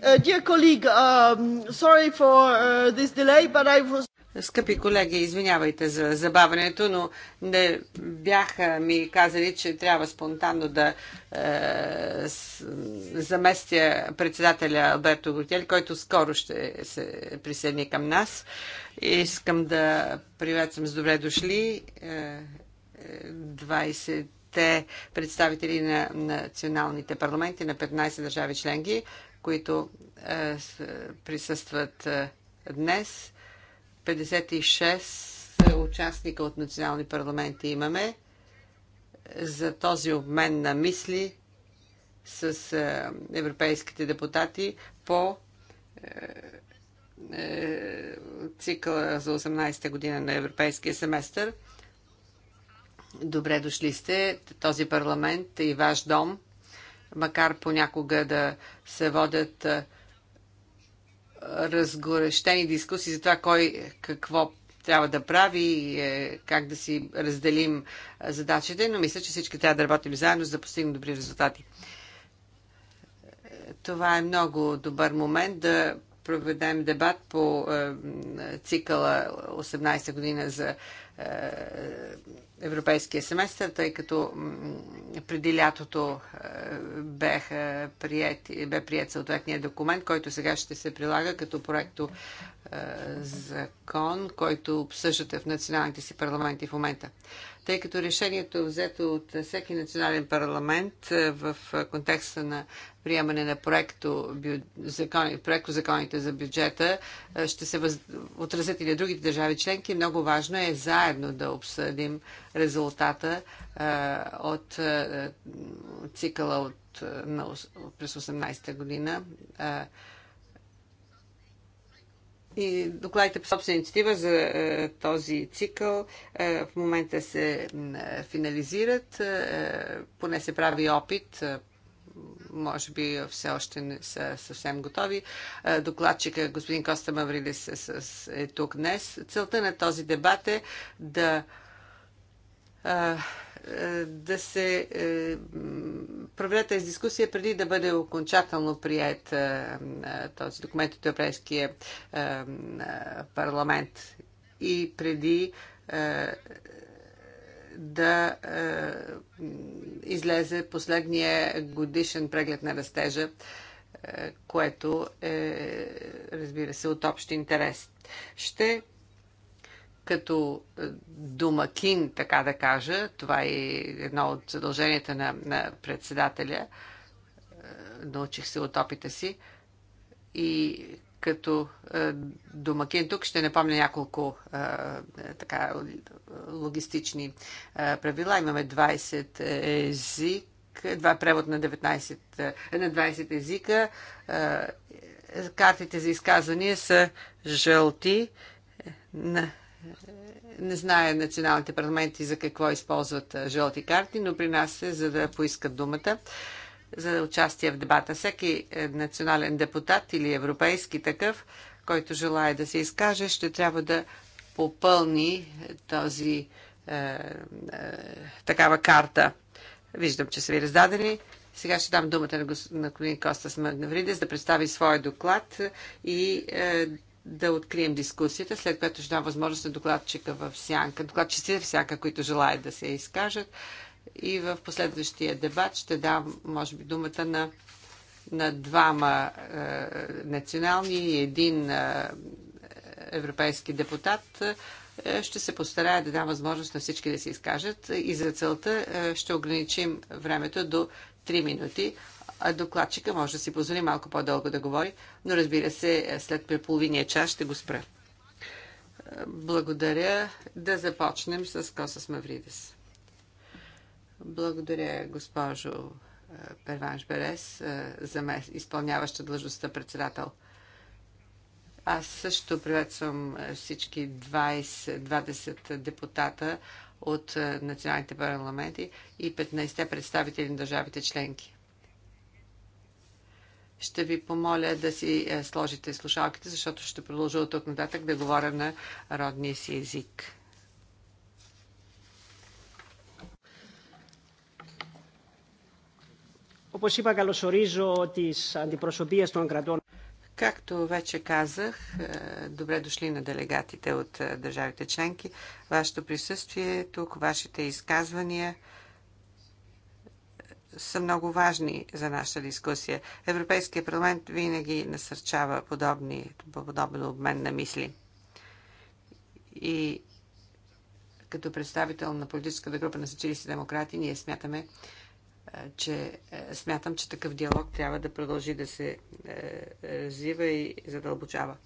Uh, um, uh, Скъпи колеги, извинявайте за забавянето, но не бяха ми казали, че трябва спонтанно да е, заместя председателя Алберто Гротели, който скоро ще се присъедини към нас. Искам да приветствам с добре дошли е, 20 те представители на националните парламенти на 15 държави членки които е, присъстват е, днес. 56 участника от национални парламенти имаме за този обмен на мисли с е, европейските депутати по цикъла за 18-та година на европейския семестър. Добре дошли сте. Този парламент и ваш дом макар понякога да се водят разгорещени дискусии за това кой какво трябва да прави и е, как да си разделим задачите, но мисля, че всички трябва да работим заедно, за да постигнем добри резултати. Това е много добър момент да проведем дебат по е, цикъла 18 година за е, европейския семестър, тъй като преди лятото е, прият, бе прият съответния документ, който сега ще се прилага като проекто е, закон, който обсъждате в националните си парламенти в момента тъй като решението е взето от всеки национален парламент е, в контекста на приемане на проекто, закон, проекто законите за бюджета е, ще се въз... отразят и на другите държави членки. Много важно е заедно да обсъдим резултата а, е, от а, цикъла от, на, през 18-та година. А, и докладите по собствена инициатива за е, този цикъл е, в момента се е, финализират. Поне се прави опит може би все още не са съвсем готови. Докладчика господин Коста Маврилис е тук днес. Целта на този дебат е да да се е, проведе тази дискусия преди да бъде окончателно прият е, е, този документ от Европейския парламент и преди да излезе последния годишен преглед на растежа, което е, разбира се, от общ интерес. Ще като е, домакин, така да кажа, това е едно от задълженията на, на председателя, е, научих се от опита си, и като е, домакин тук ще напомня няколко така, логистични правила. Имаме 20 език, два превод на, 19, на 20 езика. Картите за изказвания са жълти на не зная националните парламенти за какво използват жълти карти, но при нас е за да поискат думата за участие в дебата. Всеки е, национален депутат или европейски такъв, който желая да се изкаже, ще трябва да попълни е, този е, е, такава карта. Виждам, че са ви раздадени. Сега ще дам думата на господин Костас Магнавридес да представи своя доклад и е, да открием дискусията, след което ще дам възможност на докладчика в сянка, докладчиците в сянка, които желаят да се изкажат. И в последващия дебат ще дам, може би, думата на, на двама е, национални и един е, европейски депутат. Е, ще се постарая да дам възможност на всички да се изкажат и за целта е, ще ограничим времето до 3 минути. Докладчика може да си позволи малко по-дълго да говори, но разбира се, след преполовиния час ще го спра. Благодаря. Да започнем с Косас Мавридес. Благодаря, госпожо е, Перванш Берес, е, ме изпълняваща длъжността председател. Аз също приветствам е, всички 20, 20 депутата от националните парламенти и 15 представители на държавите членки. Ще ви помоля да си е, сложите слушалките, защото ще продължа от тук нататък да говоря на родния си език. Както вече казах, е, добре дошли на делегатите от е, държавите членки. Вашето присъствие тук, вашите изказвания – са много важни за нашата дискусия. Европейския парламент винаги насърчава подобни, подобен обмен на мисли. И като представител на политическата група на социалисти демократи, ние смятаме, че смятам, че такъв диалог трябва да продължи да се развива и задълбочава.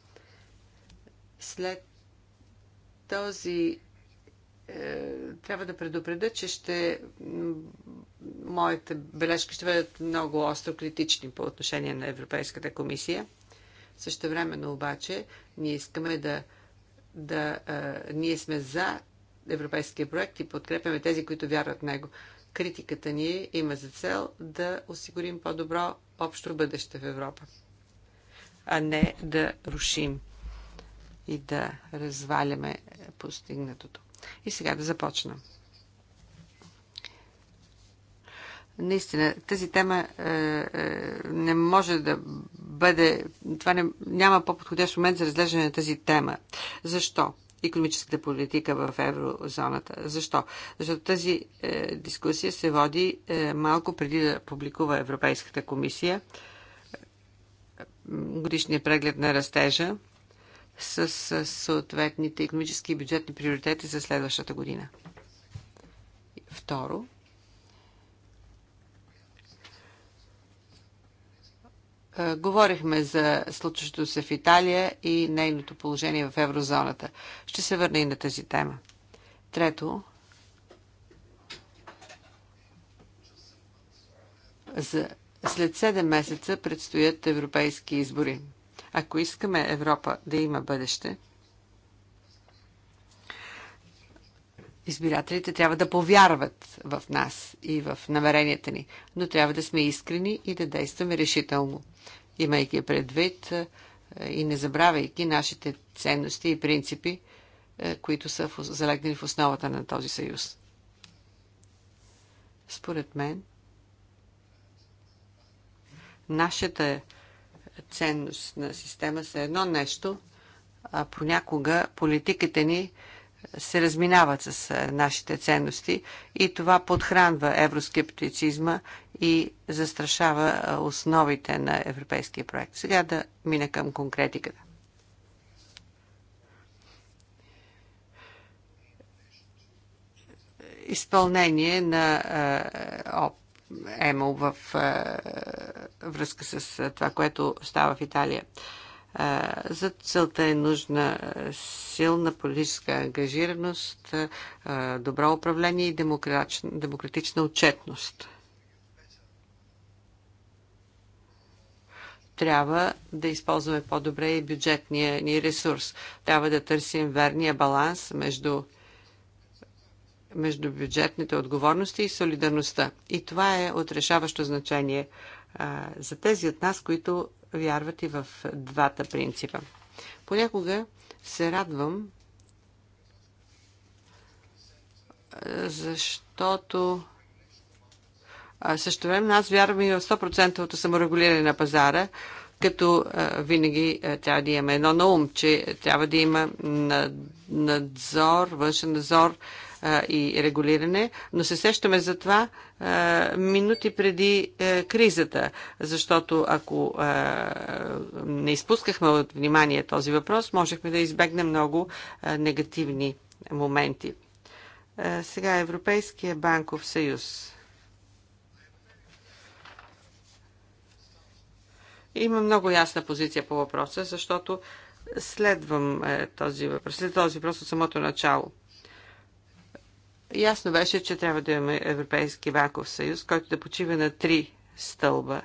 След този е, трябва да предупредя, че ще моите бележки ще бъдат много остро критични по отношение на Европейската комисия. Също времено обаче ние искаме да, да а, е, ние сме за европейския проект и подкрепяме тези, които вярват в него. Критиката ни има за цел да осигурим по-добро общо бъдеще в Европа, а не да рушим и да разваляме постигнатото. И сега да започна. Наистина, тази тема е, е, не може да бъде. Това не, няма по-подходящ момент за разглеждане на тази тема. Защо? економическата политика в еврозоната. Защо? Защото тази е, дискусия се води е, малко преди да публикува Европейската комисия годишния преглед на растежа с съответните економически и бюджетни приоритети за следващата година. Второ, Говорихме за случващото се в Италия и нейното положение в еврозоната. Ще се върна и на тази тема. Трето, за след 7 месеца предстоят европейски избори. Ако искаме Европа да има бъдеще, избирателите трябва да повярват в нас и в намеренията ни, но трябва да сме искрени и да действаме решително, имайки предвид е, и не забравяйки нашите ценности и принципи, е, които са залегнали в основата на този съюз. Според мен, нашата ценностна система са едно нещо, а понякога политиките ни се разминават с нашите ценности и това подхранва евроскептицизма и застрашава основите на европейския проект. Сега да мина към конкретиката. Изпълнение на ОП Емо в е, връзка с е, това, което става в Италия. Е, за целта е нужна силна политическа ангажираност, добро управление и демократична, демократична отчетност. Трябва да използваме по-добре и бюджетния ни ресурс. Трябва да търсим верния баланс между между бюджетните отговорности и солидарността. И това е от решаващо значение а, за тези от нас, които вярват и в двата принципа. Понякога се радвам, защото също време аз вярвам и в 100% саморегулиране на пазара, като винаги трябва да имаме едно на ум, че трябва да има надзор, външен надзор, и регулиране, но се сещаме за това минути преди кризата, защото ако не изпускахме от внимание този въпрос, можехме да избегнем много негативни моменти. Сега Европейския банков съюз. Има много ясна позиция по въпроса, защото следвам е, този въпрос, след този въпрос от самото начало. Ясно беше, че трябва да имаме Европейски ваков съюз, който да почива на три стълба.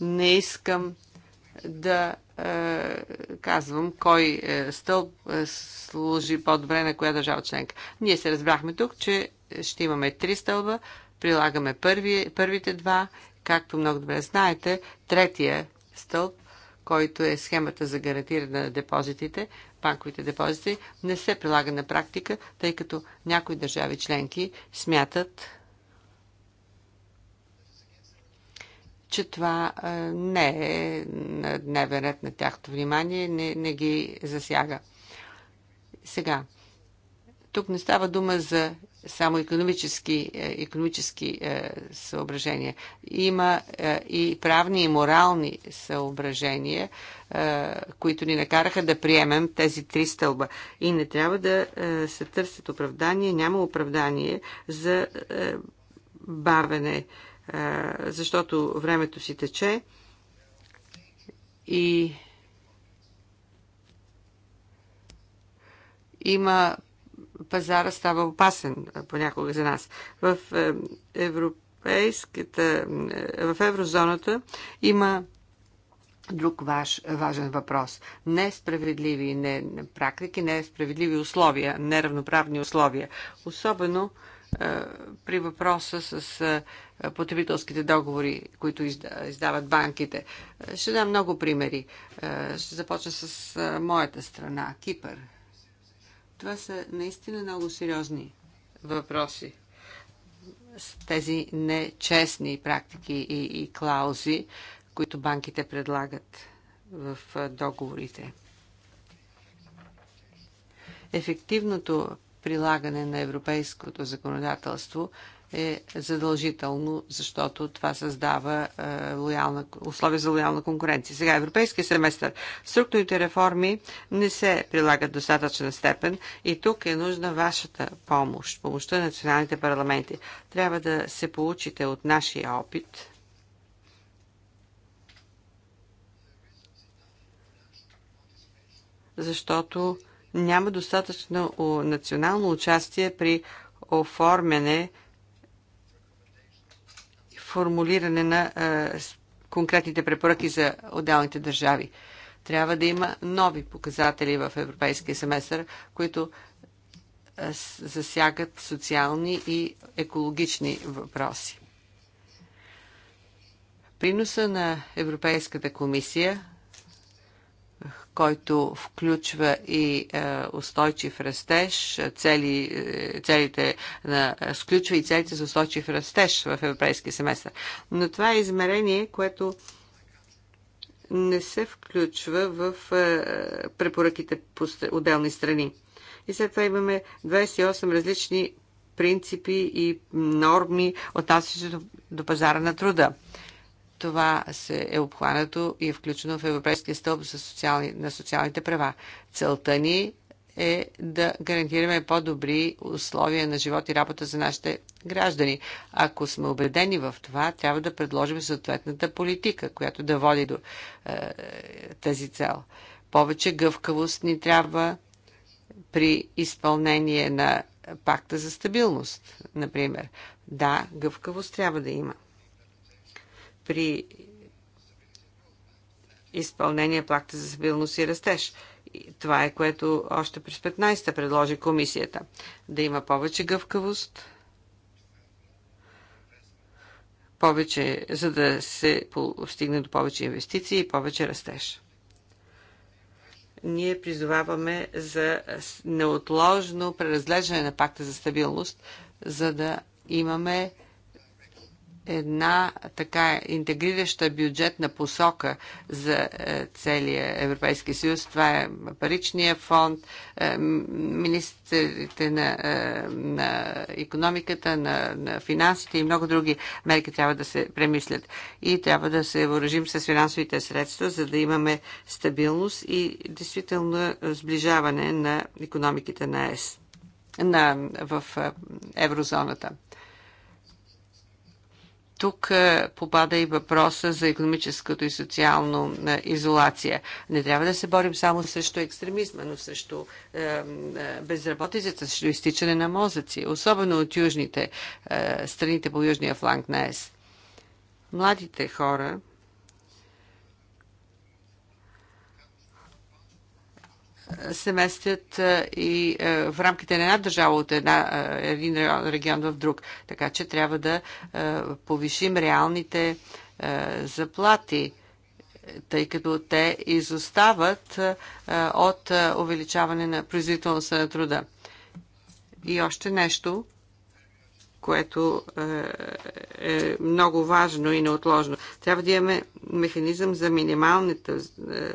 Не искам да е, казвам кой е, стълб е, служи по-добре на коя държава членка. Ние се разбрахме тук, че ще имаме три стълба, прилагаме първи, първите два, както много добре знаете, третия стълб който е схемата за гарантиране на депозитите, банковите депозити, не се прилага на практика, тъй като някои държави членки смятат, че това не е дневен ред на тяхто внимание, не, не ги засяга. Сега, тук не става дума за само економически, е, економически е, съображения. Има е, и правни и морални съображения, които ни накараха да приемем тези три стълба. И не трябва да се търсят оправдания, няма оправдание за бавене, защото времето си тече и има пазара става опасен понякога за нас. В е, европейската, е, в еврозоната има друг ваш важен въпрос. Несправедливи не, практики, несправедливи условия, неравноправни условия. Особено е, при въпроса с потребителските договори, които издават банките. Ще дам много примери. Ще започна с моята страна, Кипър. Това са наистина много сериозни въпроси с тези нечестни практики и, и клаузи, които банките предлагат в договорите. Ефективното прилагане на европейското законодателство е задължително, защото това създава е, лоялна, условия за лоялна конкуренция. Сега, европейския семестър. Структурните реформи не се прилагат достатъчна степен и тук е нужна вашата помощ, помощта на националните парламенти. Трябва да се получите от нашия опит, защото няма достатъчно национално участие при оформяне формулиране на конкретните препоръки за отделните държави. Трябва да има нови показатели в европейския семестър, които засягат социални и екологични въпроси. Приноса на Европейската комисия който включва и е, устойчив растеж, цели, е, целите на, включва е, и целите за устойчив растеж в европейския семестър. Но това е измерение, което не се включва в препоръките по отделни страни. И след това имаме 28 различни принципи и норми, отнасящи до пазара на труда. Това се е обхванато и е включено в Европейския стълб социални, на социалните права. Целта ни е да гарантираме по-добри условия на живот и работа за нашите граждани. Ако сме убедени в това, трябва да предложим съответната политика, която да води до е, тази цел. Повече гъвкавост ни трябва при изпълнение на пакта за стабилност, например. Да, гъвкавост трябва да има при изпълнение плакта за стабилност и растеж. Това е което още през 15-та предложи комисията. Да има повече гъвкавост, повече, за да се стигне до повече инвестиции и повече растеж. Ние призоваваме за неотложно преразглеждане на пакта за стабилност, за да имаме една така интегрираща бюджетна посока за е, целия Европейски съюз. Това е паричния фонд, е, министрите на, е, на економиката, на, на финансите и много други мерки трябва да се премислят. И трябва да се въоръжим с финансовите средства, за да имаме стабилност и действително сближаване на економиките на ЕС на, в еврозоната. Тук е, попада и въпроса за економическото и социално е, изолация. Не трябва да се борим само срещу екстремизма, но срещу е, безработицата, срещу изтичане на мозъци, особено от южните страните по южния фланг на ЕС. Младите хора се местят и в рамките на една държава от една, един регион в друг. Така че трябва да повишим реалните заплати тъй като те изостават от увеличаване на производителността на труда. И още нещо – което е, е много важно и неотложно. Трябва да имаме механизъм за минималната е,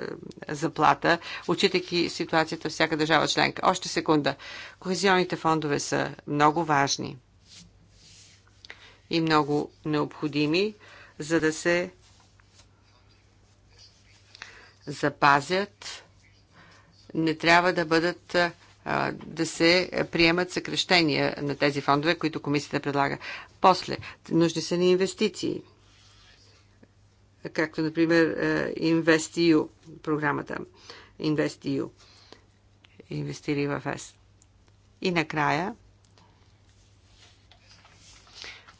заплата, отчитайки ситуацията всяка държава членка. Още секунда. Кохезионните фондове са много важни и много необходими, за да се запазят, не трябва да бъдат е, да се приемат съкрещения на тези фондове, които комисията предлага. После, нужни са ни инвестиции, както, например, InvestEU, програмата InvestEU, инвестири в ЕС. И накрая,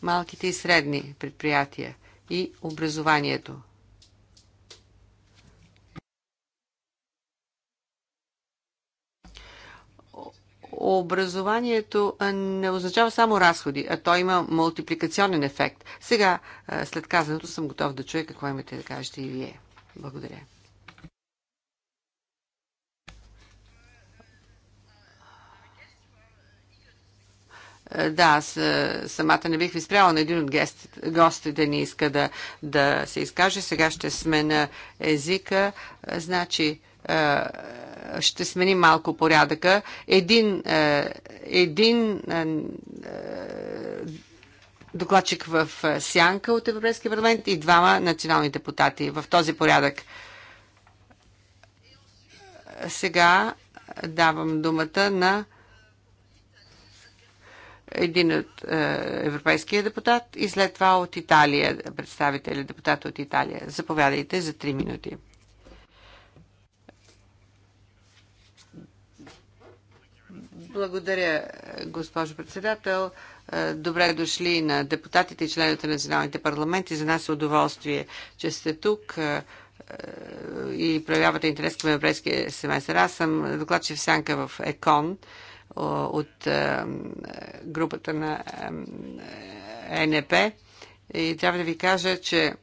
малките и средни предприятия и образованието – образованието не означава само разходи, а то има мултипликационен ефект. Сега, след казаното, съм готов да чуя какво имате да кажете и вие. Благодаря. Да, аз самата не бих ви спряла, на един от гостите не иска да, да се изкаже. Сега ще сме на езика. Значи, е, ще сменим малко порядъка. Един, е, един е, докладчик в Сянка от Европейския парламент и двама национални депутати в този порядък. Сега давам думата на един от европейския депутат и след това от Италия, представителя депутат от Италия. Заповядайте за 3 минути. Благодаря, госпожо председател. Е, добре дошли на депутатите и членовете на националните парламенти. За нас е удоволствие, че сте тук е, е, и проявявате интерес към европейския семестър. Аз съм докладчив сянка в ЕКОН от групата на НП и трябва да ви кажа, че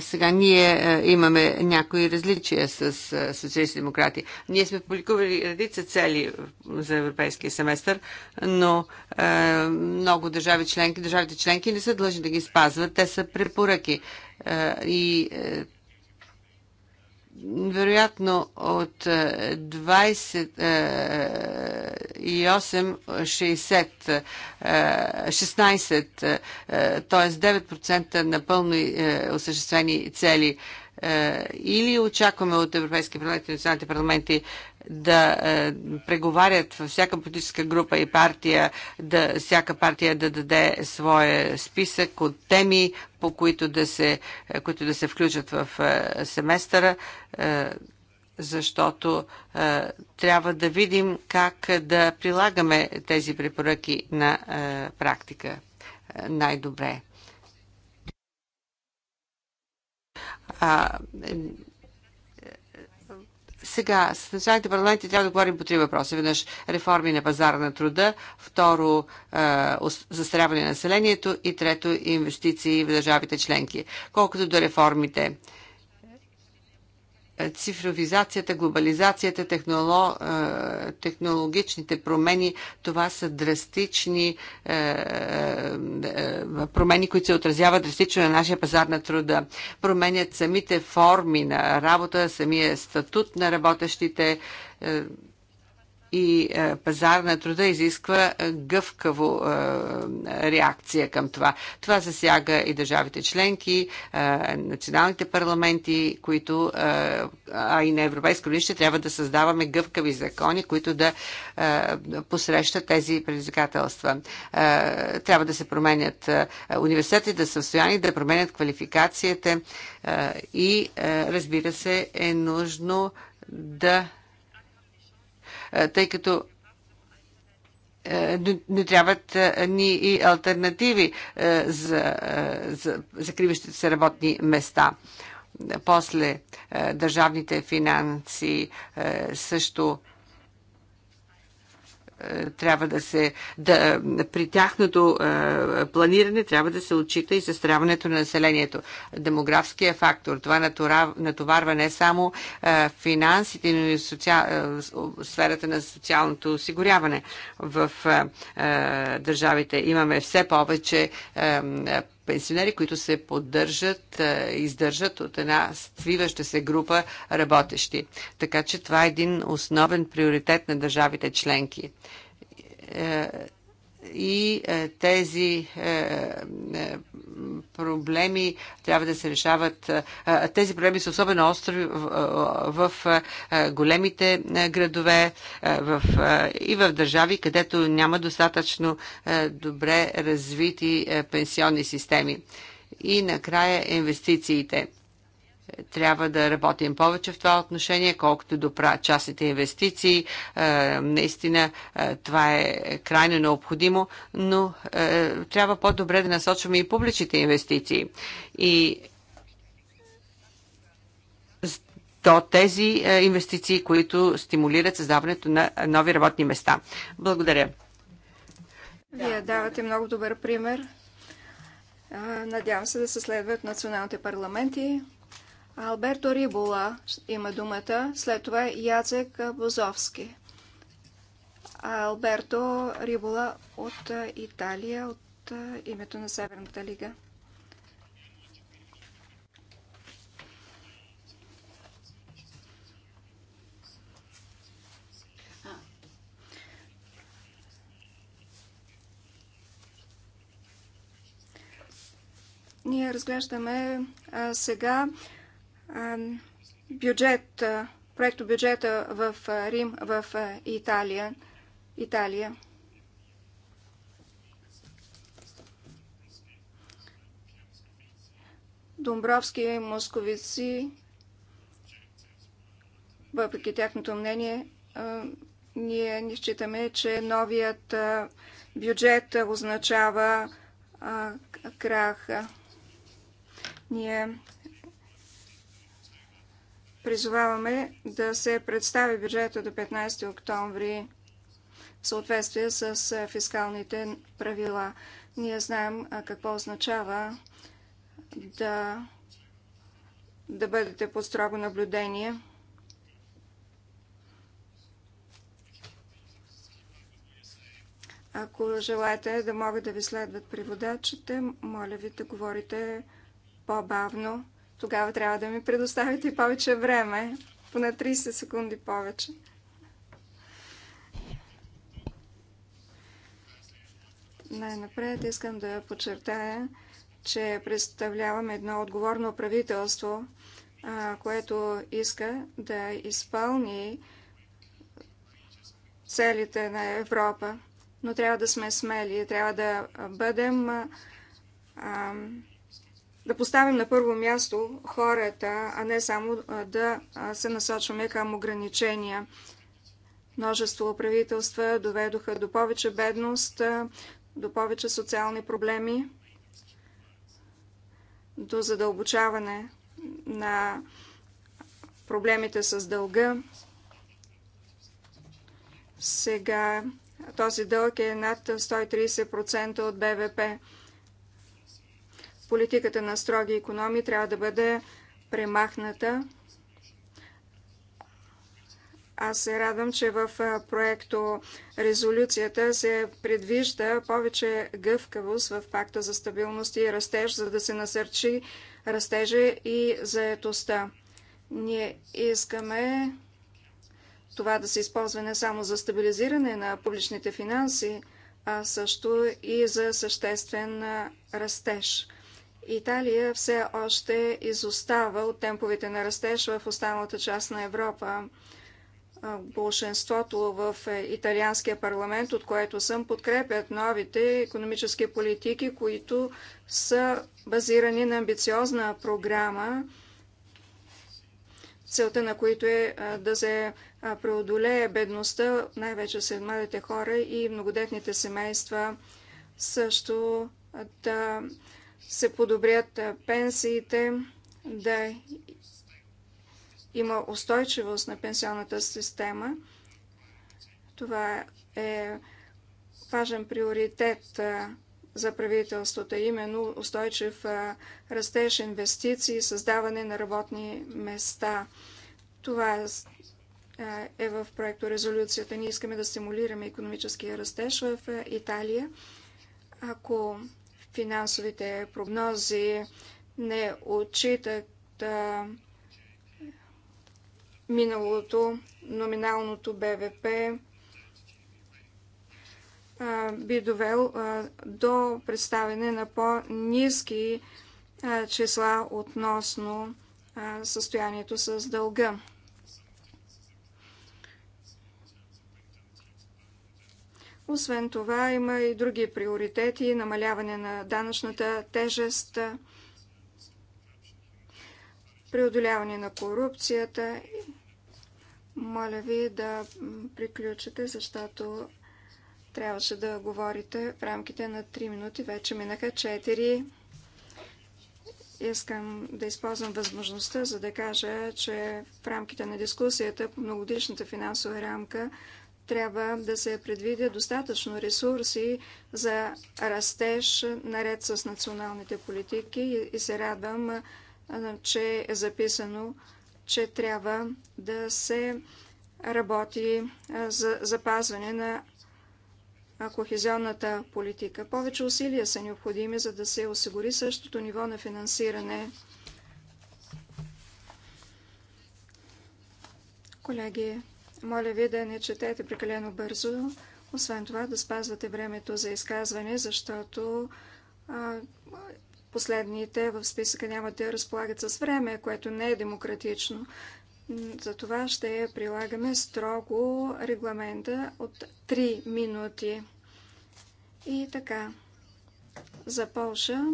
Сега ние имаме някои различия с социалисти демократи. Ние сме публикували редица цели за европейския семестър, но много държави членки, държавите членки не са длъжни да ги спазват. Те са препоръки. И вероятно от 28, 60, 16, т.е. 9% напълно е, осъществени цели е, или очакваме от Европейския парламент и националните парламенти да е, преговарят във всяка политическа група и партия, да, всяка партия да даде своя списък от теми, по които да се, е, които да се включат в е, семестъра, е, защото е, трябва да видим как да прилагаме тези препоръки на е, практика е, най-добре. А, сега, с националните парламенти трябва да говорим по три въпроса. Веднъж реформи на пазара на труда, второ е, застаряване на населението и трето инвестиции в държавите членки. Колкото до реформите, е, цифровизацията, глобализацията, техноло, е, технологичните промени, това са драстични е, промени, които се отразяват драстично на нашия пазар на труда. Променят самите форми на работа, самия статут на работещите и е, пазар на труда изисква е, гъвкаво е, реакция към това. Това засяга и държавите членки, националните парламенти, които, а и на европейско нище, трябва да създаваме гъвкави закони, които да посрещат тези предизвикателства. Трябва да се променят университети, да са в състояние да променят квалификацията и, разбира се, е нужно да е, тъй като е, не трябват е, ни и альтернативи за, за закриващите се работни места. После държавните финанси също трябва да се, да, при тяхното е, планиране трябва да се отчита и състраването на населението. Демографския фактор, това натоварва не само е, финансите, но и соци... е, сферата на социалното осигуряване в е, е, държавите. Имаме все повече е, пенсионери, които се поддържат, е, издържат от една свиваща се група работещи. Така че това е един основен приоритет на държавите членки е, и е, тези е, е, проблеми трябва да се решават. Тези проблеми са особено остри в големите градове в, и в държави, където няма достатъчно добре развити пенсионни системи. И накрая инвестициите трябва да работим повече в това отношение, колкото до частните инвестиции. Е, наистина е, това е крайно необходимо, но е, трябва по-добре да насочваме и публичните инвестиции. И то тези инвестиции, които стимулират създаването на нови работни места. Благодаря. Вие давате много добър пример. Надявам се да се следват националните парламенти. Алберто Рибола има думата, след това Яцек Бозовски. Алберто Рибола от Италия, от името на Северната лига. Ние разглеждаме а, сега бюджет, проекто бюджета в Рим, в Италия. Италия. Домбровски и московици, въпреки тяхното мнение, ние не считаме, че новият бюджет означава крах. Ние призоваваме да се представи бюджета до 15 октомври в съответствие с е, фискалните правила. Ние знаем какво означава да, да бъдете под строго наблюдение. Ако желаете да могат да ви следват преводачите, моля ви да говорите по-бавно. Тогава трябва да ми предоставите повече време, поне 30 секунди повече. Най-напред искам да подчертая, че представлявам едно отговорно правителство, което иска да изпълни целите на Европа. Но трябва да сме смели, трябва да бъдем да поставим на първо място хората, а не само да се насочваме към ограничения. Множество правителства доведоха до повече бедност, до повече социални проблеми, до задълбочаване на проблемите с дълга. Сега този дълг е над 130% от БВП. Политиката на строги економии трябва да бъде премахната. Аз се радвам, че в проекто резолюцията се предвижда повече гъвкавост в пакта за стабилност и растеж, за да се насърчи растежа и заетостта. Ние искаме това да се използва не само за стабилизиране на публичните финанси, а също и за съществен растеж – Италия все още изостава от темповете на растеж в останалата част на Европа. Болшинството в е, италианския парламент, от което съм, подкрепят новите економически политики, които са базирани на амбициозна програма, целта на които е да се преодолее бедността, най-вече сред младите хора и многодетните семейства, също да се подобрят пенсиите, да има устойчивост на пенсионната система. Това е важен приоритет за правителството, именно устойчив растеж, инвестиции, създаване на работни места. Това е в проекто резолюцията. Ние искаме да стимулираме економическия растеж в Италия. Ако финансовите прогнози не отчитат а, миналото, номиналното БВП а, би довел а, до представяне на по-низки числа относно състоянието с дълга. Освен това има и други приоритети, намаляване на данъчната тежест, преодоляване на корупцията. Моля ви да приключите, защото трябваше да говорите в рамките на 3 минути. Вече минаха 4. Искам да използвам възможността, за да кажа, че в рамките на дискусията по многодишната финансова рамка трябва да се предвидя достатъчно ресурси за растеж наред с националните политики и се радвам, че е записано, че трябва да се работи за запазване на кохезионната политика. Повече усилия са необходими, за да се осигури същото ниво на финансиране. Колеги, моля ви да не четете прекалено бързо. Освен това да спазвате времето за изказване, защото а, последните в списъка няма да разполагат с време, което не е демократично. Затова ще прилагаме строго регламента от 3 минути. И така, за Полша,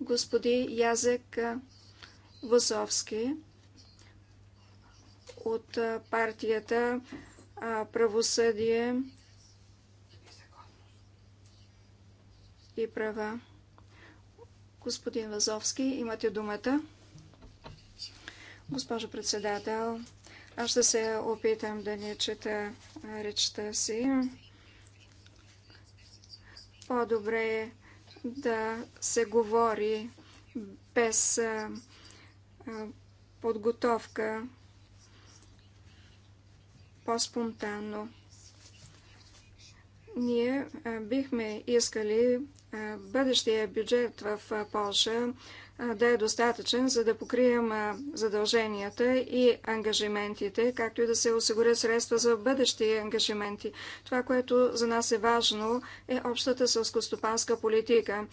господи Язек Восовски от партията Правосъдие и права. Господин Вазовски, имате думата. Госпожо председател, аз ще се опитам да не чета речта си. По-добре е да се говори без подготовка по-спонтанно. Ние бихме искали бъдещия бюджет в Польша да е достатъчен, за да покрием задълженията и ангажиментите, както и да се осигурят средства за бъдещи ангажименти. Това, което за нас е важно, е общата сълскостопанска политика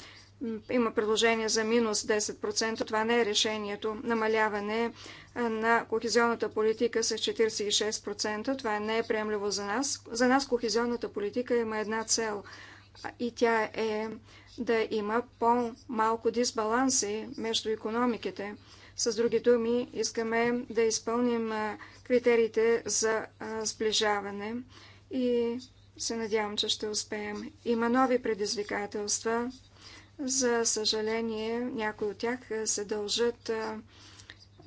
има предложение за минус 10%. Това не е решението. Намаляване на кохезионната политика с 46%. Това не е приемливо за нас. За нас кохезионната политика има една цел и тя е да има по-малко дисбаланси между економиките. С други думи, искаме да изпълним критериите за сближаване и се надявам, че ще успеем. Има нови предизвикателства за съжаление, някои от тях е, се дължат е,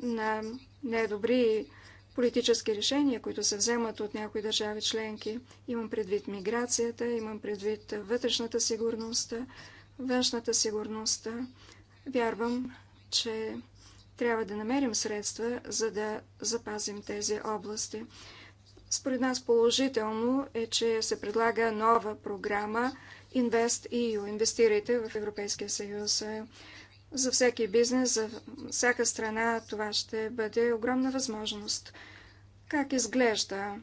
на недобри политически решения, които се вземат от някои държави членки. Имам предвид миграцията, имам предвид вътрешната сигурност, външната сигурност. Вярвам, че трябва да намерим средства, за да запазим тези области. Според нас положително е, че се предлага нова програма InvestEU. Инвестирайте в Европейския съюз. За всеки бизнес, за всяка страна това ще бъде огромна възможност. Как изглежда?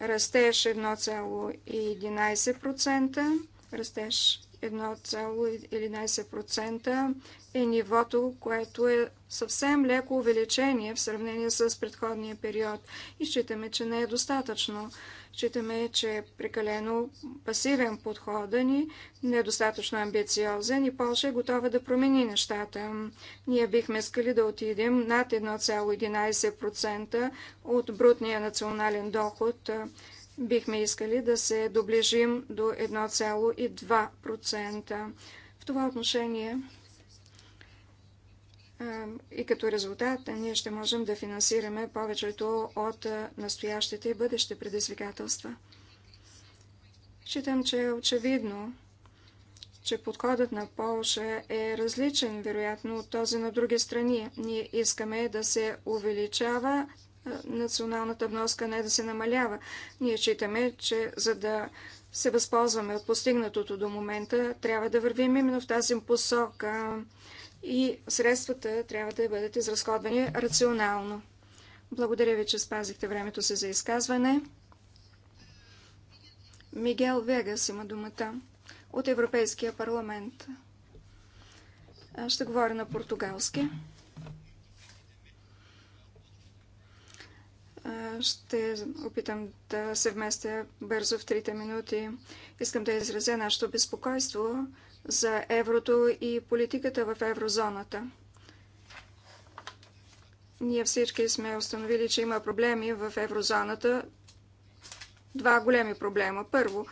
Растеж 1,11%, растеж 1,11% е нивото, което е съвсем леко увеличение в сравнение с предходния период. И считаме, че не е достатъчно. Считаме, че е прекалено пасивен подхода ни, недостатъчно амбициозен и Польша е готова да промени нещата. Ние бихме искали да отидем над 1,11% от брутния национален доход бихме искали да се доближим до 1,2%. В това отношение и като резултат ние ще можем да финансираме повечето от настоящите и бъдещи предизвикателства. Считам, че е очевидно, че подходът на Полша е различен, вероятно, от този на други страни. Ние искаме да се увеличава националната вноска не да се намалява. Ние читаме, че за да се възползваме от постигнатото до момента, трябва да вървим именно в тази посока и средствата трябва да бъдат изразходвани рационално. Благодаря ви, че спазихте времето си за изказване. Мигел Вегас има думата от Европейския парламент. Ще говоря на португалски. Ще опитам да се вместя бързо в трите минути. Искам да изразя нашето безпокойство за еврото и политиката в еврозоната. Ние всички сме установили, че има проблеми в еврозоната. Два големи проблема. Първо,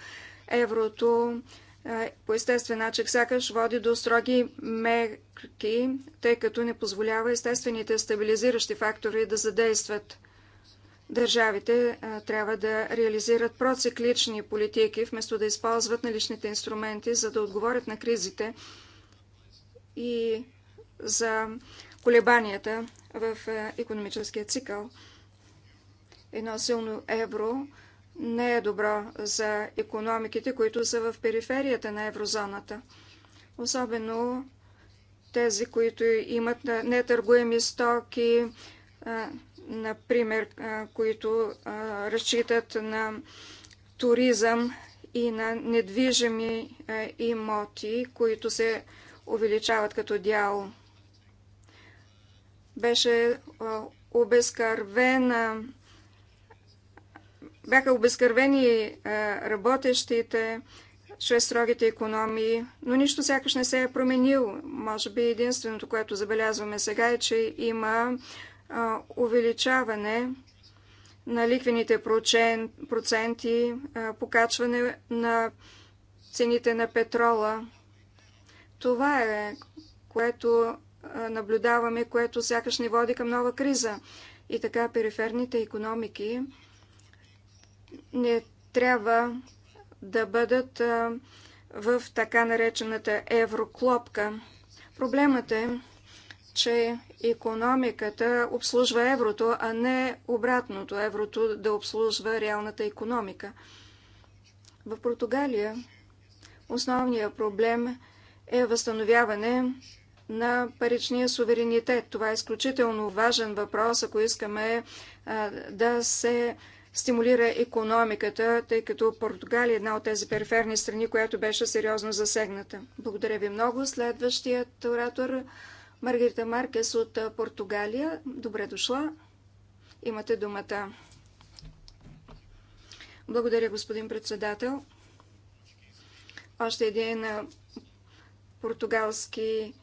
еврото по естествен начин сякаш води до строги мерки, тъй като не позволява естествените стабилизиращи фактори да задействат – държавите трябва да реализират проциклични политики, вместо да използват наличните инструменти, за да отговорят на кризите и за колебанията в економическия цикъл. Едно силно евро не е добро за економиките, които са в периферията на еврозоната. Особено тези, които имат нетъргуеми стоки, например, които разчитат на туризъм и на недвижими имоти, които се увеличават като дял. Беше обезкървена бяха обезкървени работещите чрез строгите економии, но нищо сякаш не се е променило. Може би единственото, което забелязваме сега е, че има увеличаване на ликвените проценти, покачване на цените на петрола. Това е, което наблюдаваме, което сякаш ни води към нова криза. И така периферните економики не трябва да бъдат в така наречената евроклопка. Проблемът е, че економиката обслужва еврото, а не обратното еврото да обслужва реалната економика. В Португалия основният проблем е възстановяване на паричния суверенитет. Това е изключително важен въпрос, ако искаме да се стимулира економиката, тъй като Португалия е една от тези периферни страни, която беше сериозно засегната. Благодаря ви много. Следващият оратор Маргарита Маркес от Португалия. Добре дошла. Имате думата. Благодаря, господин председател. Още един португалски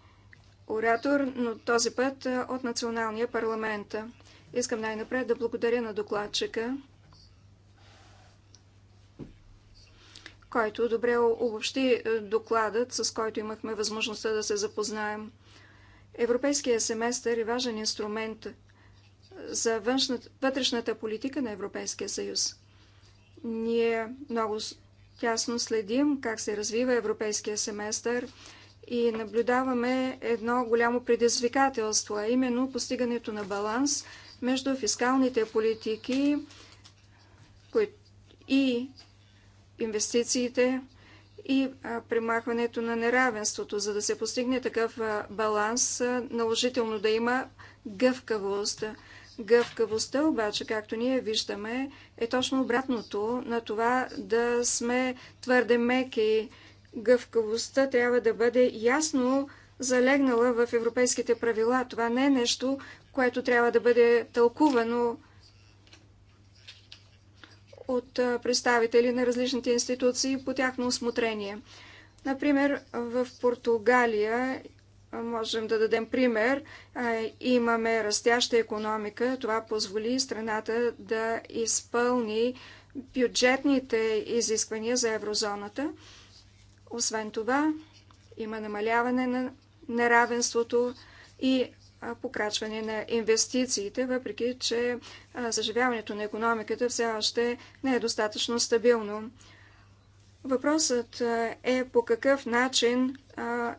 оратор, но този път от Националния парламент. Искам най-напред да благодаря на докладчика, който добре обобщи докладът, с който имахме възможността да се запознаем. Европейския семестър е важен инструмент за външната, вътрешната политика на Европейския съюз. Ние много тясно следим как се развива Европейския семестър и наблюдаваме едно голямо предизвикателство, а именно постигането на баланс между фискалните политики и инвестициите, и премахването на неравенството. За да се постигне такъв баланс, наложително да има гъвкавост. Гъвкавостта обаче, както ние виждаме, е точно обратното на това да сме твърде меки. Гъвкавостта трябва да бъде ясно залегнала в европейските правила. Това не е нещо, което трябва да бъде тълкувано от представители на различните институции по тяхно осмотрение. Например, в Португалия можем да дадем пример. Имаме растяща економика. Това позволи страната да изпълни бюджетните изисквания за еврозоната. Освен това, има намаляване на неравенството и покрачване на инвестициите, въпреки че съживяването на економиката все още не е достатъчно стабилно. Въпросът е по какъв начин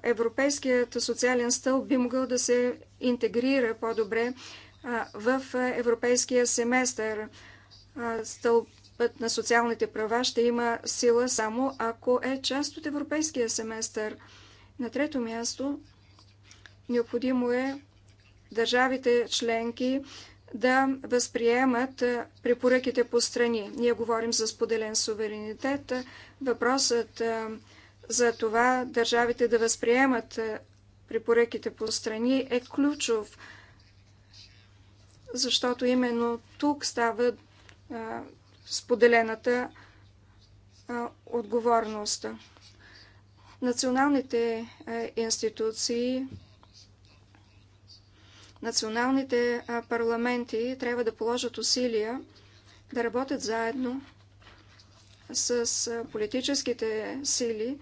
Европейският социален стълб би могъл да се интегрира по-добре в Европейския семестър. Стълбът на социалните права ще има сила само ако е част от Европейския семестър. На трето място, необходимо е държавите членки да възприемат препоръките по страни. Ние говорим за споделен суверенитет. Въпросът за това държавите да възприемат препоръките по страни е ключов, защото именно тук става споделената отговорност. Националните институции националните парламенти трябва да положат усилия да работят заедно с политическите сили,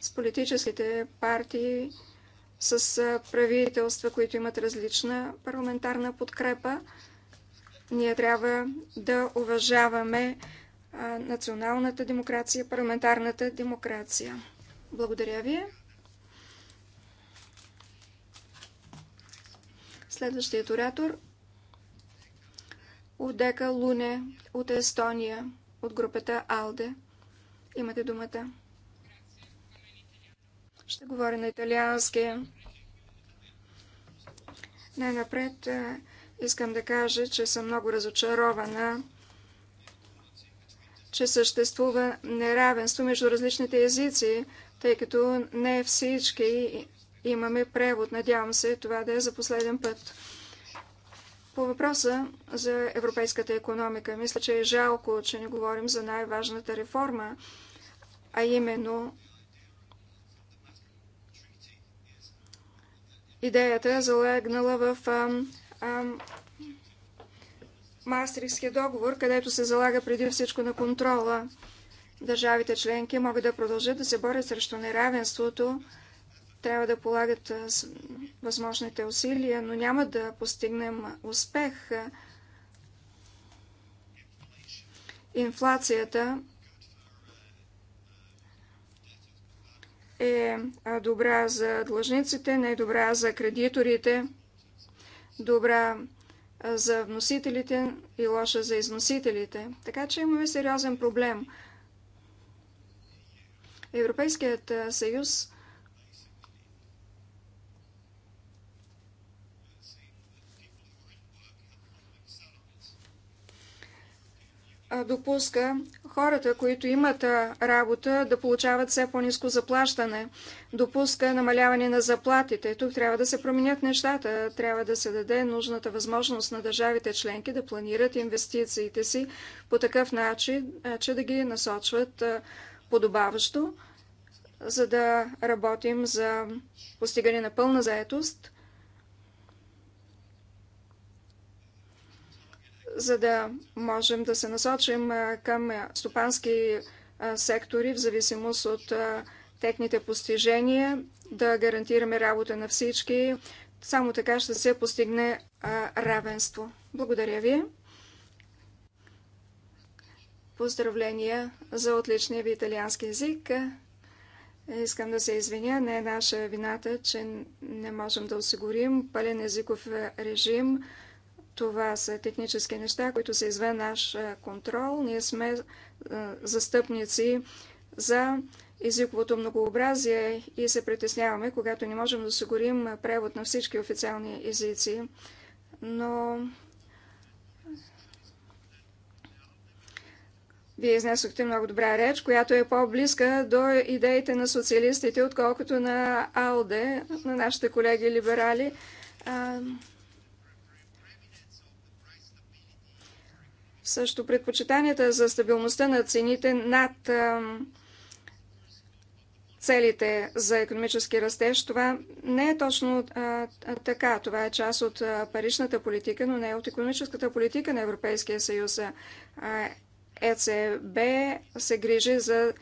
с политическите партии, с правителства, които имат различна парламентарна подкрепа. Ние трябва да уважаваме националната демокрация, парламентарната демокрация. Благодаря ви. Следващият оратор Одека Луне от Естония, от групата АЛДЕ. Имате думата. Ще говоря на италиански. Най-напред искам да кажа, че съм много разочарована, че съществува неравенство между различните езици, тъй като не всички имаме превод. Надявам се това да е за последен път. По въпроса за европейската економика, мисля, че е жалко, че не говорим за най-важната реформа, а именно идеята е залегнала в Мастрихския договор, където се залага преди всичко на контрола. Държавите членки могат да продължат да се борят срещу неравенството, трябва да полагат възможните усилия, но няма да постигнем успех. Инфлацията е добра за длъжниците, не е добра за кредиторите, добра за вносителите и лоша за износителите. Така че имаме сериозен проблем. Европейският съюз допуска хората, които имат работа, да получават все по-низко заплащане. Допуска намаляване на заплатите. Тук трябва да се променят нещата. Трябва да се даде нужната възможност на държавите членки да планират инвестициите си по такъв начин, че да ги насочват подобаващо, за да работим за постигане на пълна заетост – за да можем да се насочим към стопански сектори в зависимост от техните постижения, да гарантираме работа на всички. Само така ще се постигне равенство. Благодаря ви. Поздравления за отличния ви италиански язик. Искам да се извиня, не е наша вината, че не можем да осигурим пълен езиков режим това са технически неща, които са извън наш контрол. Ние сме застъпници за езиковото многообразие и се притесняваме, когато не можем да осигурим превод на всички официални езици. Но Вие изнесохте много добра реч, която е по-близка до идеите на социалистите, отколкото на АЛДЕ, на нашите колеги либерали. Също предпочитанията за стабилността на цените над целите за економически растеж. Това не е точно а, така. Това е част от а, паричната политика, но не е от економическата политика на Европейския съюз. А, ЕЦБ се грижи за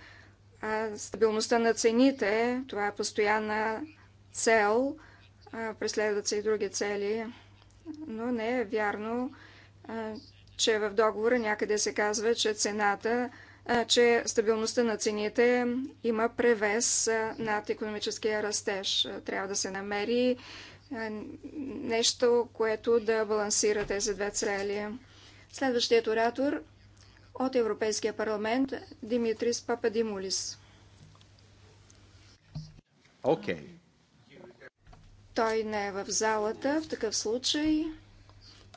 а, стабилността на цените. Това е постоянна цел. А, преследват се и други цели. Но не е вярно, а, че в договора някъде се казва, че цената, че стабилността на цените има превес над економическия растеж. Трябва да се намери нещо, което да балансира тези две цели. Следващият оратор от Европейския парламент Димитрис Пападимулис. Okay. Той не е в залата. В такъв случай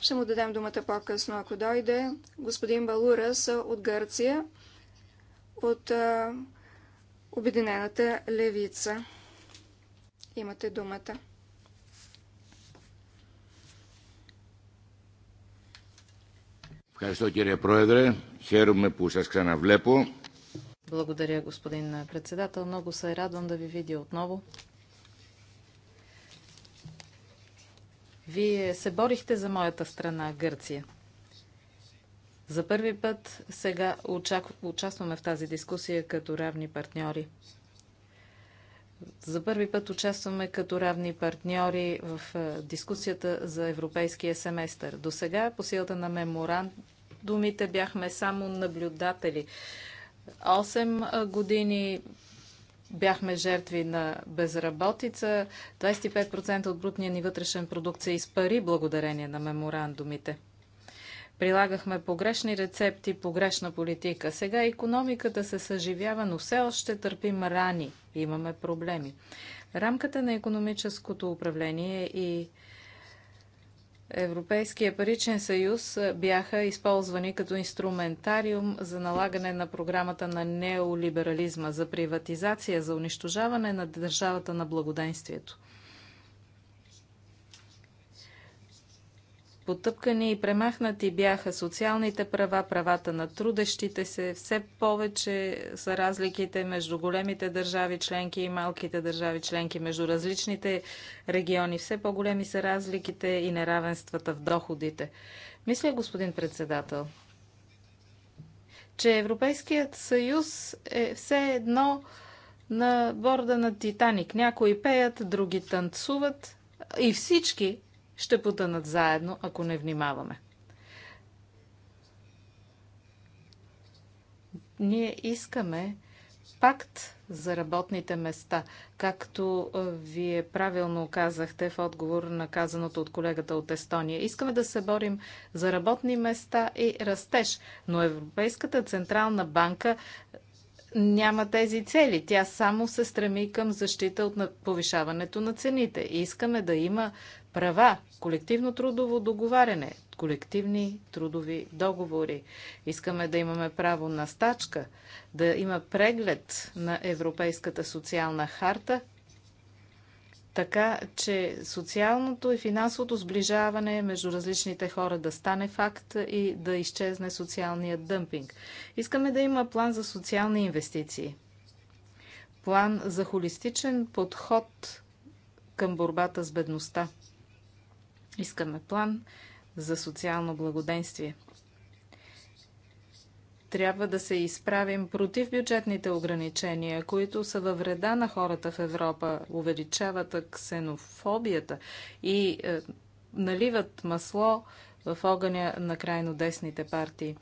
ще му дадем думата по-късно, ако дойде. Господин Балурас от Гърция, от а, Обединената левица. Имате думата. Ευχαριστώ κύριε Πρόεδρε. Χαίρομαι που σας ξαναβλέπω. Благодаря, господин председател. Много се радвам да ви видя отново. Вие се борихте за моята страна, Гърция. За първи път сега участваме в тази дискусия като равни партньори. За първи път участваме като равни партньори в дискусията за европейския семестър. До сега по силата на меморандумите бяхме само наблюдатели. Осем години бяхме жертви на безработица. 25% от брутния ни вътрешен продукт се изпари благодарение на меморандумите. Прилагахме погрешни рецепти, погрешна политика. Сега економиката се съживява, но все още търпим рани. Имаме проблеми. Рамката на економическото управление и Европейския паричен съюз бяха използвани като инструментариум за налагане на програмата на неолиберализма, за приватизация, за унищожаване на държавата на благоденствието. потъпкани и премахнати бяха социалните права, правата на трудещите се. Все повече са разликите между големите държави членки и малките държави членки, между различните региони. Все по-големи са разликите и неравенствата в доходите. Мисля, господин председател, че Европейският съюз е все едно на борда на Титаник. Някои пеят, други танцуват и всички ще потънат заедно, ако не внимаваме. Ние искаме пакт за работните места, както вие правилно казахте в отговор на казаното от колегата от Естония. Искаме да се борим за работни места и растеж, но Европейската Централна банка няма тези цели. Тя само се стреми към защита от повишаването на цените. И искаме да има права, колективно трудово договаряне, колективни трудови договори. Искаме да имаме право на стачка, да има преглед на Европейската социална харта, така че социалното и финансовото сближаване между различните хора да стане факт и да изчезне социалният дъмпинг. Искаме да има план за социални инвестиции, план за холистичен подход към борбата с бедността. Искаме план за социално благоденствие. Трябва да се изправим против бюджетните ограничения, които са във вреда на хората в Европа, увеличават ксенофобията и е, наливат масло в огъня на крайно десните партии.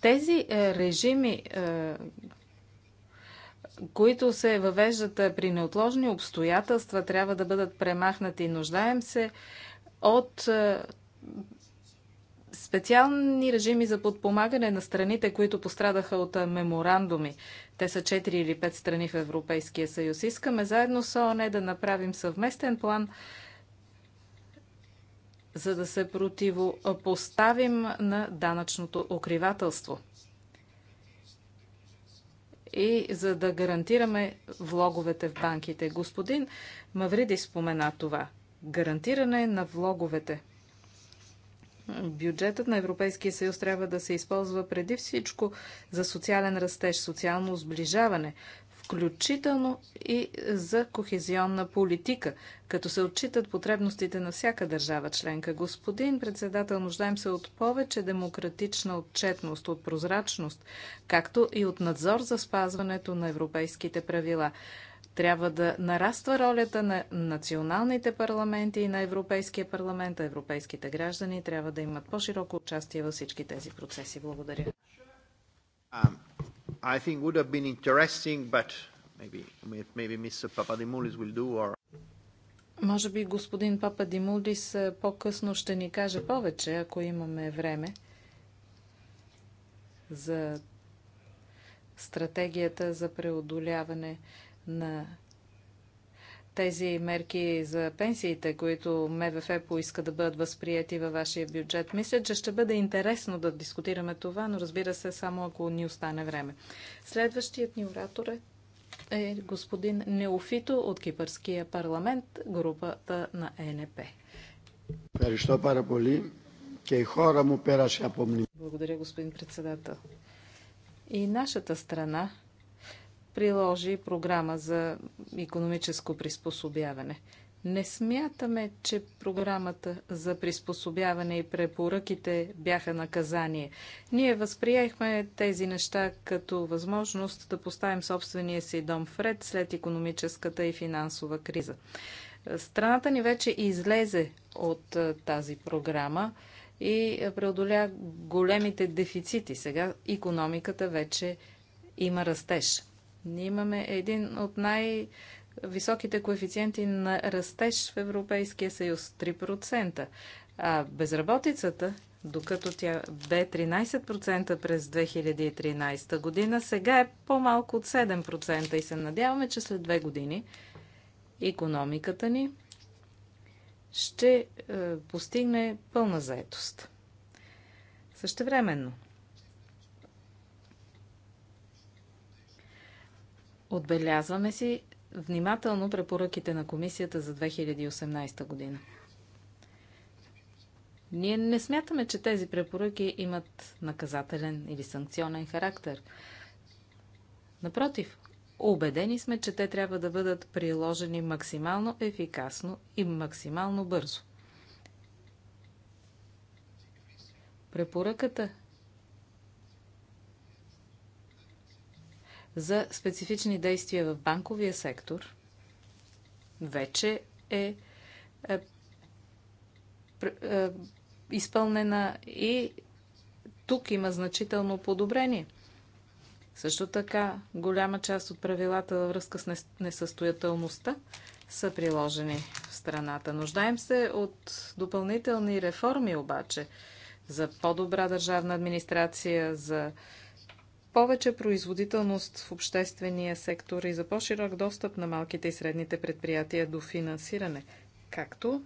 Тези е, режими, е, които се въвеждат при неотложни обстоятелства, трябва да бъдат премахнати. Нуждаем се от е, специални режими за подпомагане на страните, които пострадаха от е, меморандуми. Те са 4 или 5 страни в Европейския съюз. Искаме заедно с ОНЕ да направим съвместен план, за да се противопоставим на данъчното укривателство и за да гарантираме влоговете в банките. Господин Мавриди спомена това. Гарантиране на влоговете. Бюджетът на Европейския съюз трябва да се използва преди всичко за социален растеж, социално сближаване, включително и за кохезионна политика, като се отчитат потребностите на всяка държава членка. Господин председател, нуждаем се от повече демократична отчетност, от прозрачност, както и от надзор за спазването на европейските правила. Трябва да нараства ролята на националните парламенти и на Европейския парламент, а европейските граждани трябва да имат по-широко участие във всички тези процеси. Благодаря. Um, I think would have been interesting, but maybe, maybe Mr. Papadimoulis will do or... Може би господин Папа Димулдис е, по-късно ще ни каже повече, ако имаме време за стратегията за преодоляване на тези мерки за пенсиите, които МВФ поиска да бъдат възприяти във вашия бюджет. Мисля, че ще бъде интересно да дискутираме това, но разбира се, само ако ни остане време. Следващият ни оратор е, е господин Неофито от Кипърския парламент, групата на ЕНП. Благодаря, господин председател. И нашата страна приложи програма за економическо приспособяване. Не смятаме, че програмата за приспособяване и препоръките бяха наказание. Ние възприехме тези неща като възможност да поставим собствения си дом вред след економическата и финансова криза. Страната ни вече излезе от тази програма и преодоля големите дефицити. Сега економиката вече има растеж. Ние имаме един от най- високите коефициенти на растеж в Европейския съюз 3%. А безработицата, докато тя бе 13% през 2013 година, сега е по-малко от 7% и се надяваме, че след две години економиката ни ще е, постигне пълна заетост. Същевременно, Отбелязваме си внимателно препоръките на комисията за 2018 година. Ние не смятаме, че тези препоръки имат наказателен или санкционен характер. Напротив, убедени сме, че те трябва да бъдат приложени максимално ефикасно и максимално бързо. Препоръката за специфични действия в банковия сектор вече е, е, е изпълнена и тук има значително подобрение. Също така, голяма част от правилата във връзка с несъстоятелността са приложени в страната. Нуждаем се от допълнителни реформи обаче за по-добра държавна администрация, за повече производителност в обществения сектор и за по-широк достъп на малките и средните предприятия до финансиране, както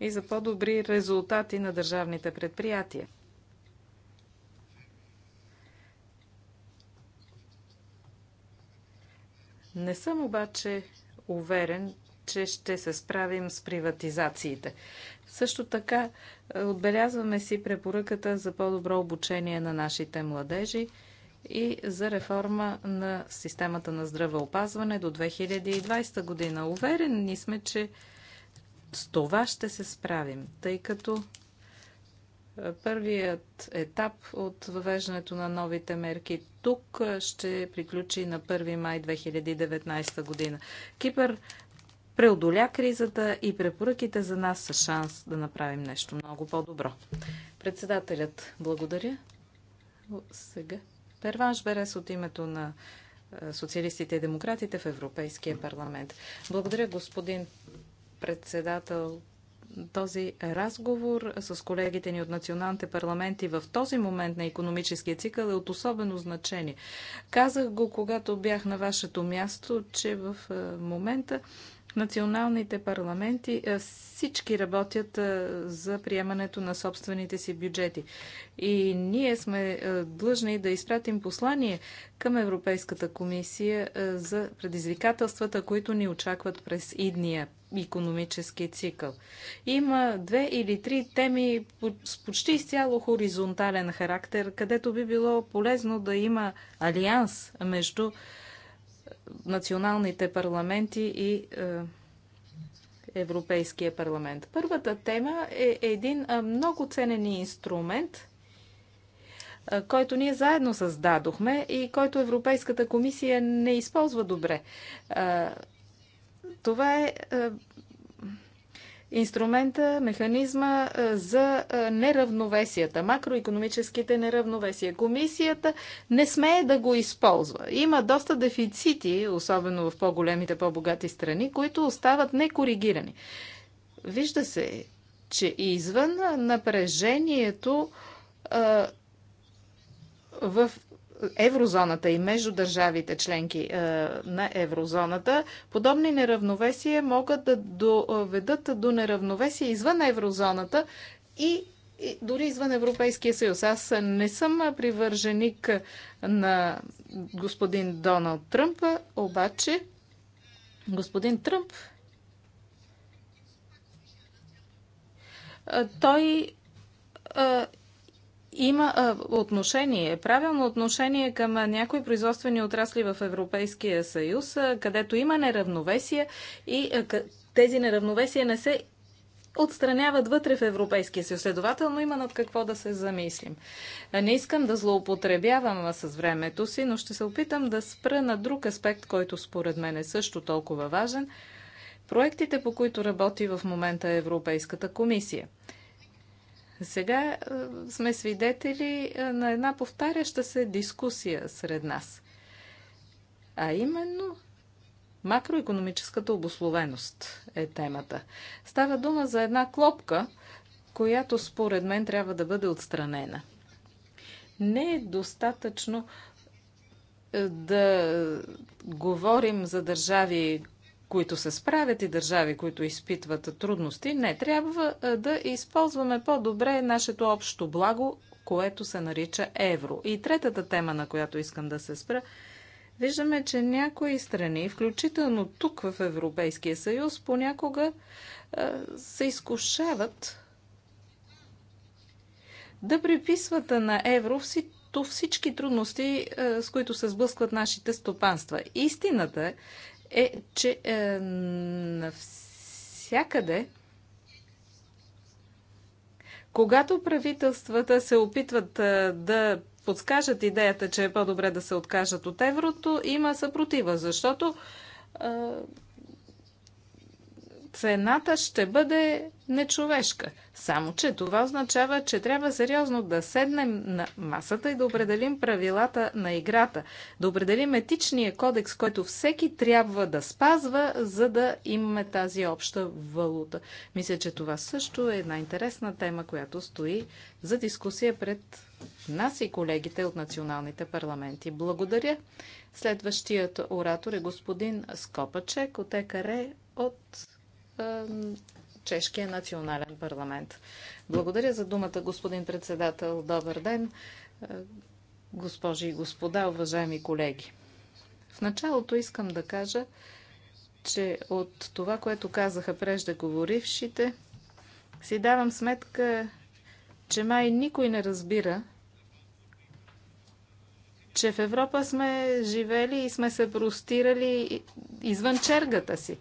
и за по-добри резултати на държавните предприятия. Не съм обаче уверен, че ще се справим с приватизациите. Също така е, отбелязваме си препоръката за по-добро обучение на нашите младежи и за реформа на системата на здравеопазване до 2020 година. Уверени сме, че с това ще се справим, тъй като е, първият етап от въвеждането на новите мерки тук е, ще приключи на 1 май 2019 година. Кипър преодоля кризата и препоръките за нас са шанс да направим нещо много по-добро. Председателят, благодаря. Сега. Перванш Берес от името на социалистите и демократите в Европейския парламент. Благодаря, господин председател. Този разговор с колегите ни от националните парламенти в този момент на економическия цикъл е от особено значение. Казах го, когато бях на вашето място, че в момента националните парламенти всички работят за приемането на собствените си бюджети. И ние сме длъжни да изпратим послание към Европейската комисия за предизвикателствата, които ни очакват през идния економически цикъл. Има две или три теми с почти изцяло хоризонтален характер, където би било полезно да има алианс между националните парламенти и е, Европейския парламент. Първата тема е един е, много ценен инструмент, е, който ние заедно създадохме и който Европейската комисия не използва добре. Това е инструмента, механизма за неравновесията, макроекономическите неравновесия. Комисията не смее да го използва. Има доста дефицити, особено в по-големите, по-богати страни, които остават некоригирани. Вижда се, че извън напрежението в еврозоната и между държавите членки е, на еврозоната, подобни неравновесия могат да доведат до неравновесие извън еврозоната и дори извън Европейския съюз. Аз не съм привърженик на господин Доналд Тръмп, обаче господин Тръмп е, той е, има а, отношение, правилно отношение към някои производствени отрасли в Европейския съюз, а, където има неравновесие и къ... тези неравновесия не се отстраняват вътре в Европейския съюз. Следователно има над какво да се замислим. Не искам да злоупотребявам с времето си, но ще се опитам да спра на друг аспект, който според мен е също толкова важен. Проектите, по които работи в момента Европейската комисия – сега е, сме свидетели е, на една повтаряща се дискусия сред нас, а именно макроекономическата обословеност е темата. Става дума за една клопка, която според мен трябва да бъде отстранена. Не е достатъчно е, да говорим за държави, които се справят и държави, които изпитват трудности. Не, трябва да използваме по-добре нашето общо благо, което се нарича евро. И третата тема, на която искам да се спра, виждаме, че някои страни, включително тук в Европейския съюз, понякога се изкушават да приписват на евро всички трудности, с които се сблъскват нашите стопанства. Истината е, е, че е, навсякъде когато правителствата се опитват е, да подскажат идеята, че е по-добре да се откажат от еврото, има съпротива, защото е, цената ще бъде нечовешка. Само, че това означава, че трябва сериозно да седнем на масата и да определим правилата на играта, да определим етичния кодекс, който всеки трябва да спазва, за да имаме тази обща валута. Мисля, че това също е една интересна тема, която стои за дискусия пред нас и колегите от националните парламенти. Благодаря. Следващият оратор е господин Скопачек от ЕКАРЕ от Чешкия национален парламент. Благодаря за думата, господин председател. Добър ден, госпожи и господа, уважаеми колеги. В началото искам да кажа, че от това, което казаха преждеговорившите, си давам сметка, че май никой не разбира, че в Европа сме живели и сме се простирали извън чергата си.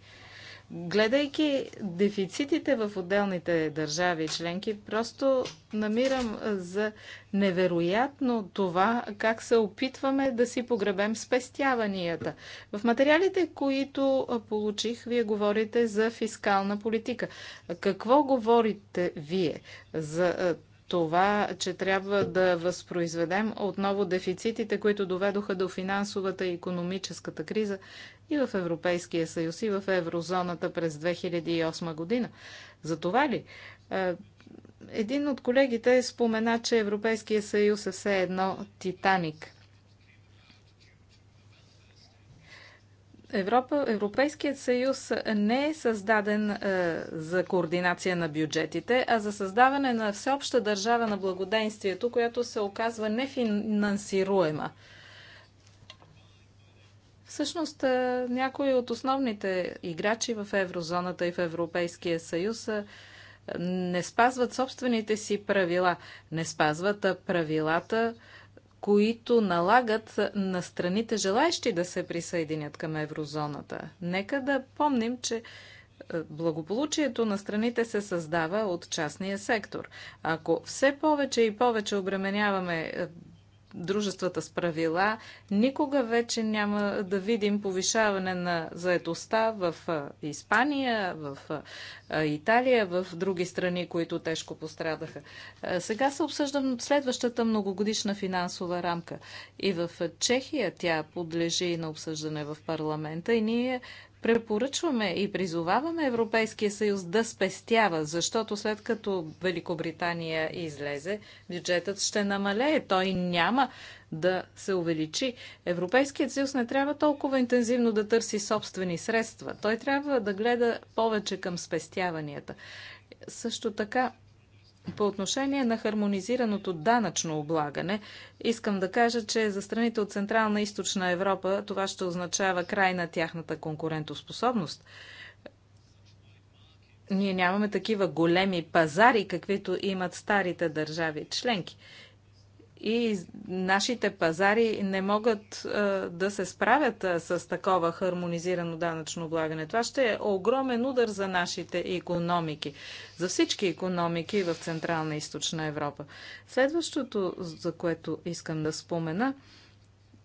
Гледайки дефицитите в отделните държави членки, просто намирам за невероятно това как се опитваме да си погребем спестяванията. В материалите, които получих, вие говорите за фискална политика. Какво говорите вие за това, че трябва да възпроизведем отново дефицитите, които доведоха до финансовата и економическата криза и в Европейския съюз, и в еврозоната през 2008 година. За това ли? Един от колегите спомена, че Европейския съюз е все едно Титаник. Европа, Европейският съюз не е създаден е, за координация на бюджетите, а за създаване на всеобща държава на благоденствието, която се оказва нефинансируема. Всъщност, е, някои от основните играчи в еврозоната и в Европейския съюз е, не спазват собствените си правила, не спазват правилата които налагат на страните желаещи да се присъединят към еврозоната. Нека да помним, че е, благополучието на страните се създава от частния сектор. Ако все повече и повече обременяваме е, дружествата с правила, никога вече няма да видим повишаване на заедостта в Испания, в Италия, в други страни, които тежко пострадаха. Сега се обсъжда следващата многогодишна финансова рамка. И в Чехия тя подлежи на обсъждане в парламента и ние Препоръчваме и призоваваме Европейския съюз да спестява, защото след като Великобритания излезе, бюджетът ще намалее. Той няма да се увеличи. Европейският съюз не трябва толкова интензивно да търси собствени средства. Той трябва да гледа повече към спестяванията. Също така, по отношение на хармонизираното данъчно облагане, искам да кажа, че за страните от Централна и Източна Европа това ще означава край на тяхната конкурентоспособност. Ние нямаме такива големи пазари, каквито имат старите държави членки и нашите пазари не могат е, да се справят е, с такова хармонизирано данъчно облагане. Това ще е огромен удар за нашите економики, за всички економики в Централна и Източна Европа. Следващото, за което искам да спомена,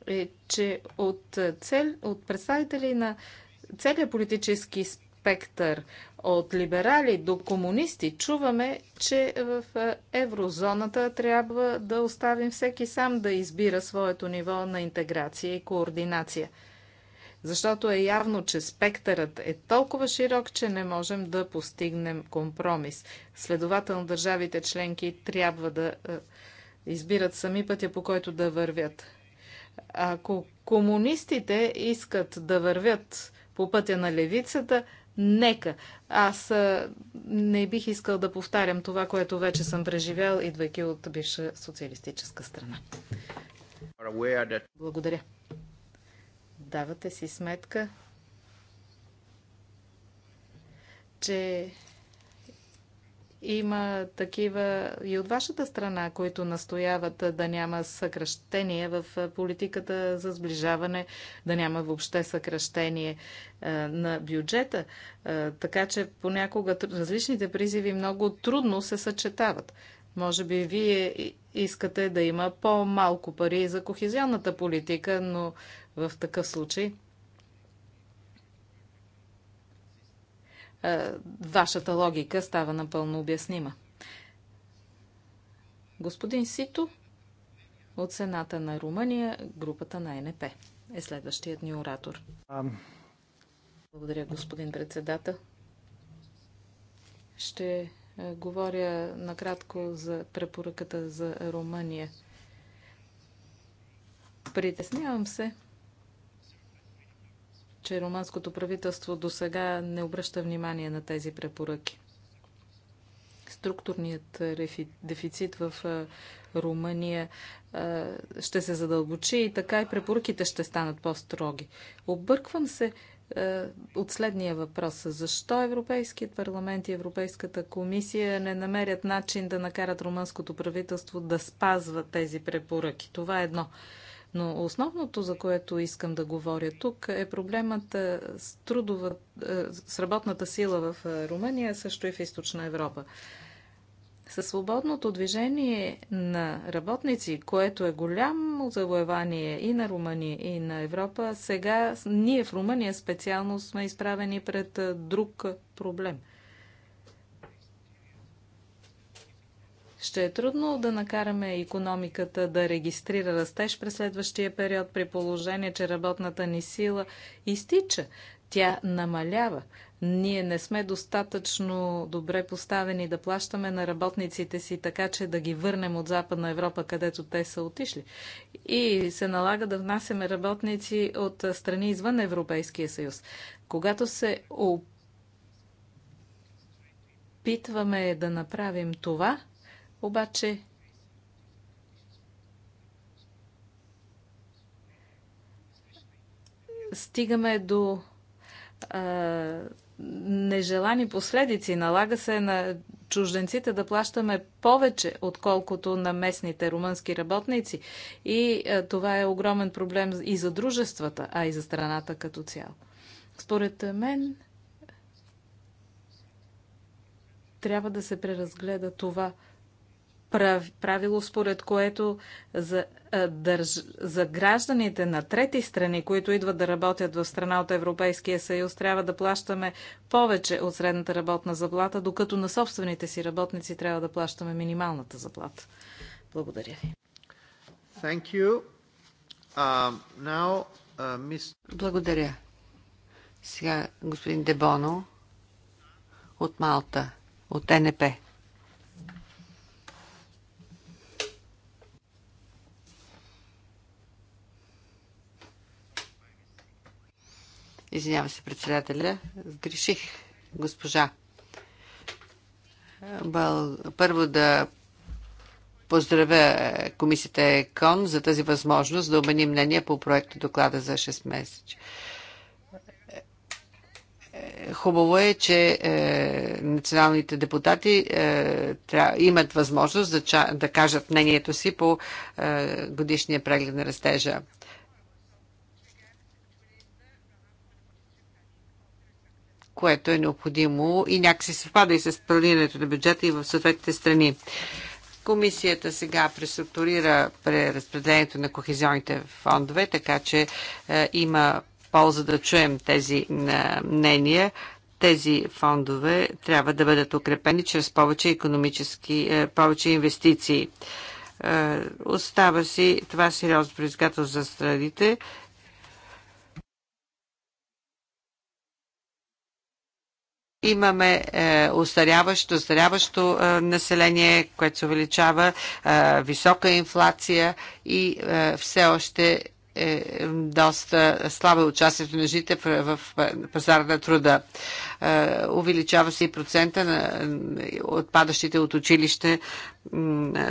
е, че от, цел, от представители на целият политически спектър от либерали до комунисти чуваме, че в е, еврозоната трябва да оставим всеки сам да избира своето ниво на интеграция и координация. Защото е явно, че спектърът е толкова широк, че не можем да постигнем компромис. Следователно, държавите членки трябва да е, избират сами пътя, по който да вървят. Ако комунистите искат да вървят по пътя на левицата, Нека. Аз не бих искал да повтарям това, което вече съм преживял, идвайки от бивша социалистическа страна. Благодаря. Давате си сметка, че има такива и от вашата страна, които настояват да няма съкръщение в политиката за сближаване, да няма въобще съкръщение на бюджета. Така че понякога различните призиви много трудно се съчетават. Може би вие искате да има по-малко пари за кохезионната политика, но в такъв случай Е, вашата логика става напълно обяснима. Господин Сито от Сената на Румъния, групата на НП е следващият ни оратор. Благодаря, господин председател. Ще е, говоря накратко за препоръката за Румъния. Притеснявам се, че румънското правителство до сега не обръща внимание на тези препоръки. Структурният е, дефицит в е, Румъния е, ще се задълбочи и така и препоръките ще станат по-строги. Обърквам се от следния въпрос. Защо Европейският парламент и Европейската комисия не намерят начин да накарат румънското правителство да спазва тези препоръки? Това е едно. Но основното, за което искам да говоря тук, е проблемът е, с, трудова, е, с работната сила в е, Румъния, също и в Източна Европа. Със свободното движение на работници, което е голямо завоевание и на Румъния, и на Европа, сега ние в Румъния специално сме изправени пред друг проблем – Ще е трудно да накараме економиката да регистрира растеж през следващия период при положение, че работната ни сила изтича. Тя намалява. Ние не сме достатъчно добре поставени да плащаме на работниците си така, че да ги върнем от Западна Европа, където те са отишли. И се налага да внасяме работници от страни извън Европейския съюз. Когато се опитваме да направим това, обаче стигаме до а, нежелани последици. Налага се на чужденците да плащаме повече, отколкото на местните румънски работници. И а, това е огромен проблем и за дружествата, а и за страната като цяло. Според мен трябва да се преразгледа това правило, според което за, държ... за гражданите на трети страни, които идват да работят в страна от Европейския съюз, трябва да плащаме повече от средната работна заплата, докато на собствените си работници трябва да плащаме минималната заплата. Благодаря ви. Thank you. Uh, now, uh, miss... Благодаря. Сега господин Дебоно от Малта, от НП. Извинява се председателя. Сгреших госпожа. Първо да поздравя комисията ЕКОН за тази възможност да обмени мнение по проекта доклада за 6 месеца. Хубаво е, че е, националните депутати е, тря, имат възможност да, да кажат мнението си по е, годишния преглед на растежа. което е необходимо и някакси съвпада и с планирането на бюджета и в съответните страни. Комисията сега преструктурира преразпределението на кохезионните фондове, така че е, има полза да чуем тези е, мнения. Тези фондове трябва да бъдат укрепени чрез повече економически, е, повече инвестиции. Е, остава си това сериозно предизвикателство за страните Имаме е, устаряващо, устаряващо е, население, което се увеличава, е, висока инфлация и е, все още е, е доста слабо участието на жените в, пазара на труда. Е, увеличава се и процента на е, отпадащите от училище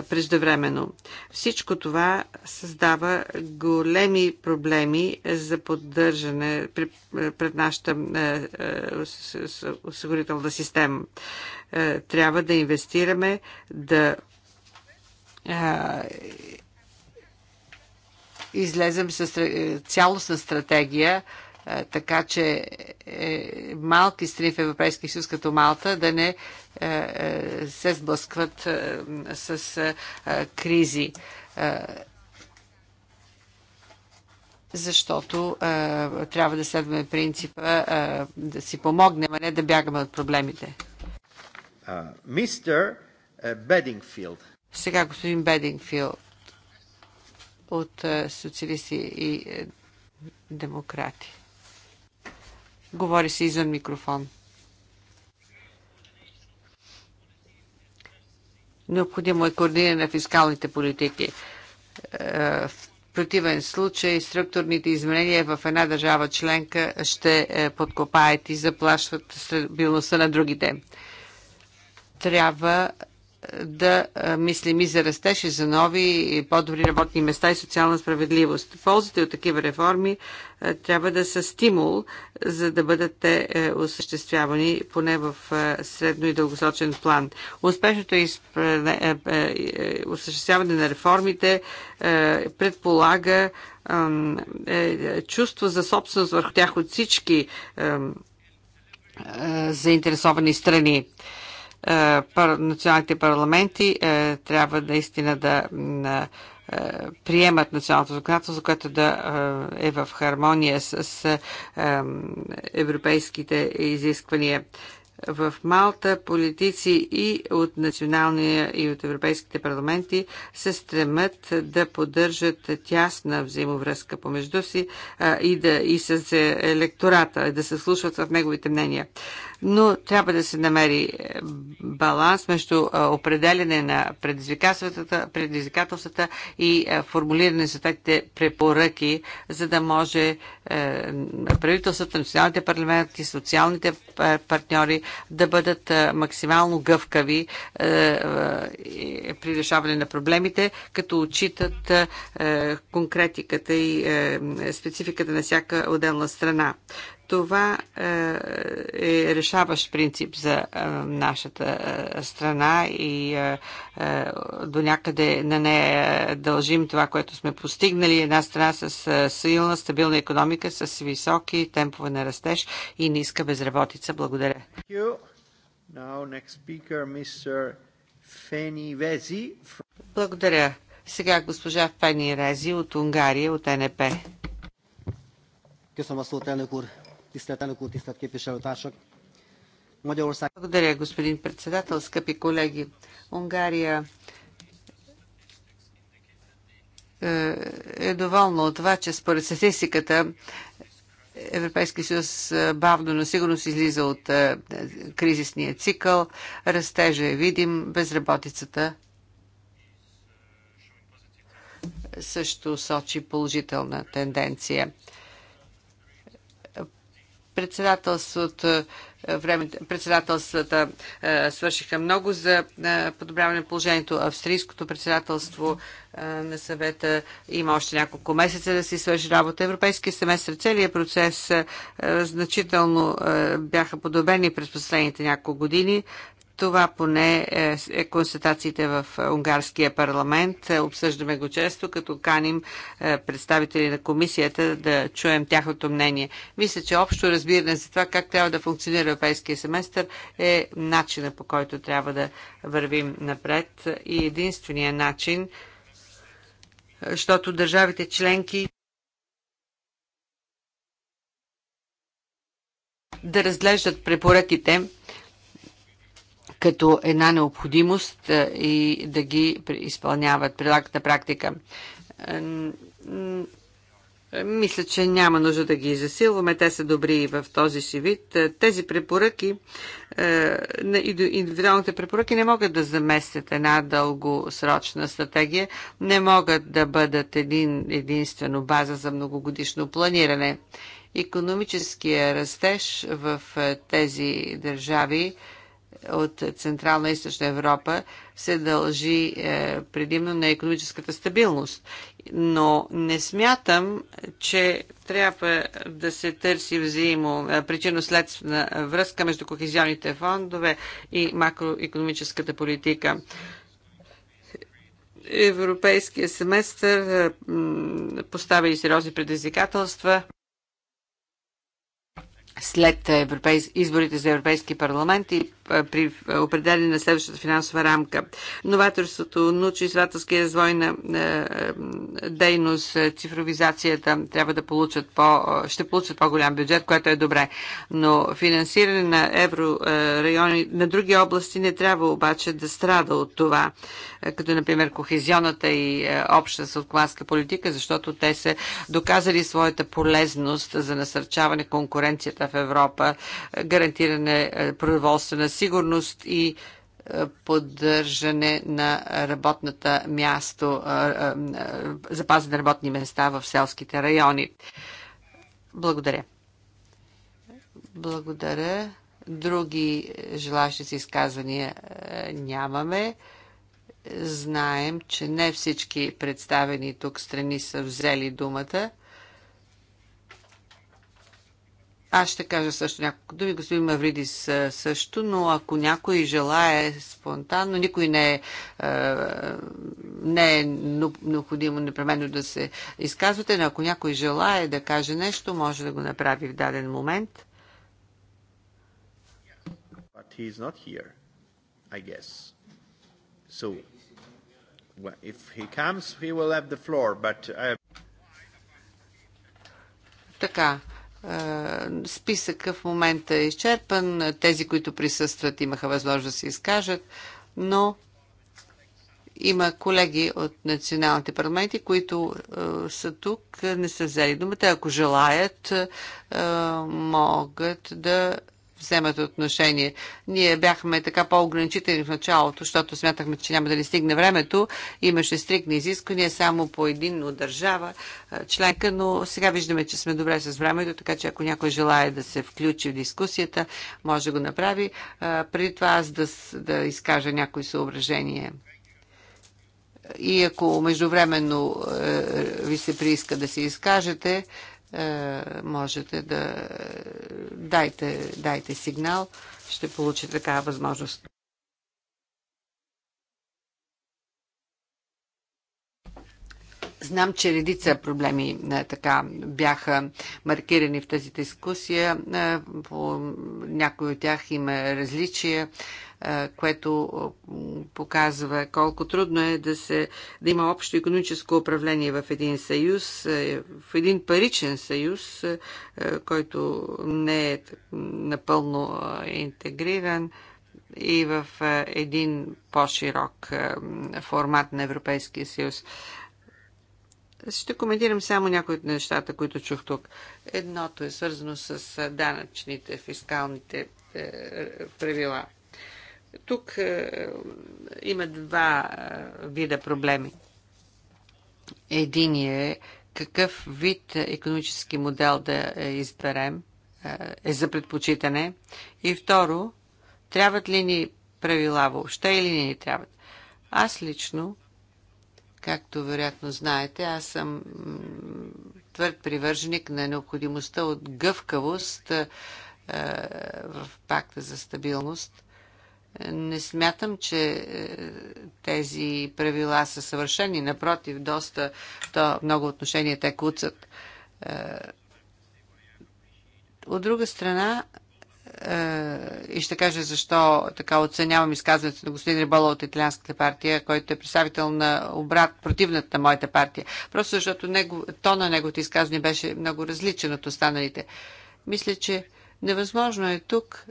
преждевременно. Всичко това създава големи проблеми за поддържане пред нашата осигурителна система. Трябва да инвестираме, да излезем с е, цялостна стратегия, е, така че е, малки страни в Европейския съюз като Малта да не се сблъскват с кризи защото а, трябва да следваме принципа а, да си помогнем, а не да бягаме от проблемите. Мистер uh, Бедингфилд. Сега господин Бедингфилд от е, социалисти и е, демократи. Говори се извън микрофон. Необходимо е координиране на фискалните политики. Е, в противен случай структурните изменения в една държава членка ще подкопаят и заплашват стабилността на другите. Трябва да мислим и за растеж и за нови и по-добри работни места и социална справедливост. Ползите от такива реформи трябва да са стимул, за да бъдат те е, осъществявани поне в средно и дългосрочен план. Успешното изпре... Е, е, осъществяване на реформите предполага чувство за собственост върху тях от всички заинтересовани страни. Е, националните парламенти е, трябва наистина да е, приемат националното законодателство, което да е в хармония с европейските изисквания. В Малта политици и от националния и от европейските парламенти се стремят да поддържат тясна взаимовръзка помежду си и, да, и с електората, да се слушат в неговите мнения но трябва да се намери е, баланс между е, определене на предизвикателствата, предизвикателствата и е, формулиране на съответните препоръки, за да може правителствата, националните парламенти, социалните партньори да бъдат максимално гъвкави при решаване на проблемите, като отчитат конкретиката и спецификата на всяка отделна страна. Това е, е решаващ принцип за е, нашата е, страна и до някъде на нея дължим това, което сме постигнали. Една страна с силна, стабилна економика, с високи темпове на растеж и ниска безработица. Благодаря. Благодаря. Сега госпожа Фени Рези от Унгария, от НП. Благодаря, господин председател, скъпи колеги. Унгария е, е доволна от това, че според статистиката Европейския съюз е, бавно, но сигурно се излиза от е, кризисния цикъл. Растежа е видим, безработицата също сочи положителна тенденция. Председателството е, времето, председателствата а, е, свършиха много за а, е, подобряване на положението. Австрийското председателство а, на съвета има още няколко месеца да си свърши работа. Европейския семестър, целият процес значително бяха подобрени през последните няколко години. Това поне е, е констатациите в е, унгарския парламент. Е, обсъждаме го често, като каним представители на комисията да чуем тяхното мнение. Мисля, че общо разбиране за това как трябва да функционира европейския семестър е начина по който трябва да вървим напред и единствения начин, защото държавите членки да разглеждат препоръките като една необходимост е, и да ги изпълняват, прилагат на практика. Мисля, че няма нужда да ги засилваме. Те са добри и в този си вид. Е, тези препоръки, е, индивидуалните препоръки не могат да заместят една дългосрочна стратегия, не могат да бъдат един, единствено база за многогодишно планиране. Економическия растеж в тези държави от Централна и Източна Европа се дължи е, предимно на економическата стабилност. Но не смятам, че трябва да се търси взаимо е, причинно-следствена връзка между кохезионните фондове и макроекономическата политика. Европейския семестър е, поставя и сериозни предизвикателства след европейс... изборите за Европейски парламент и при определяне на следващата финансова рамка. Новаторството, научно-изследователски развой на дейност, цифровизацията трябва да получат по, ще получат по-голям бюджет, което е добре. Но финансиране на еврорайони на други области не трябва обаче да страда от това, като например кохезионата и обща селкоманска политика, защото те са доказали своята полезност за насърчаване конкуренцията в Европа, гарантиране продоволствена сигурност и е, поддържане на работната място, е, е, запазване на работни места в селските райони. Благодаря. Благодаря. Други желащи си изказвания нямаме. Знаем, че не всички представени тук страни са взели думата. Аз ще кажа също няколко думи. Господин Мавридис също, но ако някой желае спонтанно, никой не е, не е необходимо непременно да се изказвате, но ако някой желае да каже нещо, може да го направи в даден момент. But he is not here, I guess. So, if he comes, he will have the floor, but... I... Uh, така. Списъка в момента е изчерпан. Тези, които присъстват, имаха възможност да се изкажат, но има колеги от националните парламенти, които е, са тук, не са взели думата. Ако желаят, е, могат да вземат отношение. Ние бяхме така по-ограничителни в началото, защото смятахме, че няма да ни стигне времето. Имаше стрикни изисквания само по един от държава членка, но сега виждаме, че сме добре с времето, така че ако някой желая да се включи в дискусията, може да го направи. Преди това аз да, да изкажа някои съображения и ако междувременно ви се прииска да се изкажете, е, можете да дайте, дайте сигнал, ще получите такава възможност. Знам, че редица проблеми е, така бяха маркирани в тази дискусия. Е, по някои от тях има различия което показва колко трудно е да, се, да има общо економическо управление в един съюз, в един паричен съюз, който не е напълно интегриран и в един по-широк формат на Европейския съюз. Ще коментирам само някои от нещата, които чух тук. Едното е свързано с данъчните, фискалните е, правила. Тук е, има два е, вида проблеми. Единият е какъв вид економически модел да е, изберем е за предпочитане. И второ, трябват ли ни правила въобще или не ни трябват? Аз лично, както вероятно знаете, аз съм твърд привърженик на необходимостта от гъвкавост в пакта за стабилност – не смятам, че е, тези правила са съвършени. Напротив, доста, то много отношения те куцат. Е, от друга страна, е, и ще кажа защо така оценявам изказването на господин Рибола от Италианската партия, който е представител на обрат противната на моята партия. Просто защото него, то на неговото изказване беше много различен от останалите. Мисля, че невъзможно е тук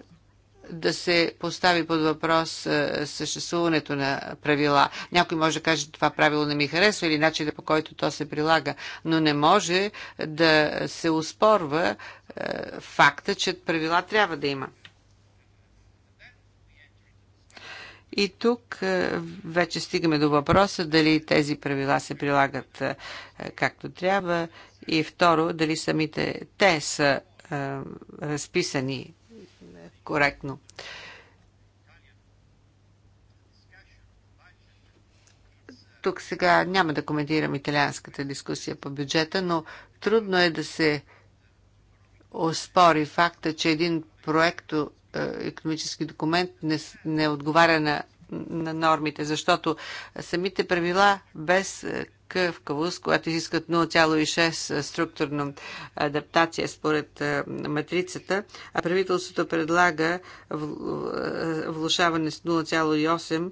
да се постави под въпрос е, съществуването на правила. Някой може да каже, че това правило не ми харесва или начинът по който то се прилага, но не може да се успорва е, факта, че правила трябва да има. И тук е, вече стигаме до въпроса дали тези правила се прилагат както трябва и второ, дали самите те са разписани коректно. Тук сега няма да коментирам италианската дискусия по бюджета, но трудно е да се оспори факта, че един проект е, економически документ не, не отговаря на, на нормите, защото самите правила без е, гъвкавост, когато изискват 0,6 структурна адаптация според матрицата, а правителството предлага влушаване с 0,8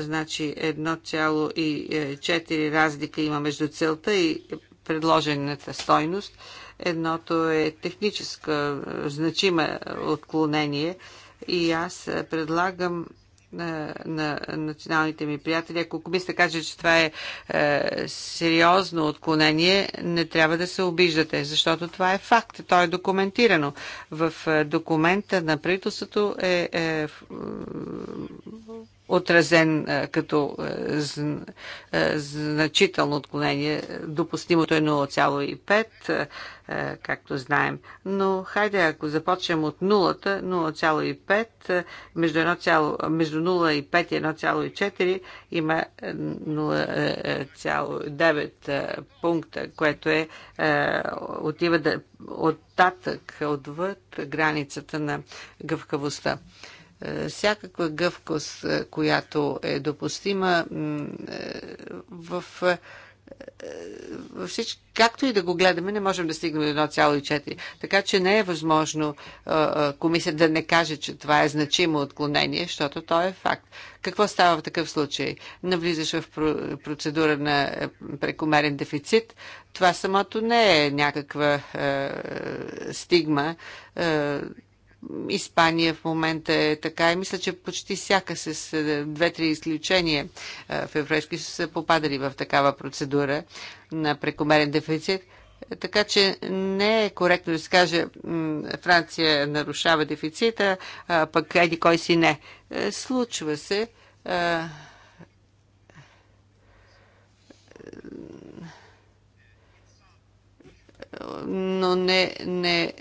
значи 1,4 разлика има между целта и предложената стойност. Едното е техническа значима отклонение и аз предлагам на, на националните ми приятели. Ако комисията каже, че това е, е сериозно отклонение, не трябва да се обиждате, защото това е факт. То е документирано. В е, документа на правителството е, е отразен като значително отклонение. Допустимото е 0,5, както знаем. Но хайде, ако започнем от 0, 0,5, между, 1, между 0,5 и 1,4 има 0,9 пункта, което е отива да, оттатък, отвъд границата на гъвкавостта. Е, всякаква гъвкост, е, която е допустима е, в във всички, както и да го гледаме, не можем да стигнем до 1,4. Така че не е възможно комисията да не каже, че това е значимо отклонение, защото то е факт. Какво става в такъв случай? Навлизаш в процедура на прекомерен дефицит. Това самото не е някаква стигма. Испания в момента е така и мисля, че почти всяка с е, две-три изключения е, в Европейския съюз са попадали в такава процедура на прекомерен дефицит. Е, така че не е коректно да се каже Франция нарушава дефицита, а пък еди кой си не. Случва се. А... Но не, не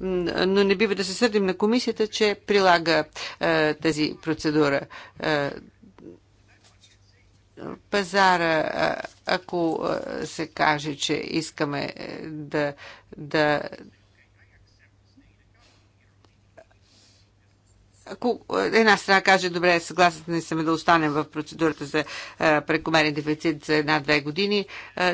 но не бива да се сърдим на комисията, че прилага е, тази процедура. Е, пазара, е, ако е, се каже, че искаме е, да, да ако една страна каже, добре, съгласен не съм да останем в процедурата за прекомерен дефицит за една-две години,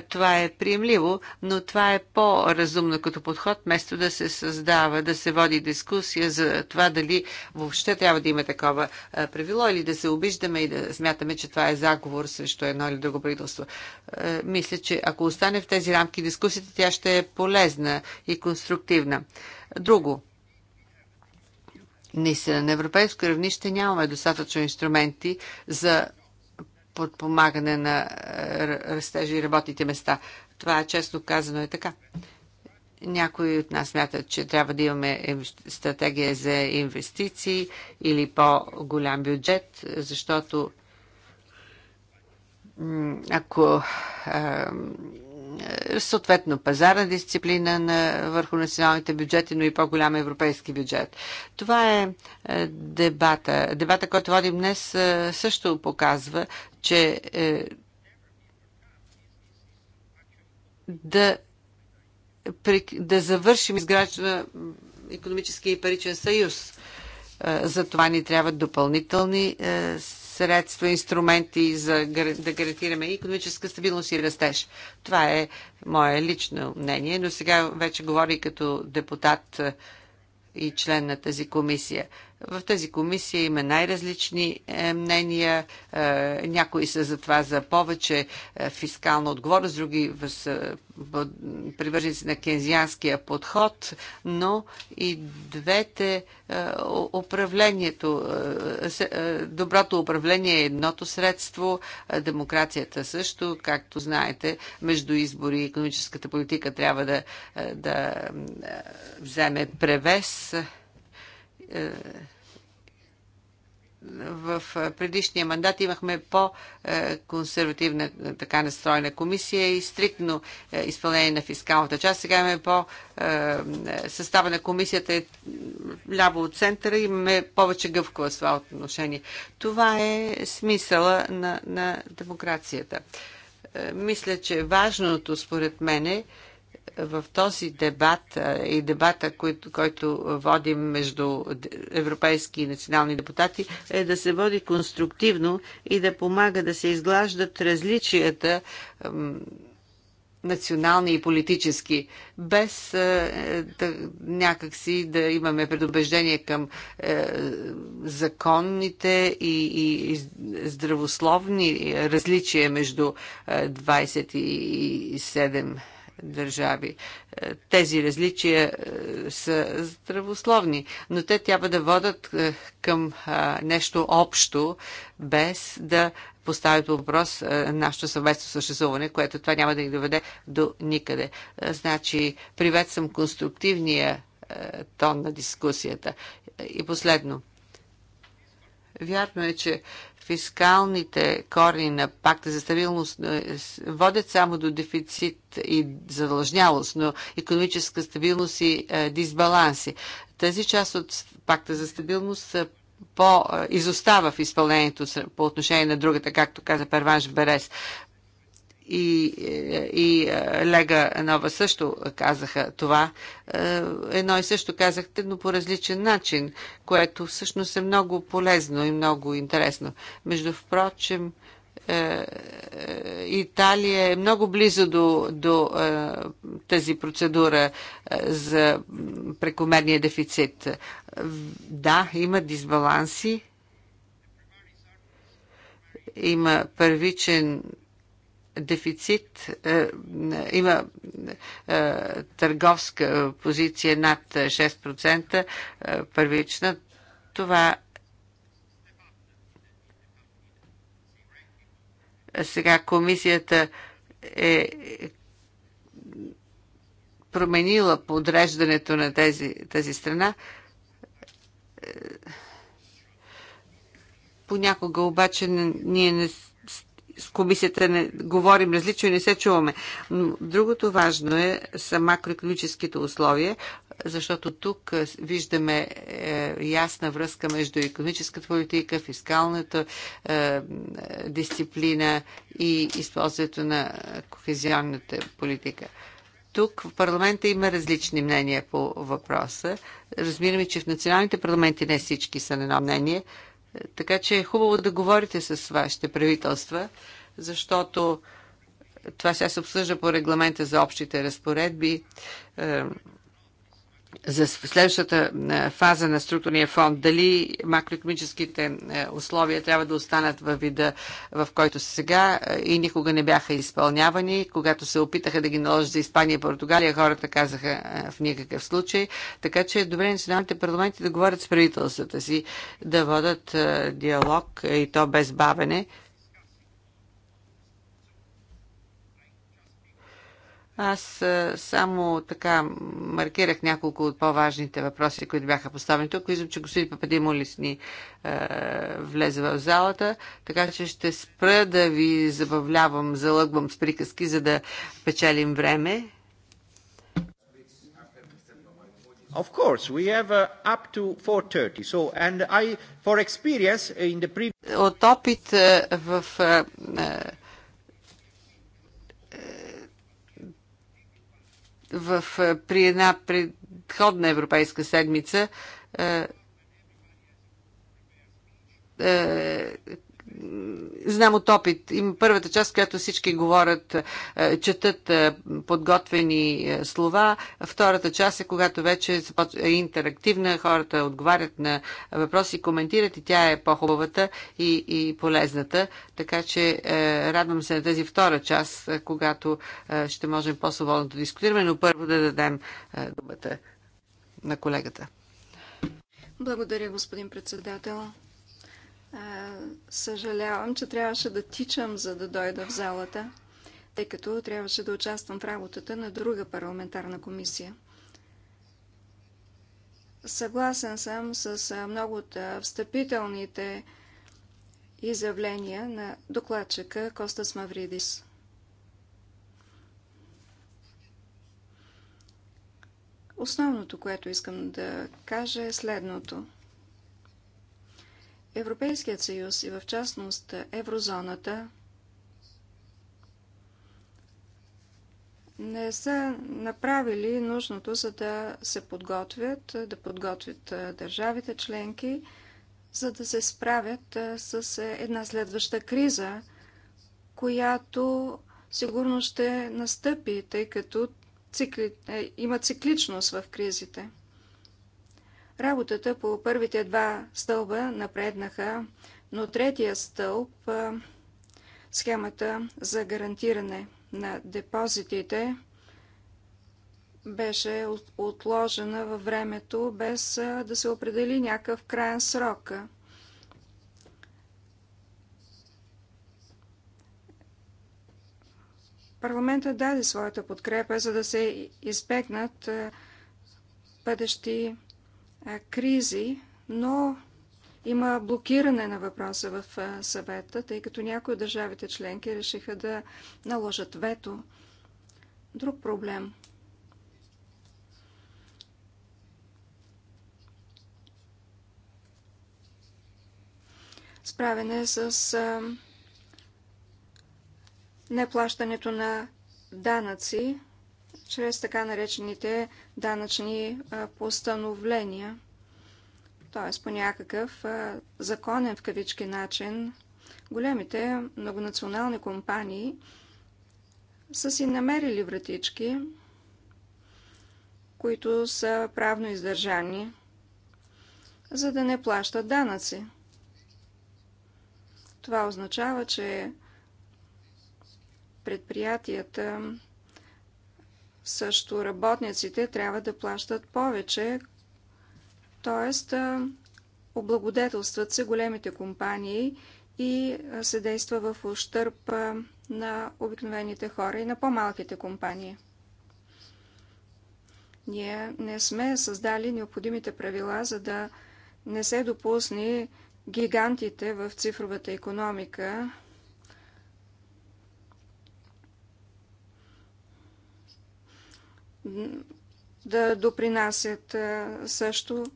това е приемливо, но това е по-разумно като подход, вместо да се създава, да се води дискусия за това дали въобще трябва да има такова правило или да се обиждаме и да смятаме, че това е заговор срещу едно или друго правителство. Мисля, че ако остане в тези рамки дискусията, тя ще е полезна и конструктивна. Друго, Наистина, на европейско равнище нямаме достатъчно инструменти за подпомагане на е, растежа и работните места. Това честно казано е така. Някои от нас смятат, че трябва да имаме стратегия за инвестиции или по-голям бюджет, защото ако е, съответно пазарна дисциплина на, върху националните бюджети, но и по-голям европейски бюджет. Това е, е дебата. Дебата, който водим днес, е, също показва, че да, да завършим изграждане економически и паричен съюз. За това ни трябват допълнителни средства, инструменти за да гарантираме економическа стабилност и растеж. Това е мое лично мнение, но сега вече говори като депутат и член на тази комисия. В тази комисия има най-различни е, мнения. Е, някои са за това за повече е, фискална отговорност, други привърженици на кензианския подход, но и двете управлението, доброто управление е едното средство, демокрацията също, както знаете, между избори и економическата политика трябва да, да вземе превес. Е, в предишния мандат имахме по-консервативна така настроена комисия и стриктно е, изпълнение на фискалната част. Сега имаме по е, състава на комисията е ляво от центъра, имаме повече гъвкава с това отношение. Това е смисъла на, на демокрацията. Мисля, че важното според мен е в този дебат и дебата, който, който водим между европейски и национални депутати, е да се води конструктивно и да помага да се изглаждат различията национални и политически, без да, някакси да имаме предубеждение към е, законните и, и, и здравословни различия между е, 27 държави. Е, тези различия е, са здравословни, но те трябва да водат е, към нещо общо, без да поставят въпрос нашето съвместно съществуване, което това няма да ни доведе до никъде. Значи, приветствам конструктивния тон на дискусията. И последно. Вярно е, че фискалните корени на пакта за стабилност е, водят само до дефицит и задължнялост, но економическа стабилност и е, дисбаланси. Тази част от пакта за стабилност е, по, изостава в изпълнението по отношение на другата, както каза Перванш Берес и, е, и е, Лега Нова също казаха това. Е, едно и също казахте, но по различен начин, което всъщност е много полезно и много интересно. Между впрочем, Италия е много близо до, до тази процедура за прекомерния дефицит. Да, има дисбаланси, има първичен дефицит, е, има е, търговска позиция над 6% е, първична. Това сега комисията е променила подреждането на тези, тази страна. Понякога обаче ние не с комисията не говорим различно и не се чуваме. Но другото важно е са макроекономическите условия, защото тук е, виждаме е, ясна връзка между економическата политика, фискалната е, дисциплина и използването на кохезионната политика. Тук в парламента има различни мнения по въпроса. Разбираме, че в националните парламенти не всички са на едно мнение. Така че е хубаво да говорите с вашите правителства, защото това сега се обсъжда по регламента за общите разпоредби за следващата е, фаза на структурния фонд, дали макроекономическите е, условия трябва да останат във вида, в който са сега е, и никога не бяха изпълнявани. Когато се опитаха да ги наложат за Испания и Португалия, хората казаха в никакъв случай. Така че е добре националните парламенти да говорят с правителствата си, да водят диалог и то без бавене. Аз само така маркирах няколко от по-важните въпроси, които бяха поставени тук. Виждам, че господин Пападимолис ни е, влезе в залата, така че ще спра да ви забавлявам, залъгвам с приказки, за да печелим време. Of course, we have uh, up to 4.30. So, and I, for experience in the previous... От опит в... Uh, в, при една предходна европейска седмица, знам от опит. Има първата част, която всички говорят, е, четат е, подготвени е, слова. Втората част е когато вече е интерактивна, хората отговарят на въпроси, коментират и тя е по-хубавата и, и полезната. Така че радвам се на тази втора част, когато ще можем по-свободно да дискутираме, но първо да дадем думата на колегата. Благодаря, господин председател. Съжалявам, че трябваше да тичам, за да дойда в залата, тъй като трябваше да участвам в работата на друга парламентарна комисия. Съгласен съм с много от встъпителните изявления на докладчика Костас Мавридис. Основното, което искам да кажа е следното – Европейският съюз и в частност еврозоната не са направили нужното, за да се подготвят, да подготвят държавите членки, за да се справят с една следваща криза, която сигурно ще настъпи, тъй като цикли... Е, има цикличност в кризите. Работата по първите два стълба напреднаха, но третия стълб, схемата за гарантиране на депозитите, беше отложена във времето, без да се определи някакъв крайен срок. Парламентът даде своята подкрепа, за да се избегнат бъдещи кризи, но има блокиране на въпроса в съвета, тъй като някои от държавите членки решиха да наложат вето. Друг проблем. Справене с неплащането на данъци чрез така наречените данъчни постановления, т.е. по някакъв законен в кавички начин, големите многонационални компании са си намерили вратички, които са правно издържани, за да не плащат данъци. Това означава, че предприятията също работниците трябва да плащат повече, т.е. облагодетелстват се големите компании и се действа в ущърп на обикновените хора и на по-малките компании. Ние не сме създали необходимите правила, за да не се допусни гигантите в цифровата економика да допринасят също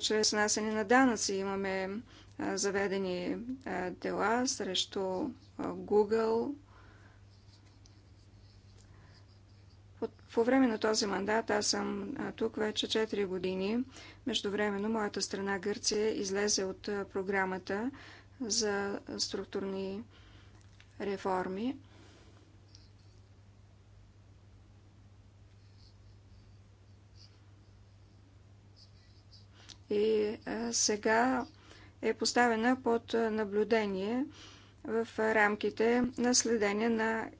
чрез насене на данъци. Имаме заведени дела срещу Google. По време на този мандат аз съм тук вече 4 години. Междувременно моята страна Гърция излезе от програмата за структурни реформи. и е, сега е поставена под наблюдение в рамките на следение на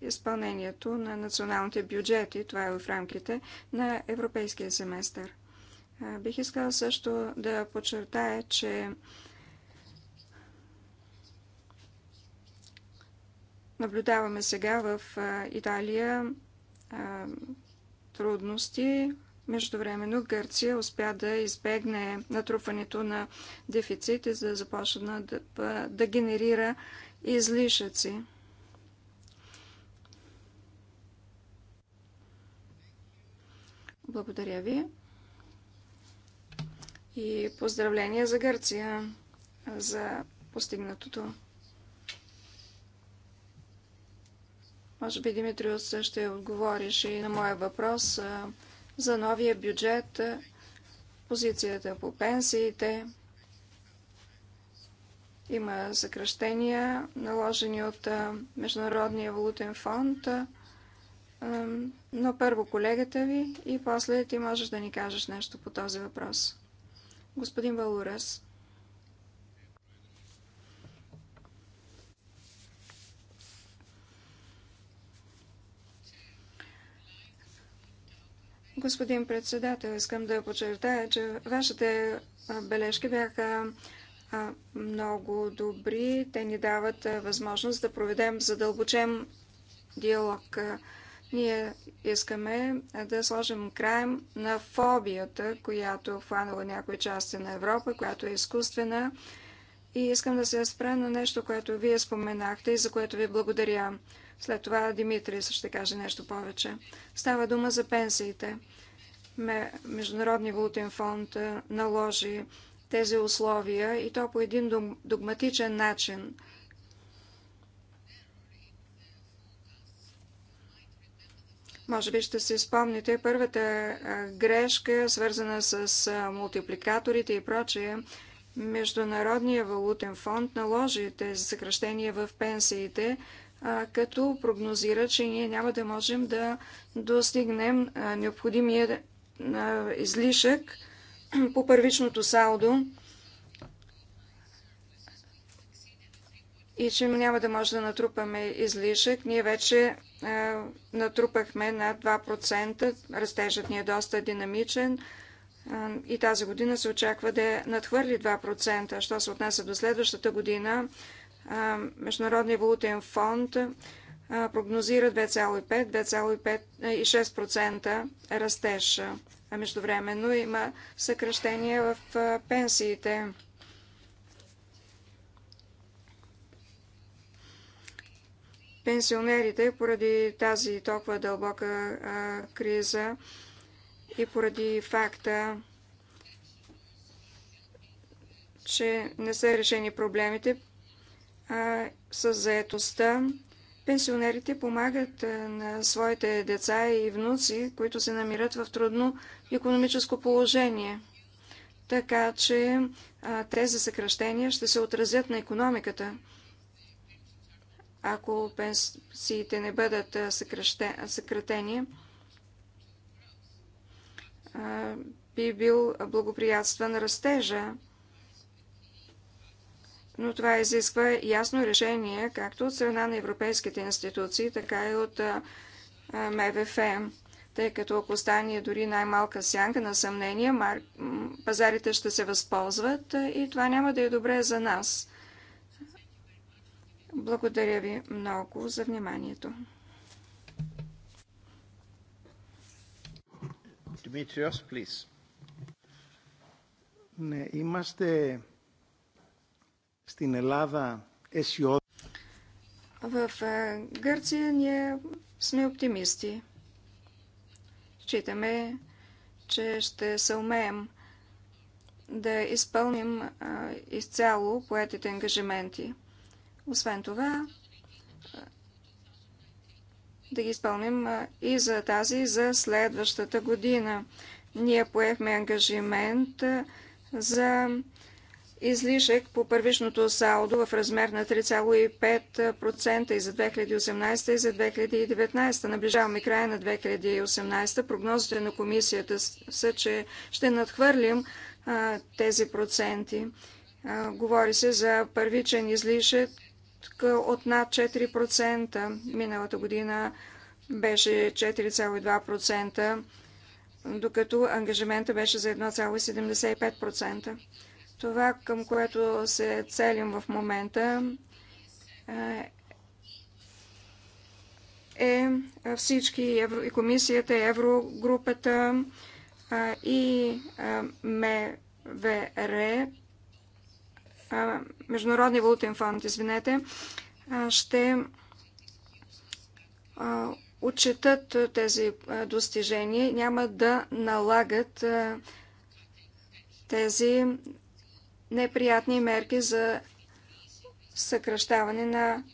изпълнението на националните бюджети. Това е в рамките на европейския семестър. Е, бих искала също да подчертая, че наблюдаваме сега в е, Италия трудности Междувременно Гърция успя да избегне натрупването на дефицити, за да започне да, да генерира излишъци. Благодаря ви. И поздравления за Гърция за постигнатото. Може би Димитриус ще отговориш и на моя въпрос за новия бюджет, е, позицията по пенсиите. Има съкръщения, наложени от е, Международния валутен фонд. Е, но първо колегата ви и после ти можеш да ни кажеш нещо по този въпрос. Господин Валурас. Господин председател, искам да подчертая, че вашите бележки бяха много добри. Те ни дават възможност да проведем задълбочен диалог. Ние искаме да сложим край на фобията, която е хванала някои части на Европа, която е изкуствена. И искам да се спра на нещо, което вие споменахте и за което ви благодаря. След това Димитрис ще каже нещо повече. Става дума за пенсиите. Международния валутен фонд наложи тези условия и то по един догматичен начин. Може би ще си спомните първата грешка, свързана с мултипликаторите и прочее. Международния валутен фонд наложи тези съкръщения в пенсиите, като прогнозира, че ние няма да можем да достигнем необходимия излишък по първичното салдо и че няма да може да натрупаме излишък. Ние вече натрупахме над 2%. Растежът ни е доста динамичен и тази година се очаква да надхвърли 2%. Що се отнася до следващата година, Международния валутен фонд прогнозира 2,5-2,6% растеж. А междувременно има съкръщение в пенсиите. Пенсионерите поради тази толкова дълбока криза и поради факта, че не са решени проблемите, с заетостта. Пенсионерите помагат на своите деца и внуци, които се намират в трудно економическо положение. Така че тези съкръщения ще се отразят на економиката. Ако пенсиите не бъдат съкратени, би бил благоприятстван растежа но това изисква ясно решение както от страна на европейските институции, така и от МВФ, тъй като ако стане дори най-малка сянка на съмнение, пазарите ще се възползват и това няма да е добре за нас. Благодаря ви много за вниманието. Dimitrios, please. Ναι, είμαστε Στην Ελλάδα αισιόδοξοι. В е, Гърция ние сме оптимисти. Считаме, че ще се умеем да изпълним е, изцяло поетите ангажименти. Освен това, е, да ги изпълним и за тази, и за следващата година. Ние поехме ангажимент за излишък по първичното салдо в размер на 3,5% и за 2018 и за 2019. Наближаваме края на 2018. Прогнозите на комисията са, че ще надхвърлим а, тези проценти. А, говори се за първичен излишък от над 4%. Миналата година беше 4,2%, докато ангажимента беше за 1,75%. Това, към което се целим в момента, е, е всички Евро, и комисията, еврогрупата и МВР, Международния валутен фонд, извинете, ще отчитат тези достижения, няма да налагат тези неприятни мерки за съкръщаване на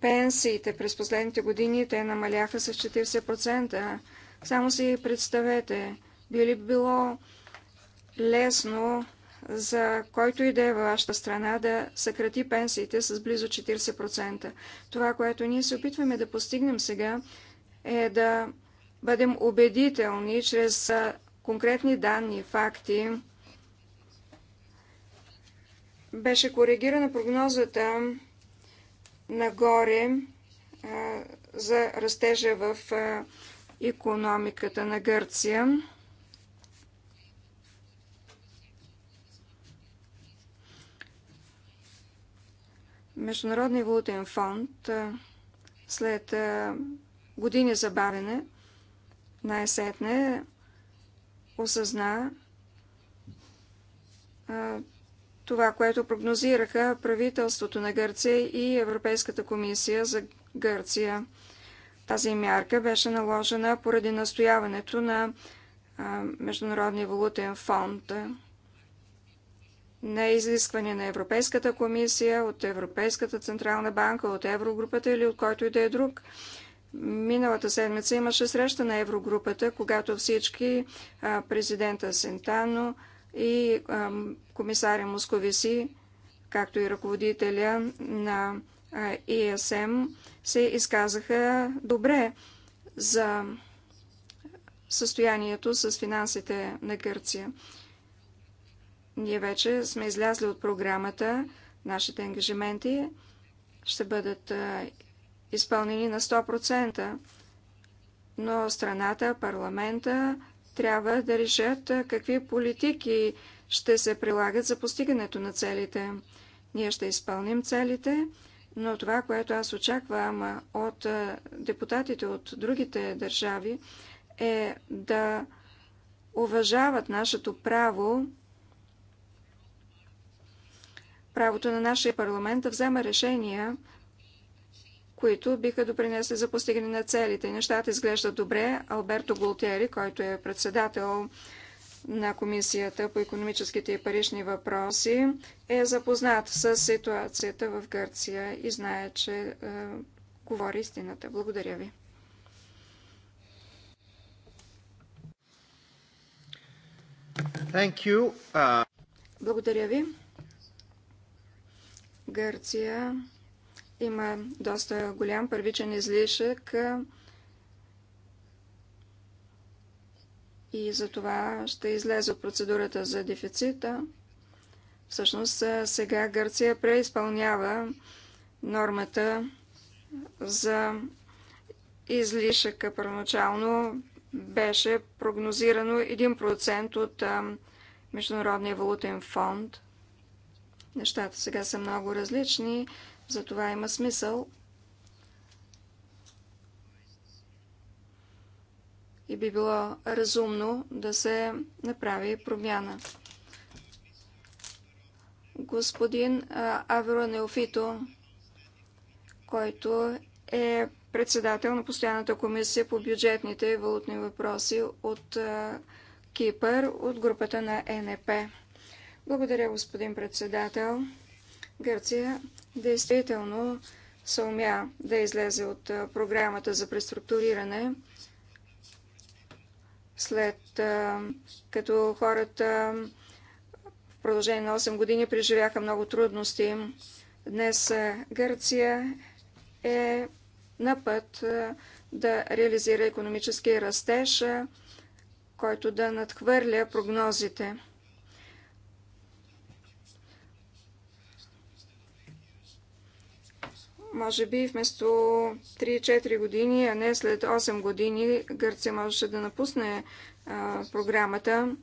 пенсиите. През последните години те намаляха с 40%. Само си представете, би ли било лесно за който и да е във вашата страна да съкрати пенсиите с близо 40%. Това, което ние се опитваме да постигнем сега, е да бъдем убедителни чрез конкретни данни, факти, беше коригирана прогнозата нагоре а, за растежа в а, економиката на Гърция. Международния валутен фонд а, след а, години забавене най-сетне осъзна а, това, което прогнозираха правителството на Гърция и Европейската комисия за Гърция. Тази мярка беше наложена поради настояването на Международния валутен фонд на изискване на Европейската комисия, от Европейската централна банка, от Еврогрупата или от който и да е друг. Миналата седмица имаше среща на Еврогрупата, когато всички президента Сентано, и комисаря Московиси, както и ръководителя на ИСМ, е се изказаха добре за състоянието с финансите на Гърция. Ние вече сме излязли от програмата. Нашите ангажименти ще бъдат изпълнени на 100%, но страната, парламента трябва да решат какви политики ще се прилагат за постигането на целите. Ние ще изпълним целите, но това, което аз очаквам от депутатите от другите държави, е да уважават нашето право, правото на нашия парламент да взема решения които биха допринесли за постигане на целите. Нещата изглеждат добре. Алберто Голтери, който е председател на Комисията по економическите и парични въпроси, е запознат с ситуацията в Гърция и знае, че е, говори истината. Благодаря ви. Thank you. Uh... Благодаря ви. Гърция има доста голям първичен излишък и за това ще излезе от процедурата за дефицита. Всъщност сега Гърция преизпълнява нормата за излишъка. Първоначално беше прогнозирано 1% от Международния валутен фонд. Нещата сега са много различни. За това има смисъл и би било разумно да се направи промяна. Господин Аверо Неофито, който е председател на постоянната комисия по бюджетните и валутни въпроси от Кипър, от групата на НП. Благодаря, господин председател. Гърция действително се умя да излезе от програмата за преструктуриране, след като хората в продължение на 8 години преживяха много трудности. Днес Гърция е на път да реализира економически растеж, който да надхвърля прогнозите. Може би вместо 3-4 години, а не след 8 години, Гърция можеше да напусне а, програмата.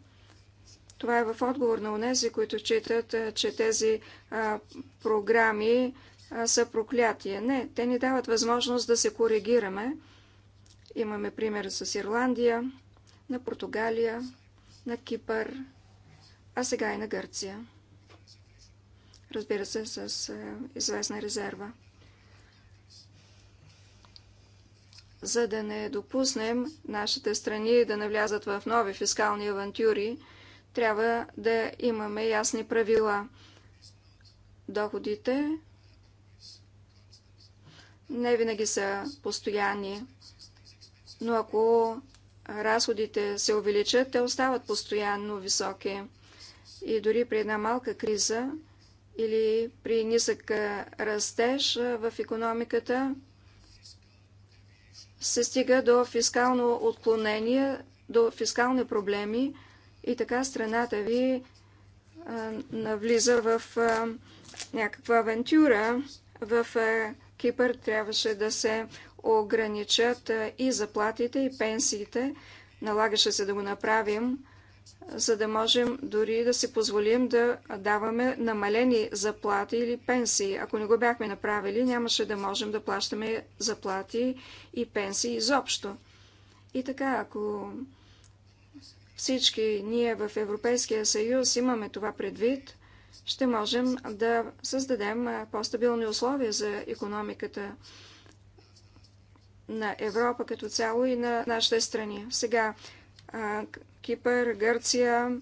Това е в отговор на унези, които читат, че тези а, програми а, са проклятие. Не, те ни дават възможност да се коригираме. Имаме пример с Ирландия, на Португалия, на Кипър, а сега и на Гърция. Разбира се, с известна резерва. за да не допуснем нашите страни да навлязат в нови фискални авантюри, трябва да имаме ясни правила. Доходите не винаги са постоянни, но ако разходите се увеличат, те остават постоянно високи. И дори при една малка криза или при нисък растеж в економиката, се стига до фискално отклонение, до фискални проблеми и така страната ви а, навлиза в а, някаква авантюра. В а, Кипър трябваше да се ограничат и заплатите, и пенсиите. Налагаше се да го направим за да можем дори да си позволим да даваме намалени заплати или пенсии. Ако не го бяхме направили, нямаше да можем да плащаме заплати и пенсии изобщо. И така, ако всички ние в Европейския съюз имаме това предвид, ще можем да създадем по-стабилни условия за економиката на Европа като цяло и на нашите страни. Сега, Кипър, Гърция,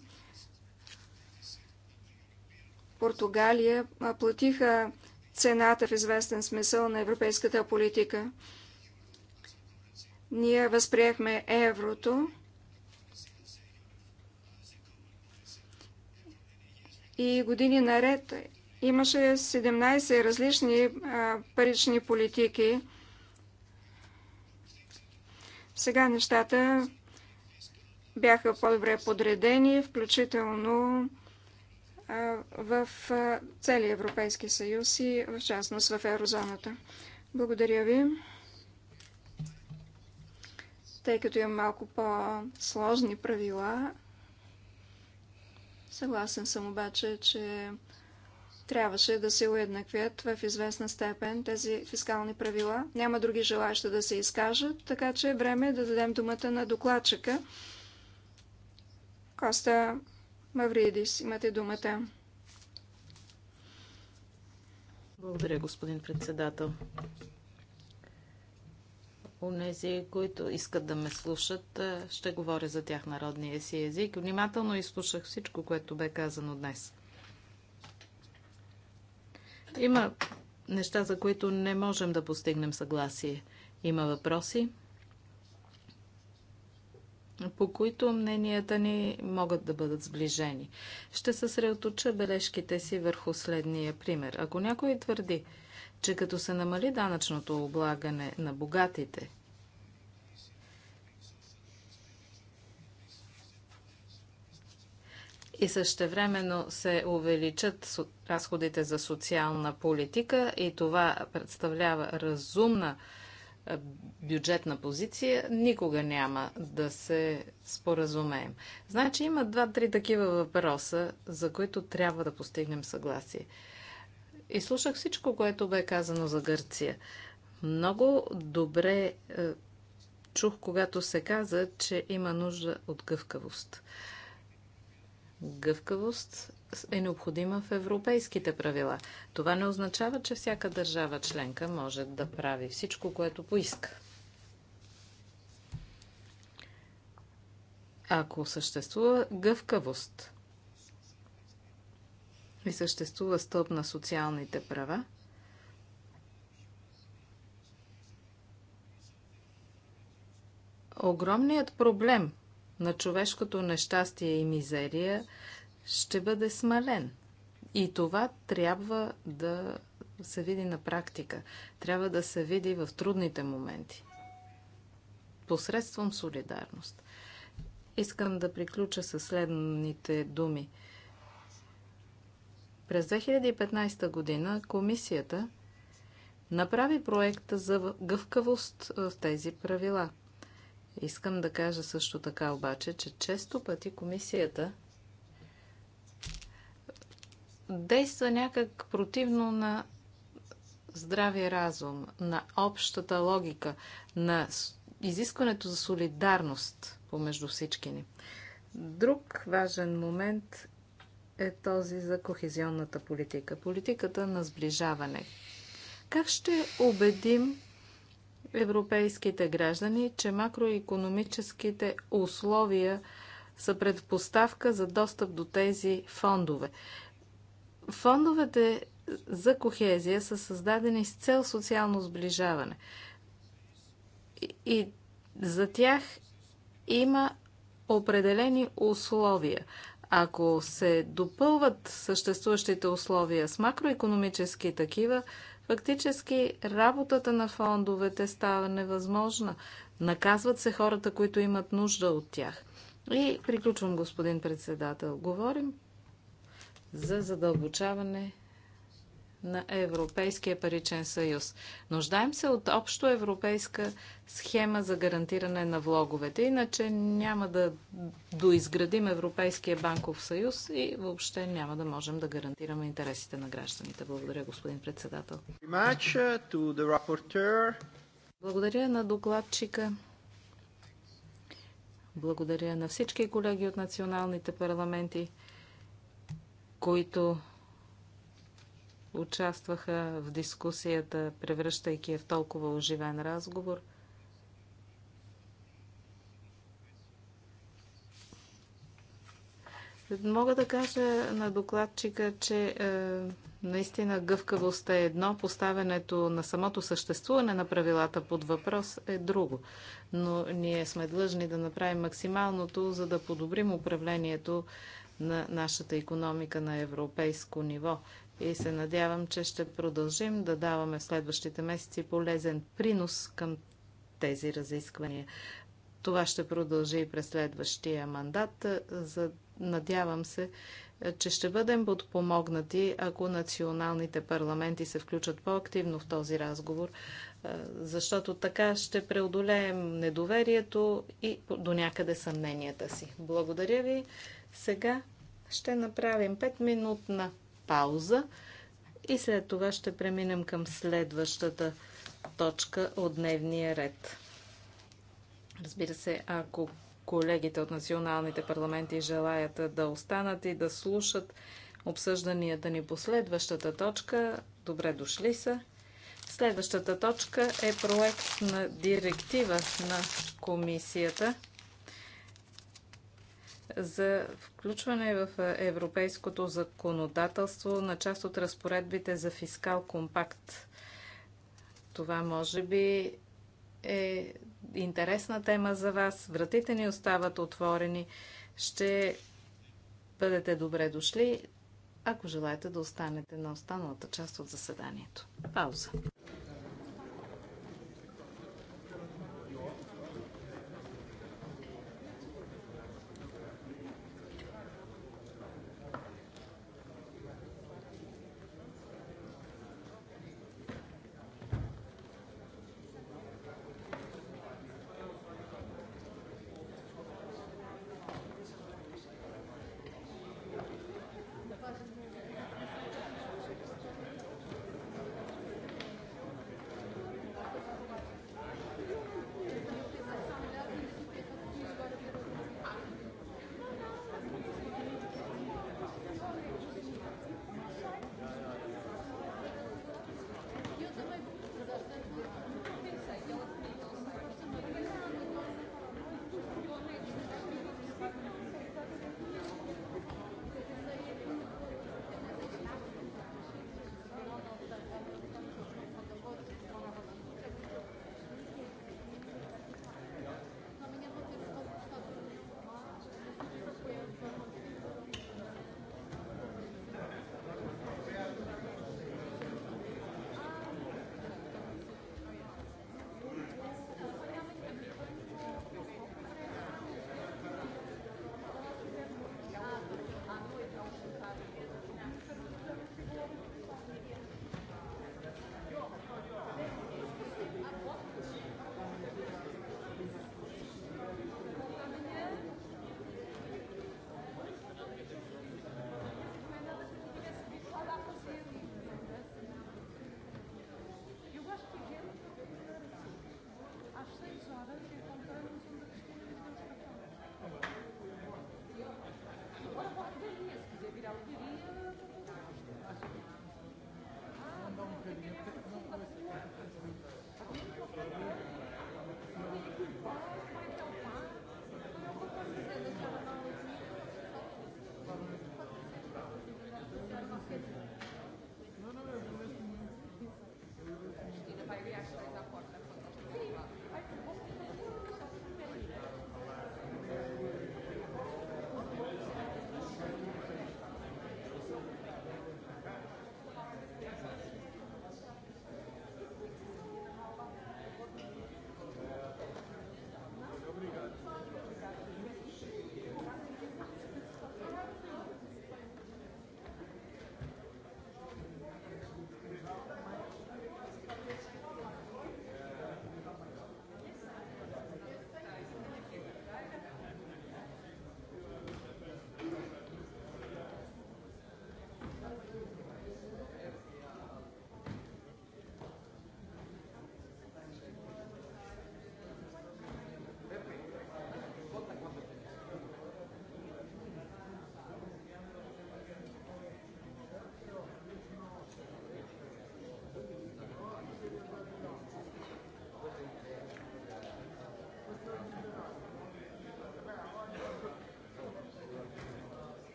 Португалия платиха цената в известен смисъл на европейската политика. Ние възприехме еврото и години наред имаше 17 различни парични политики. Сега нещата бяха по-добре подредени, включително в целия Европейски съюз и в частност в еврозоната. Благодаря ви. Тъй като имам малко по-сложни правила, съгласен съм обаче, че трябваше да се уеднаквят в известна степен тези фискални правила. Няма други желаящи да се изкажат, така че е време да дадем думата на докладчика. Коста Мавридис, имате думата. Благодаря, господин председател. Унези, които искат да ме слушат, ще говоря за тях народния си език. Внимателно изслушах всичко, което бе казано днес. Има неща, за които не можем да постигнем съгласие. Има въпроси, по които мненията ни могат да бъдат сближени. Ще съсредоточа бележките си върху следния пример. Ако някой твърди, че като се намали данъчното облагане на богатите, и същевременно се увеличат разходите за социална политика и това представлява разумна бюджетна позиция, никога няма да се споразумеем. Значи има два-три такива въпроса, за които трябва да постигнем съгласие. И слушах всичко, което бе казано за Гърция. Много добре е, чух, когато се каза, че има нужда от гъвкавост. Гъвкавост е необходима в европейските правила. Това не означава, че всяка държава членка може да прави всичко, което поиска. Ако съществува гъвкавост и съществува стълб на социалните права, огромният проблем на човешкото нещастие и мизерия – ще бъде смален. И това трябва да се види на практика. Трябва да се види в трудните моменти. Посредством солидарност. Искам да приключа със следните думи. През 2015 година комисията направи проекта за гъвкавост в тези правила. Искам да кажа също така обаче, че често пъти комисията действа някак противно на здравия разум, на общата логика, на изискването за солидарност помежду всички ни. Друг важен момент е този за кохезионната политика, политиката на сближаване. Как ще убедим европейските граждани, че макроекономическите условия са предпоставка за достъп до тези фондове? Фондовете за кохезия са създадени с цел социално сближаване. И, и за тях има определени условия. Ако се допълват съществуващите условия с макроекономически такива, фактически работата на фондовете става невъзможна. Наказват се хората, които имат нужда от тях. И приключвам, господин председател. Говорим за задълбочаване на Европейския паричен съюз. Нуждаем се от общо европейска схема за гарантиране на влоговете, иначе няма да доизградим Европейския банков съюз и въобще няма да можем да гарантираме интересите на гражданите. Благодаря, господин председател. Благодаря на докладчика. Благодаря на всички колеги от националните парламенти които участваха в дискусията, превръщайки я в толкова оживен разговор. Мога да кажа на докладчика, че е, наистина гъвкавостта е едно, поставянето на самото съществуване на правилата под въпрос е друго. Но ние сме длъжни да направим максималното, за да подобрим управлението на нашата економика на европейско ниво. И се надявам, че ще продължим да даваме в следващите месеци полезен принос към тези разисквания. Това ще продължи и през следващия мандат. За... Надявам се, че ще бъдем подпомогнати, ако националните парламенти се включат по-активно в този разговор, защото така ще преодолеем недоверието и до някъде съмненията си. Благодаря ви. Сега ще направим 5-минутна пауза и след това ще преминем към следващата точка от дневния ред. Разбира се, ако колегите от националните парламенти желаят да останат и да слушат обсъжданията ни по следващата точка, добре дошли са. Следващата точка е проект на директива на комисията – за включване в е, европейското законодателство на част от разпоредбите за фискал компакт. Това може би е интересна тема за вас. Вратите ни остават отворени. Ще бъдете добре дошли, ако желаете да останете на останалата част от заседанието. Пауза.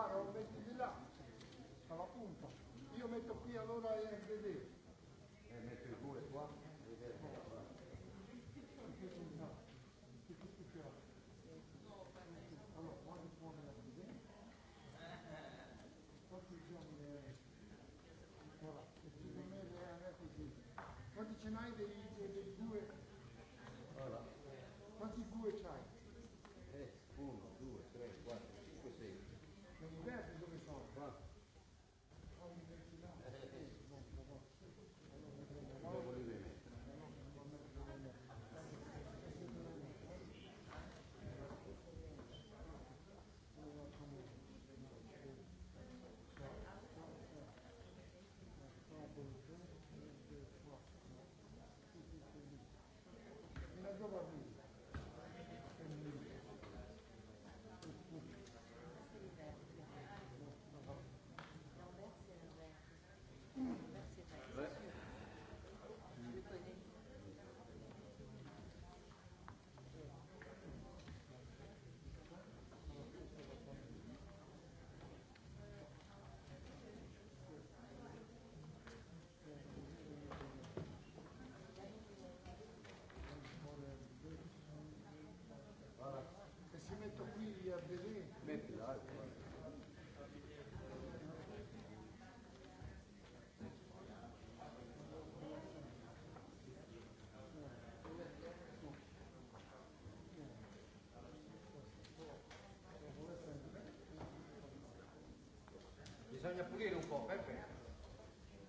fare un 20.000 all'appunto. Io metto qui allora bisogna pulire un po', Peppe.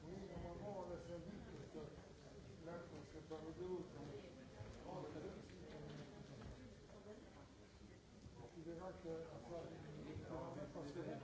Quindi non l'acqua att, att jag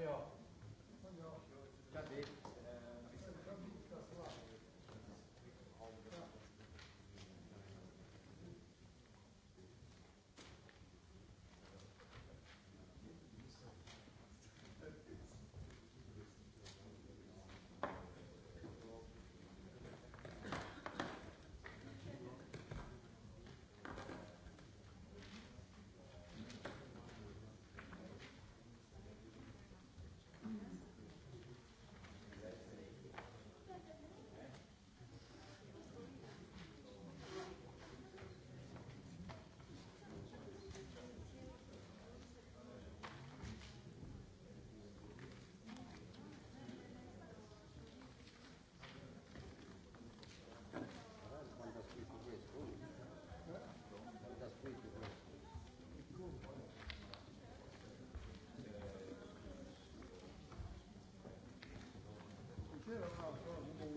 Yeah.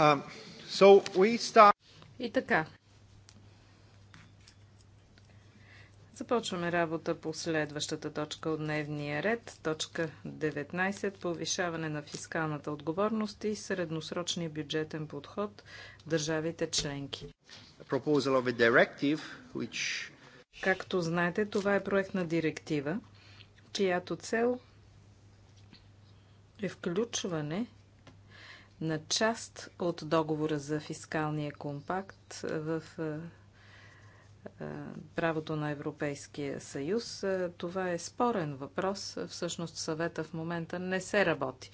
Um, и така. Започваме работа по следващата точка от дневния ред. Точка 19. Повишаване на фискалната отговорност и средносрочния бюджетен подход в държавите членки. Както знаете, това е проект на директива, чиято цел е включване на част от договора за фискалния компакт в е, е, правото на Европейския съюз. Е, това е спорен въпрос. Всъщност съвета в момента не се работи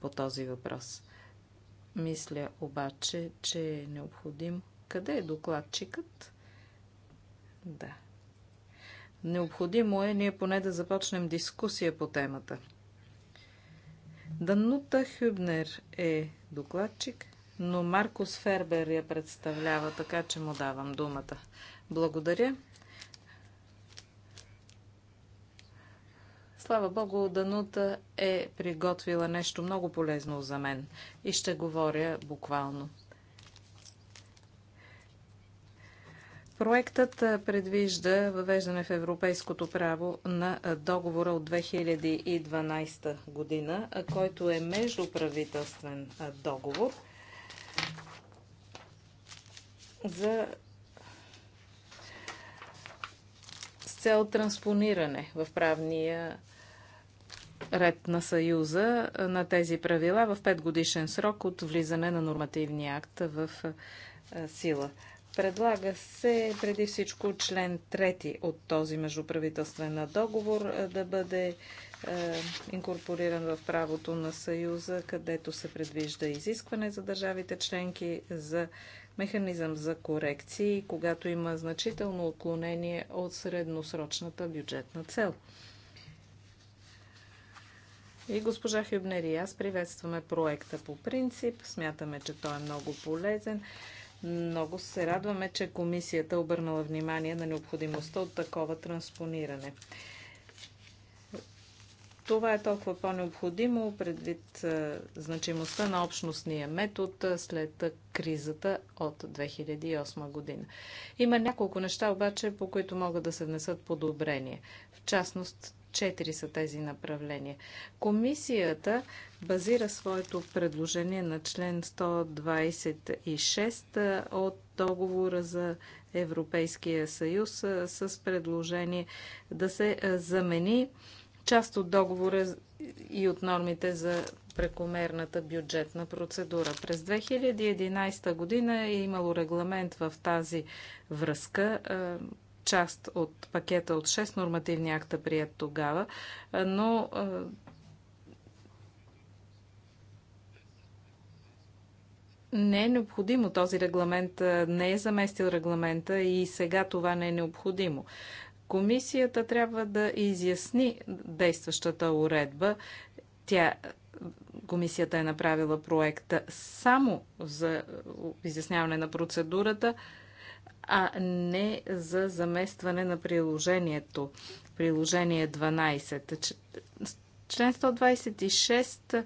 по този въпрос. Мисля обаче, че е необходим. Къде е докладчикът? Да. Необходимо е ние поне да започнем дискусия по темата. Данута Хюбнер е докладчик, но Маркус Фербер я представлява, така че му давам думата. Благодаря. Слава Богу, Данута е приготвила нещо много полезно за мен и ще говоря буквално. Проектът предвижда въвеждане в европейското право на договора от 2012 година, който е междуправителствен договор за с цел транспониране в правния ред на Съюза на тези правила в 5 годишен срок от влизане на нормативния акт в сила. Предлага се преди всичко член 3 от този междуправителствен договор е, да бъде е, инкорпориран в правото на Съюза, където се предвижда изискване за държавите членки за механизъм за корекции, когато има значително отклонение от средносрочната бюджетна цел. И госпожа Хюбнери, и аз приветстваме проекта по принцип. Смятаме, че той е много полезен. Много се радваме, че комисията обърнала внимание на необходимостта от такова транспониране. Това е толкова по-необходимо предвид значимостта на общностния метод след кризата от 2008 година. Има няколко неща обаче, по които могат да се внесат подобрения. В частност, Четири са тези направления. Комисията базира своето предложение на член 126 от договора за Европейския съюз с предложение да се замени част от договора и от нормите за прекомерната бюджетна процедура. През 2011 година е имало регламент в тази връзка част от пакета от 6 нормативни акта, прият тогава, но не е необходимо. Този регламент не е заместил регламента и сега това не е необходимо. Комисията трябва да изясни действащата уредба. Тя комисията е направила проекта само за изясняване на процедурата а не за заместване на приложението. Приложение 12. Член 126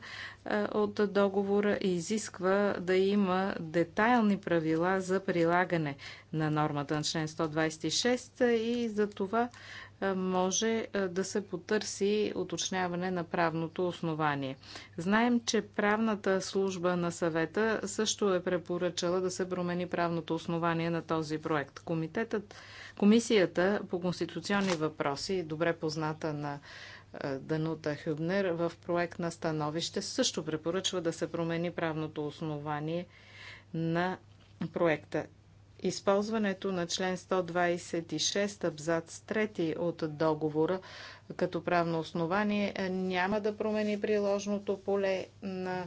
от договора изисква да има детайлни правила за прилагане на нормата на член 126 и за това е, може е, да се потърси уточняване на правното основание. Знаем, че правната служба на съвета също е препоръчала да се промени правното основание на този проект. Комитетът, комисията по конституционни въпроси, добре позната на е, Данута Хюбнер в проект на становище също препоръчва да се промени правното основание на проекта използването на член 126 абзац 3 от договора като правно основание е, няма да промени приложното поле на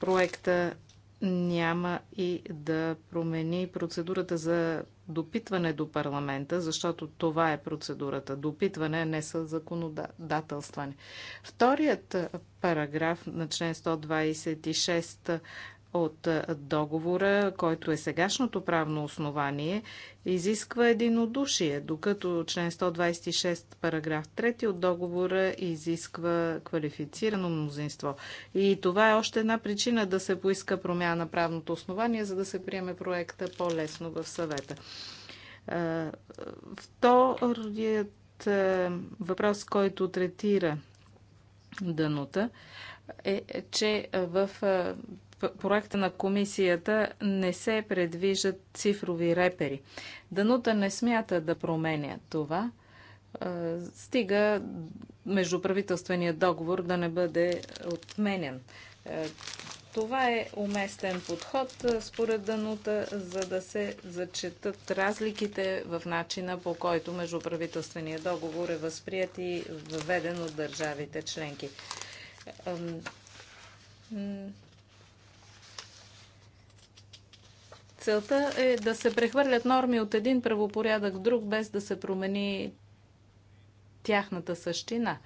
проекта, няма и да промени процедурата за допитване до парламента, защото това е процедурата. Допитване не са законодателстване. Вторият параграф на член 126 от е, договора, който е сегашното правно основание, изисква единодушие, докато член 126, параграф 3 от договора изисква квалифицирано мнозинство. И това е още една причина да се поиска промяна на правното основание, за да се приеме проекта по-лесно в съвета. Е, вторият е, въпрос, който третира дъното, е, че в проекта на комисията не се предвиждат цифрови репери. Данута не смята да променя това, е, стига междуправителствения договор да не бъде отменен. Е, това е уместен подход е, според Данута, за да се зачетат разликите в начина по който междуправителствения договор е възприят и въведен от държавите членки. Целта е да се прехвърлят норми от един правопорядък в друг, без да се промени тяхната същина.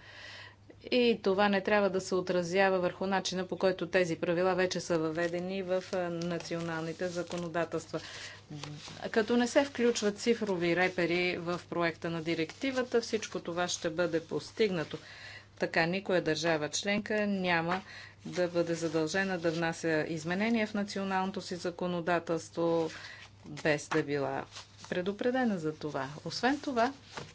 И това не трябва да се отразява върху начина по който тези правила вече са въведени в националните законодателства. Като не се включват цифрови репери в проекта на директивата, всичко това ще бъде постигнато. Така никоя държава членка няма да бъде задължена да внася изменения в националното си законодателство, без да била предупредена за това. Освен това,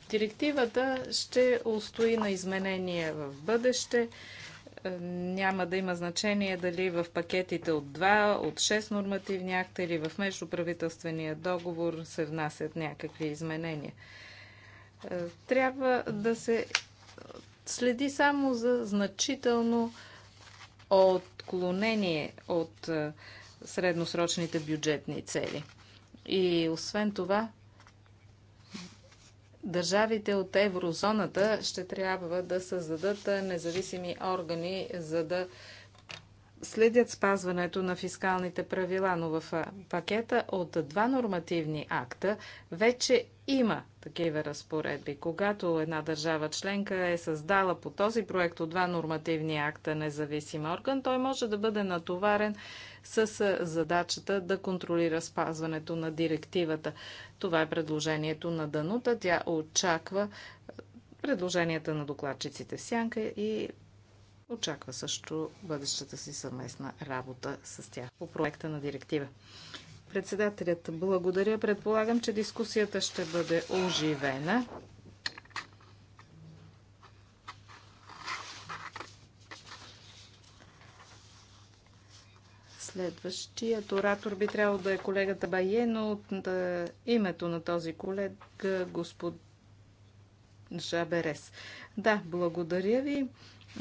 директивата ще устои на изменения в бъдеще. Е, няма да има значение дали в пакетите от 2, от 6 нормативни акта или в междуправителствения договор се внасят някакви изменения. Е, трябва да се следи само за значително отклонение от е, средносрочните бюджетни цели. И освен това, държавите от еврозоната ще трябва да създадат е, независими органи, за да следят спазването на фискалните правила, но в пакета от два нормативни акта вече има такива разпоредби. Когато една държава членка е създала по този проект от два нормативни акта независим орган, той може да бъде натоварен с задачата да контролира спазването на директивата. Това е предложението на Данута. Тя очаква предложенията на докладчиците Сянка и Очаква също бъдещата си съвместна работа с тях по проекта на директива. Председателят, благодаря. Предполагам, че дискусията ще бъде оживена. Следващият оратор би трябвало да е колегата Бае, но от името на този колега, господ Жаберес. Да, благодаря ви.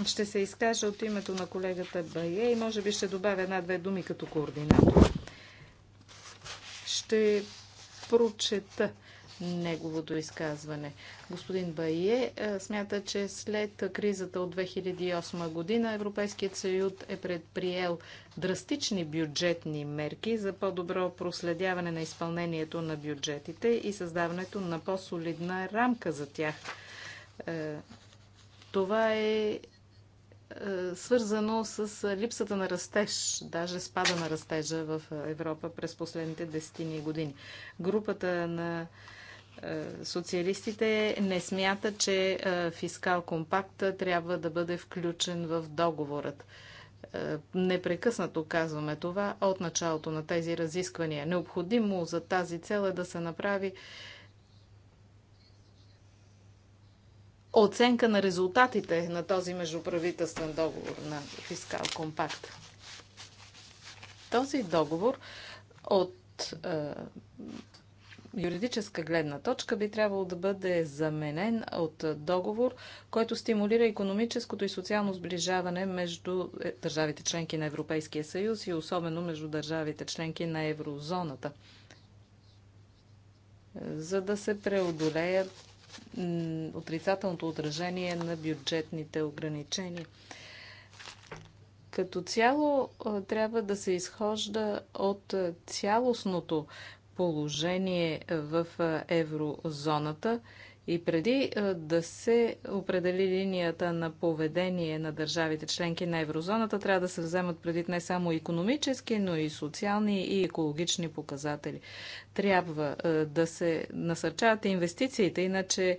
Ще се изкажа от името на колегата Бае и може би ще добавя една-две думи като координатор. Ще прочета неговото изказване. Господин Бае смята, че след кризата от 2008 година Европейският съюз е предприел драстични бюджетни мерки за по-добро проследяване на изпълнението на бюджетите и създаването на по-солидна рамка за тях. Това е свързано с липсата на растеж, даже спада на растежа в Европа през последните десетини години. Групата на социалистите не смята, че фискал компакт трябва да бъде включен в договорът. Непрекъснато казваме това от началото на тези разисквания. Необходимо за тази цел е да се направи оценка на резултатите на този междуправителствен договор на фискал компакт. Този договор от е, юридическа гледна точка би трябвало да бъде заменен от договор, който стимулира економическото и социално сближаване между е, държавите членки на Европейския съюз и особено между държавите членки на еврозоната, за да се преодолеят отрицателното отражение на бюджетните ограничения. Като цяло трябва да се изхожда от цялостното положение в еврозоната и преди да се определи линията на поведение на държавите членки на еврозоната, трябва да се вземат предвид не само економически, но и социални и екологични показатели. Трябва е, да се насърчават инвестициите, иначе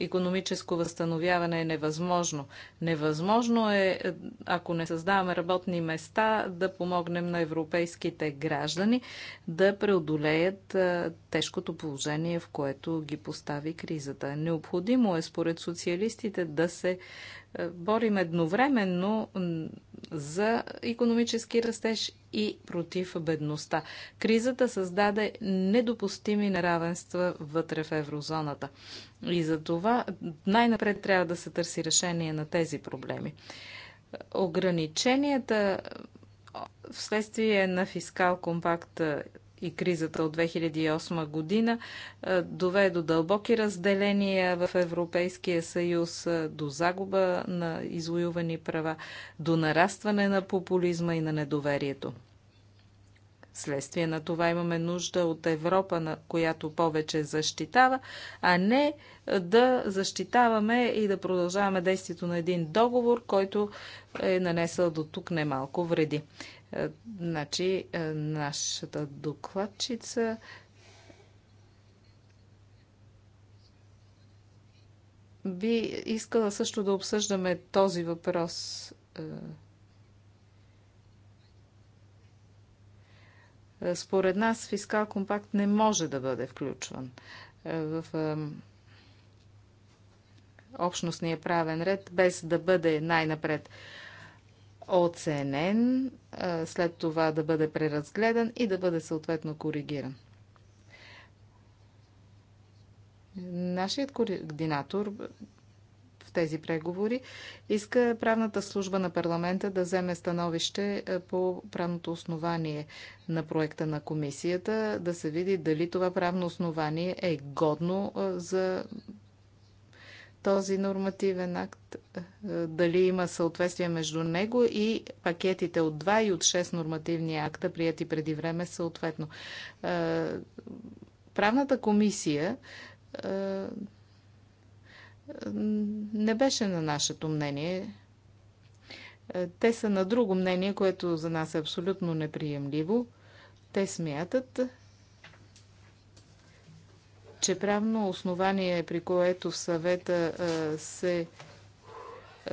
економическо възстановяване е невъзможно. Невъзможно е, е, ако не създаваме работни места, да помогнем на европейските граждани да преодолеят е, тежкото положение, в което ги постави кризата. Необходимо е, според социалистите, да се борим едновременно за економически растеж и против бедността. Кризата създаде недопустими неравенства вътре в еврозоната. И за това най-напред трябва да се търси решение на тези проблеми. Ограниченията вследствие на фискал компакт и кризата от 2008 година е, доведе до дълбоки разделения в Европейския съюз, е, до загуба на извоювани права, до нарастване на популизма и на недоверието. Следствие на това имаме нужда от Европа, на която повече защитава, а не е, да защитаваме и да продължаваме действието на един договор, който е нанесъл до тук немалко вреди. Е, значи, е, нашата докладчица би искала също да обсъждаме този въпрос е, Според нас фискал компакт не може да бъде включван в общностния правен ред, без да бъде най-напред оценен, след това да бъде преразгледан и да бъде съответно коригиран. Нашият координатор в тези преговори иска правната служба на парламента да вземе становище по правното основание на проекта на комисията, да се види дали това правно основание е годно за този нормативен акт, е, дали има съответствие между него и пакетите от 2 и от 6 нормативни акта, прияти преди време съответно. Е, правната комисия е, не беше на нашето мнение. Те са на друго мнение, което за нас е абсолютно неприемливо. Те смятат, че правно основание, при което в съвета се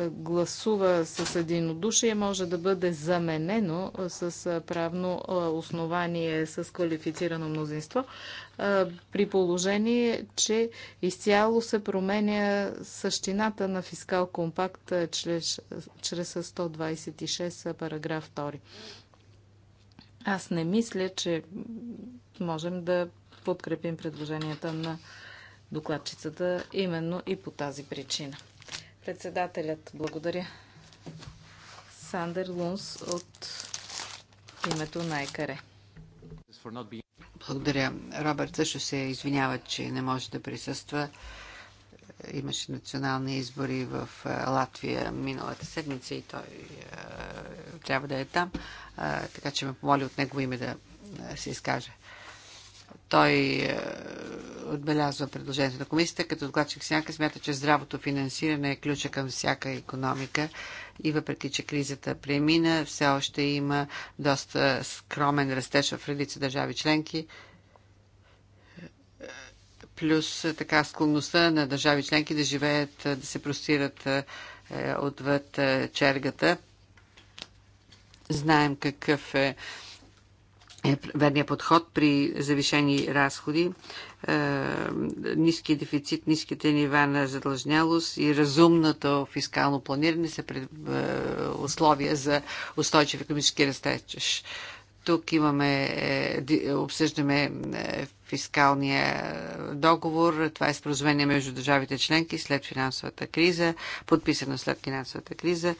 гласува с единодушие, може да бъде заменено с правно основание с квалифицирано мнозинство, при положение, че изцяло се променя същината на фискал компакт чрез, чрез 126 параграф 2. Аз не мисля, че можем да подкрепим предложенията на докладчицата именно и по тази причина. Председателят, благодаря. Сандер Лунс от името на ЕКАРЕ. Благодаря. Робърт също се извинява, че не може да присъства. Имаше национални избори в е, Латвия миналата седмица и той е, трябва да е там, е, така че ме помоли от негово име да е, се изкаже. Той е, отбелязва предложението на комисията, като докладчик сянка смята, че здравото финансиране е ключа към всяка економика и въпреки, че кризата премина, все още има доста скромен растеж в редица държави членки е, плюс е, така склонността на държави членки да живеят, да се простират отвъд чергата. Знаем какъв е е верният подход при завишени разходи, е, ниски дефицит, ниските нива на задлъжнялост и разумното фискално планиране са пред, е, условия за устойчив економически растеж. Тук имаме, е, обсъждаме е, фискалния договор. Това е споразумение между държавите членки след финансовата криза, подписано след финансовата криза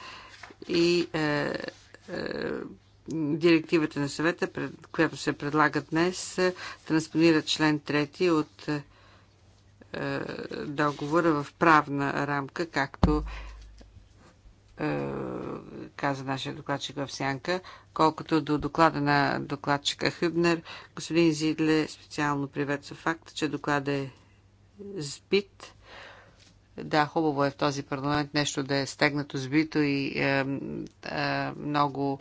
и е, директивата на съвета, която се предлага днес, транспонира член 3 от е, договора в правна рамка, както е, каза нашия докладчик в Сянка. Колкото до доклада на докладчика Хюбнер, господин Зидле специално приветства факта, че доклада е сбит. Да, хубаво е в този парламент нещо да е стегнато сбито и е, е, много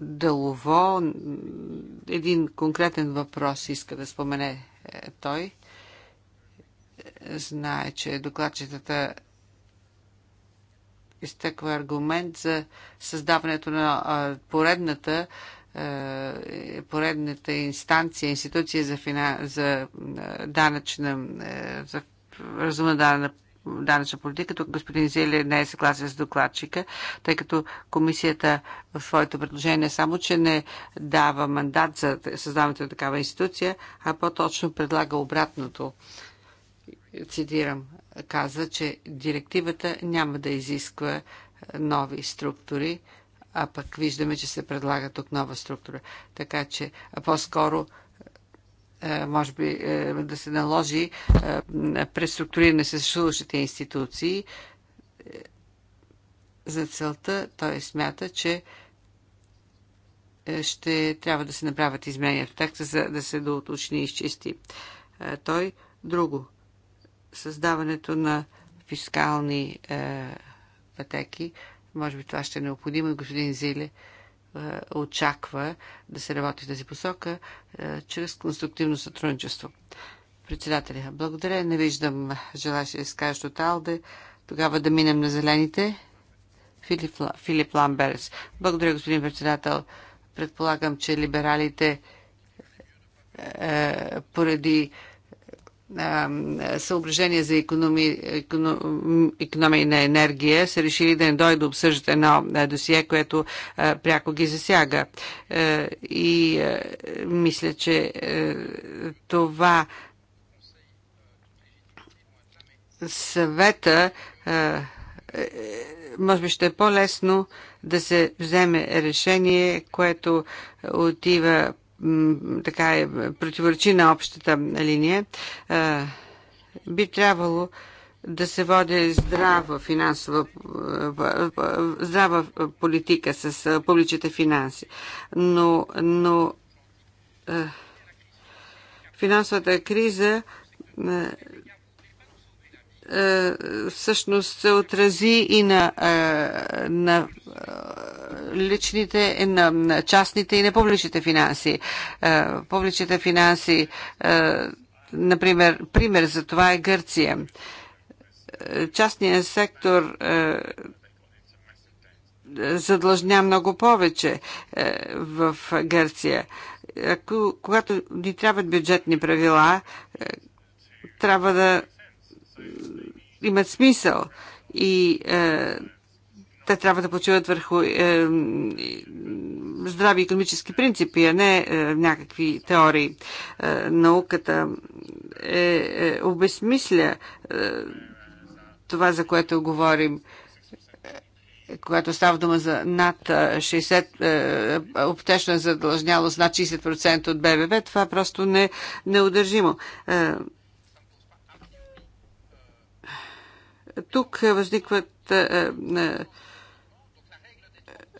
делово. Един конкретен въпрос иска да спомене е, той. Знае, че докладчетата изтъква аргумент за създаването на поредната е, поредната инстанция, институция за, фина... за данъчна е, за разумна данъчна данъчна политика. Тук господин Зеле не е съгласен с докладчика, тъй като комисията в своето предложение само, че не дава мандат за създаването на такава институция, а по-точно предлага обратното. Цитирам, каза, че директивата няма да изисква нови структури, а пък виждаме, че се предлага тук нова структура. Така че по-скоро е, може би е, да се наложи е, преструктуриране с съществуващите институции. За целта той смята, че ще трябва да се направят изменения в текста, за да се доуточни и изчисти. Той друго. Създаването на фискални пътеки. Може би това ще е необходимо. Господин Зиле е, очаква да се работи в тази посока е, чрез конструктивно сътрудничество. Председателя, благодаря. Не виждам желаящи да изкажат от Алде. Тогава да минем на зелените. Филип, Филип Ламберс. Благодаря, господин председател. Предполагам, че либералите е, поради съображения за економия на енергия са решили да не дойде да обсъждат едно досие, което пряко ги засяга. и мисля, че това съвета е, може би ще е по-лесно да се вземе решение, което отива така е, противоречи на общата линия. Би трябвало да се води здрава финансова здрава политика с публичните финанси. Но, но финансовата криза всъщност се отрази и на, на Личните на частните и на публичните финанси. Е, публичните финанси, е, например, пример за това е Гърция. Е, частният сектор задлъжня много повече в Гърция. когато ни трябват бюджетни правила, трябва да имат смисъл. И е, те трябва да почиват върху е, здрави економически принципи, а не е, някакви теории. Е, науката е, е, обезмисля е, това, за което говорим е, когато става дума за над 60 е, е, аптечна задължнялост, над 60% от БВБ, това е просто не, неудържимо. Е, тук е, възникват е,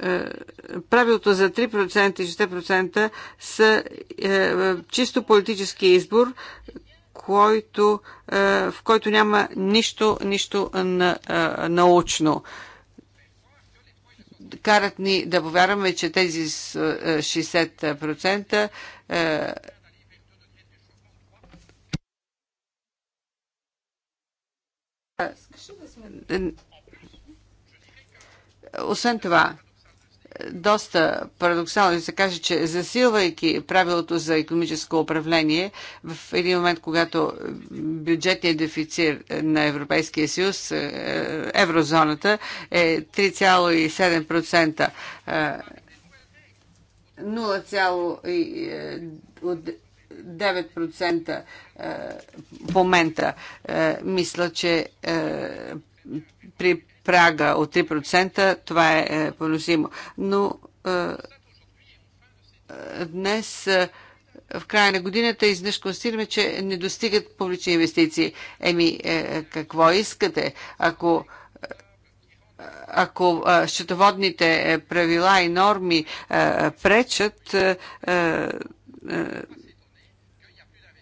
е, правилото за 3% и 6% са е, чисто политически избор, който, е, в който няма нищо, нищо на, научно. Карат ни да повярваме, че тези 60% Освен това, доста парадоксално да се каже, че засилвайки правилото за економическо управление, в един момент, когато бюджетният дефицит на Европейския съюз, е, еврозоната, е 3,7%, 0,9% е, е, в момента, мисля, че при прага от 3%, това е, е поносимо. Но е, е, днес в края на годината изнъж констатираме, че не достигат публични инвестиции. Еми, какво искате? Ако ако счетоводните правила и норми пречат,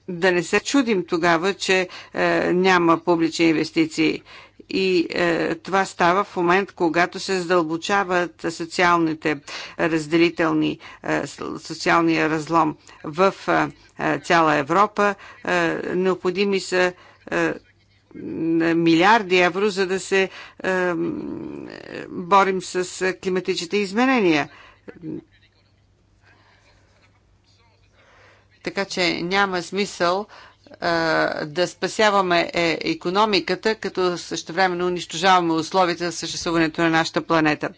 да не се чудим тогава, че няма публични инвестиции и е, това става в момент, когато се задълбочават социалните разделителни, е, социалния разлом в е, е, цяла Европа. Е, необходими са е, милиарди евро, за да се е, борим с е, климатичните изменения. Така че няма смисъл да спасяваме економиката, като същевременно унищожаваме условията за съществуването на нашата планета.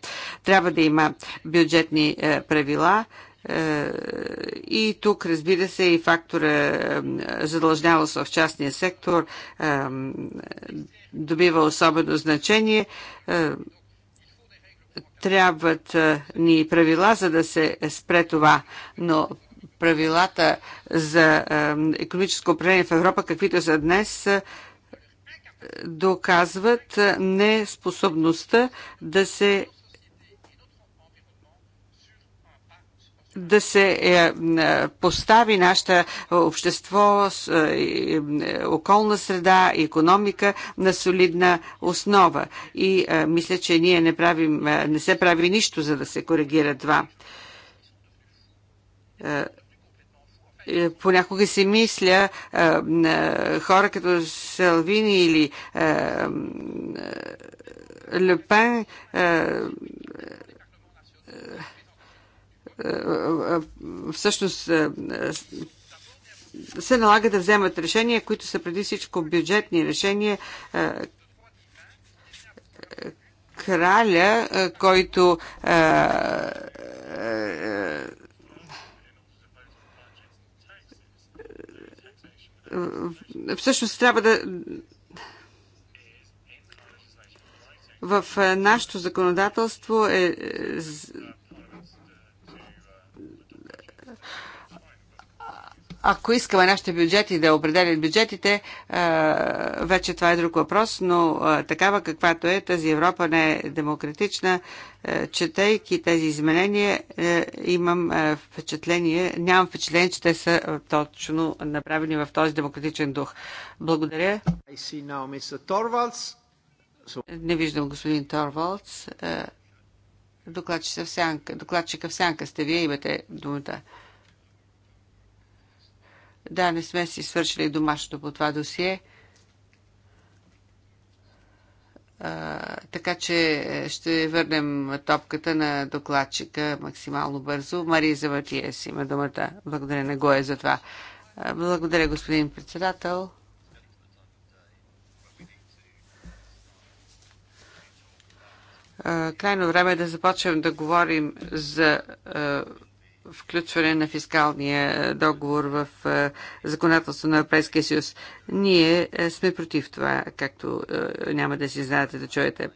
Трябва да има бюджетни е, правила, е, и тук, разбира се, и фактора е, задължнялост в частния сектор добива особено значение. Трябват ни правила, за да се спре това. Но правилата за е, економическо управление в Европа, каквито са днес, е, доказват е, неспособността да се да се постави нашето общество, околна среда, економика на солидна основа. И мисля, че ние не, правим, не се прави нищо, за да се коригира това. Е, понякога си мисля е, е, хора като Салвини или Лепен всъщност се налага да вземат решения, които са преди всичко бюджетни решения. Краля, който всъщност трябва да в е, нашето законодателство е, е Ако искаме нашите бюджети да определят бюджетите, вече това е друг въпрос, но такава каквато е, тази Европа не е демократична. Четейки тези изменения, имам впечатление, нямам впечатление, че те са точно направени в този демократичен дух. Благодаря. Не виждам господин Торвалдс. Докладчика в сянка, докладчика в сянка сте вие, имате думата. Да, не сме си свършили домашното по това досие. А, така че е, ще върнем топката на докладчика максимално бързо. Мария Заватия си има думата. Благодаря на Гоя е за това. А, благодаря, господин председател. А, крайно време е да започнем да говорим за включване на фискалния е, договор в е, законодателство на Европейския съюз. Ние е, сме против това, както няма да си знаете да чуете.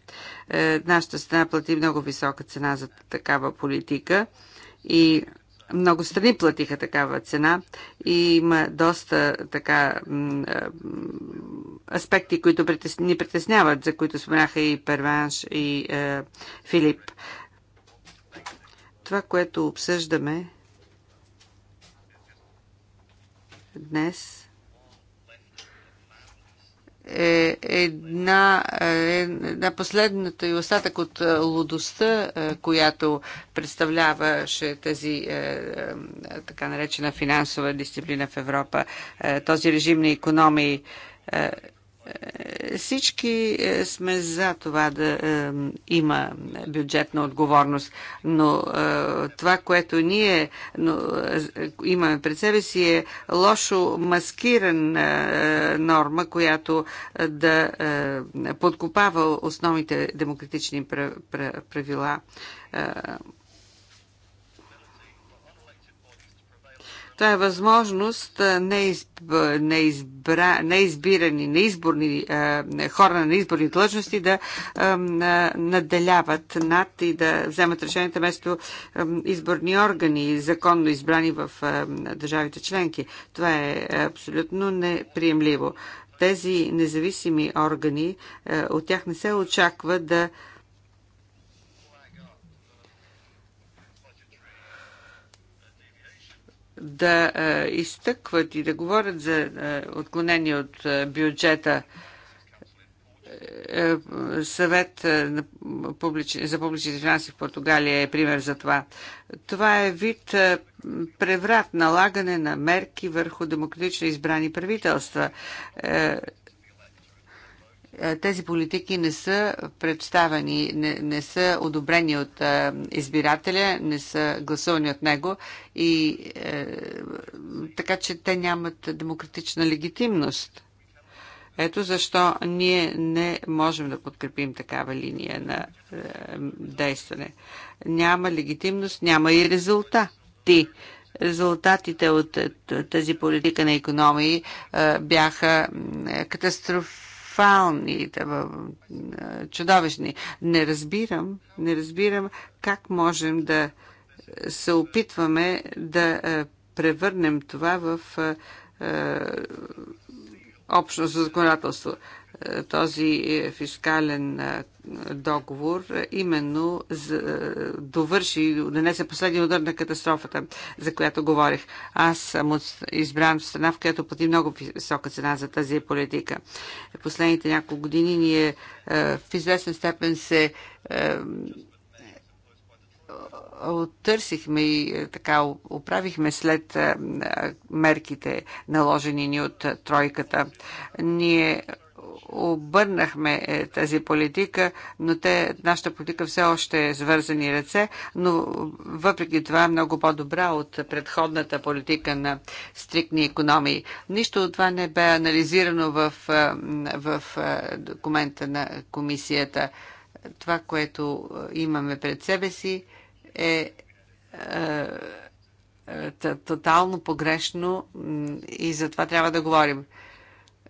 Нашата страна плати много висока цена за такава политика и много страни платиха такава цена и има доста така аспекти, които ни притесняват, за които споменаха и Перванш и Филип. Това, което обсъждаме днес, е една, е, една последната и остатък от е, лудостта, е, която представляваше тази така наречена финансова дисциплина в Европа, този режим на економии е, всички е, сме за това да е, има бюджетна отговорност, но това, което ние имаме пред себе си е лошо маскирана норма, която да подкопава основните демократични правила. Това е възможност неизбра, неизбирани, неизборни хора на изборни длъжности да наделяват над и да вземат решенията вместо изборни органи, законно избрани в държавите членки. Това е абсолютно неприемливо. Тези независими органи, от тях не се очаква да да е, изтъкват и да говорят за е, отклонение от е, бюджета съвет за публичните финанси в Португалия е пример за това. Това е вид преврат, налагане на мерки върху демократично избрани правителства. Е, тези политики не са представени, не, не са одобрени от а, е, избирателя, не са гласувани от него и е, така, че те нямат демократична легитимност. Ето защо ние не можем да подкрепим такава линия на е, действане. Няма легитимност, няма и резултати. Резултатите от е, тази политика на економии бяха катастрофи катастрофални, чудовищни. Не разбирам, не разбирам как можем да се опитваме да превърнем това в общностно законодателство този е, фискален е, договор е, именно довърши, нанесе последния удар на катастрофата, за която говорих. Аз съм избран в страна, в която плати много висока цена за тази политика. Последните няколко години ние в известен степен се оттърсихме и така оправихме след мерките, наложени ни от тройката. Ние обърнахме е, тази политика, но те, нашата политика все още е свързани ръце, но въпреки това е много по-добра от предходната политика на стрикни економии. Нищо от това не бе анализирано в, е, в е, документа на комисията. Това, което имаме пред себе си е, е тотално погрешно и за това трябва да говорим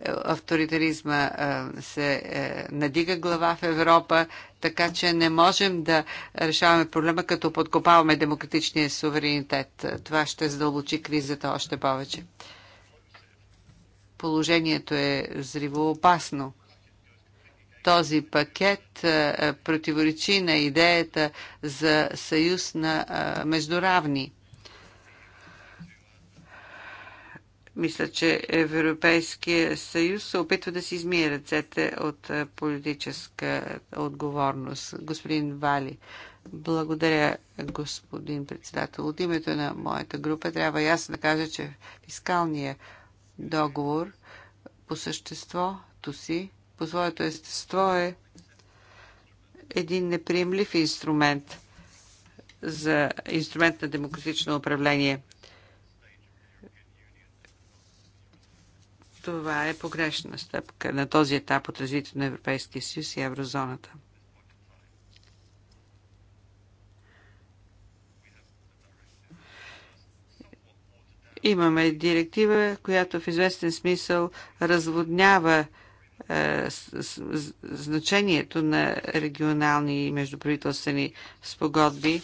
авторитаризма е, се е, надига глава в Европа, така че не можем да решаваме проблема, като подкопаваме демократичния суверенитет. Това ще задълбочи кризата още повече. Положението е взривоопасно. Този пакет е, противоречи на идеята за съюз на междуравни. Мисля, че Европейския съюз се опитва да си измие ръцете от политическа отговорност. Господин Вали, благодаря, господин председател. От името на моята група трябва ясно да кажа, че фискалният договор по съществото си, по своето естество е един неприемлив инструмент за инструмент на демократично управление – Това е погрешна стъпка на този етап от развитието на Европейския съюз и еврозоната. Имаме директива, която в известен смисъл разводнява е, значението на регионални и междуправителствени спогодби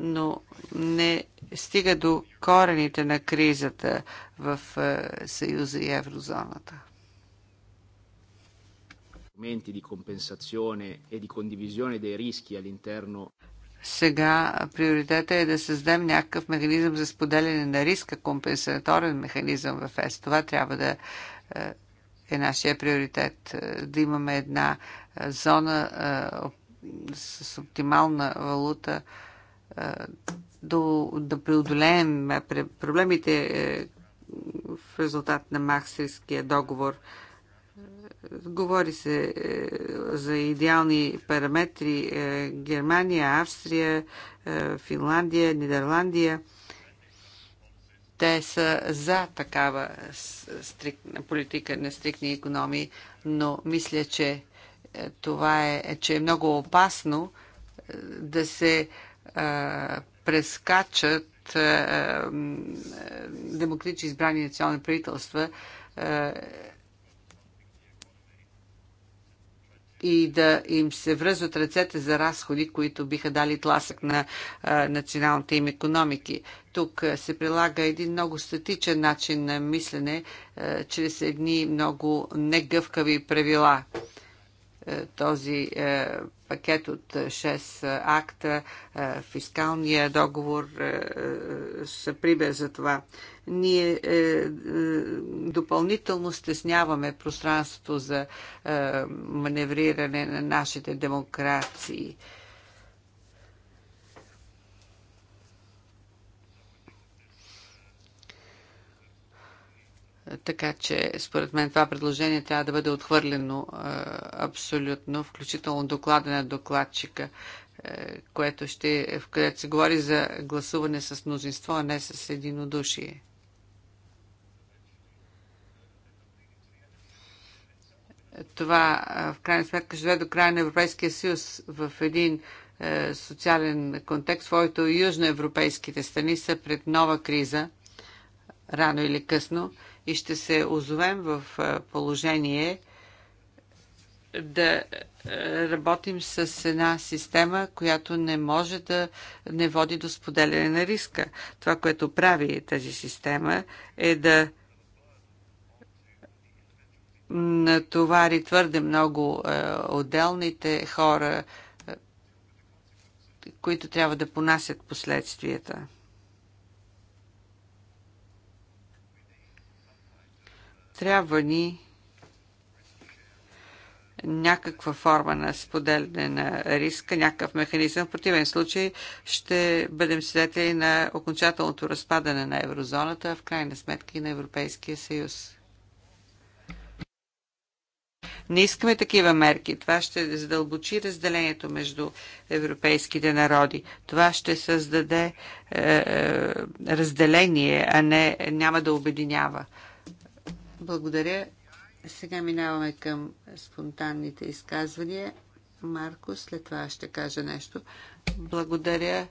но не стига до корените на кризата в е, Съюза и еврозоната. E Сега приоритета е да създадем някакъв механизъм за споделяне на риска, компенсаторен механизъм в ЕС. Това трябва да е, е нашия приоритет. Е, да имаме една зона с оптимална валута, до, да преодолеем проблемите е, в резултат на Максирския договор. Говори се е, за идеални параметри е, Германия, Австрия, Финландия, Нидерландия. Те са за такава стрикна политика на стрикни економии, но мисля, че това е, че е много опасно да се прескачат демократично избрани национални правителства и да им се връзват ръцете за разходи, които биха дали тласък на националните им економики. Тук се прилага един много статичен начин на мислене чрез едни много негъвкави правила. Е, този е, пакет от 6 е, акта, фискалния договор са пример за това. Ние допълнително стесняваме пространството за маневриране на нашите демокрации Така че, според мен, това предложение трябва да бъде отхвърлено е, абсолютно, включително доклада на докладчика, е, което ще, в което се говори за гласуване с мнозинство, а не с единодушие. Това е, в крайна сметка ще до края на Европейския съюз в един социален контекст, в който южноевропейските страни са пред нова криза, рано или късно, и ще се озовем в положение да работим с една система, която не може да не води до споделяне на риска. Това, което прави тази система е да натовари твърде много отделните хора, които трябва да понасят последствията. Трябва ни някаква форма на споделяне на риска, някакъв механизъм. В противен случай ще бъдем свидетели на окончателното разпадане на еврозоната, а в крайна сметка и на Европейския съюз. Не искаме такива мерки. Това ще задълбочи разделението между европейските народи. Това ще създаде е, е разделение, а не няма да обединява. Благодаря. Сега минаваме към спонтанните изказвания. Марко, след това ще кажа нещо. Благодаря.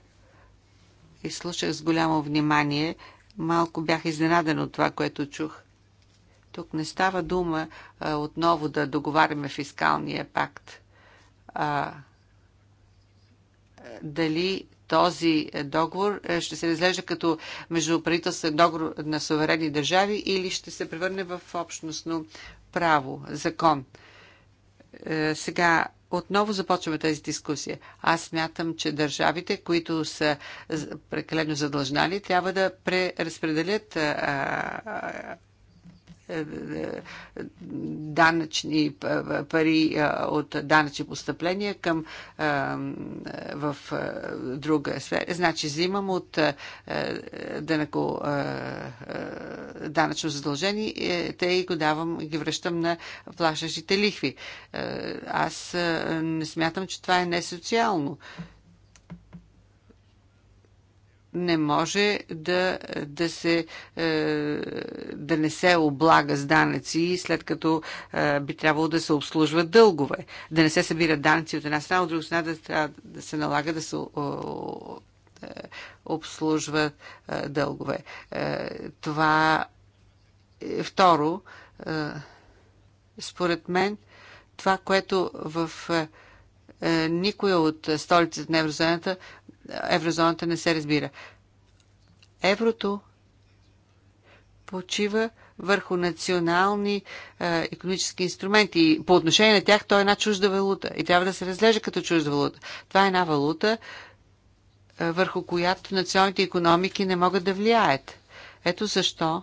И слушах с голямо внимание. Малко бях изненадан от това, което чух. Тук не става дума а, отново да договаряме фискалния пакт. А, дали този е, договор е, ще се разглежда като междуправителствен договор на суверенни държави или ще се превърне в общностно право, закон. Е, сега отново започваме тази дискусия. Аз смятам, че държавите, които са прекалено задължнали, трябва да преразпределят данъчни пари от данъчни постъпления към в друга сфера. Значи взимам от данъко, данъчно задължение, е, те и го давам, ги връщам на плащащите лихви. Аз не смятам, че това е несоциално. социално не може да, да, се, е, да не се облага с данъци, след като е, би трябвало да се обслужват дългове. Да не се събират данъци от една страна, от друга страна да, да се налага да се е, обслужва дългове. Това второ, според мен, това, което в никоя от столиците на еврозоната еврозоната не се разбира. Еврото почива върху национални е, економически инструменти. И по отношение на тях то е една чужда валута и трябва да се разглежда като чужда валута. Това е една валута, е, върху която националните економики не могат да влияят. Ето защо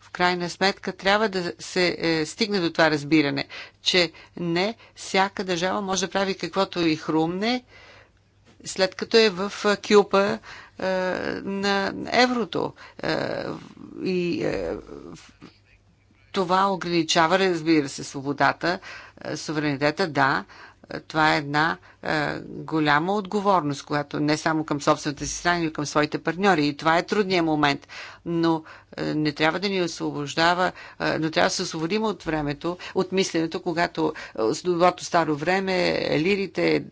в крайна сметка трябва да се е, стигне до това разбиране, че не всяка държава може да прави каквото и хрумне, след като е в кюпа на еврото. И това ограничава, разбира се, свободата, суверенитета, да, това е една е, голяма отговорност, която не само към собствената си страна, но и към своите партньори. И това е трудният момент. Но е, не трябва да ни освобождава, е, но трябва да се освободим от времето, от мисленето, когато с доброто старо време лирите,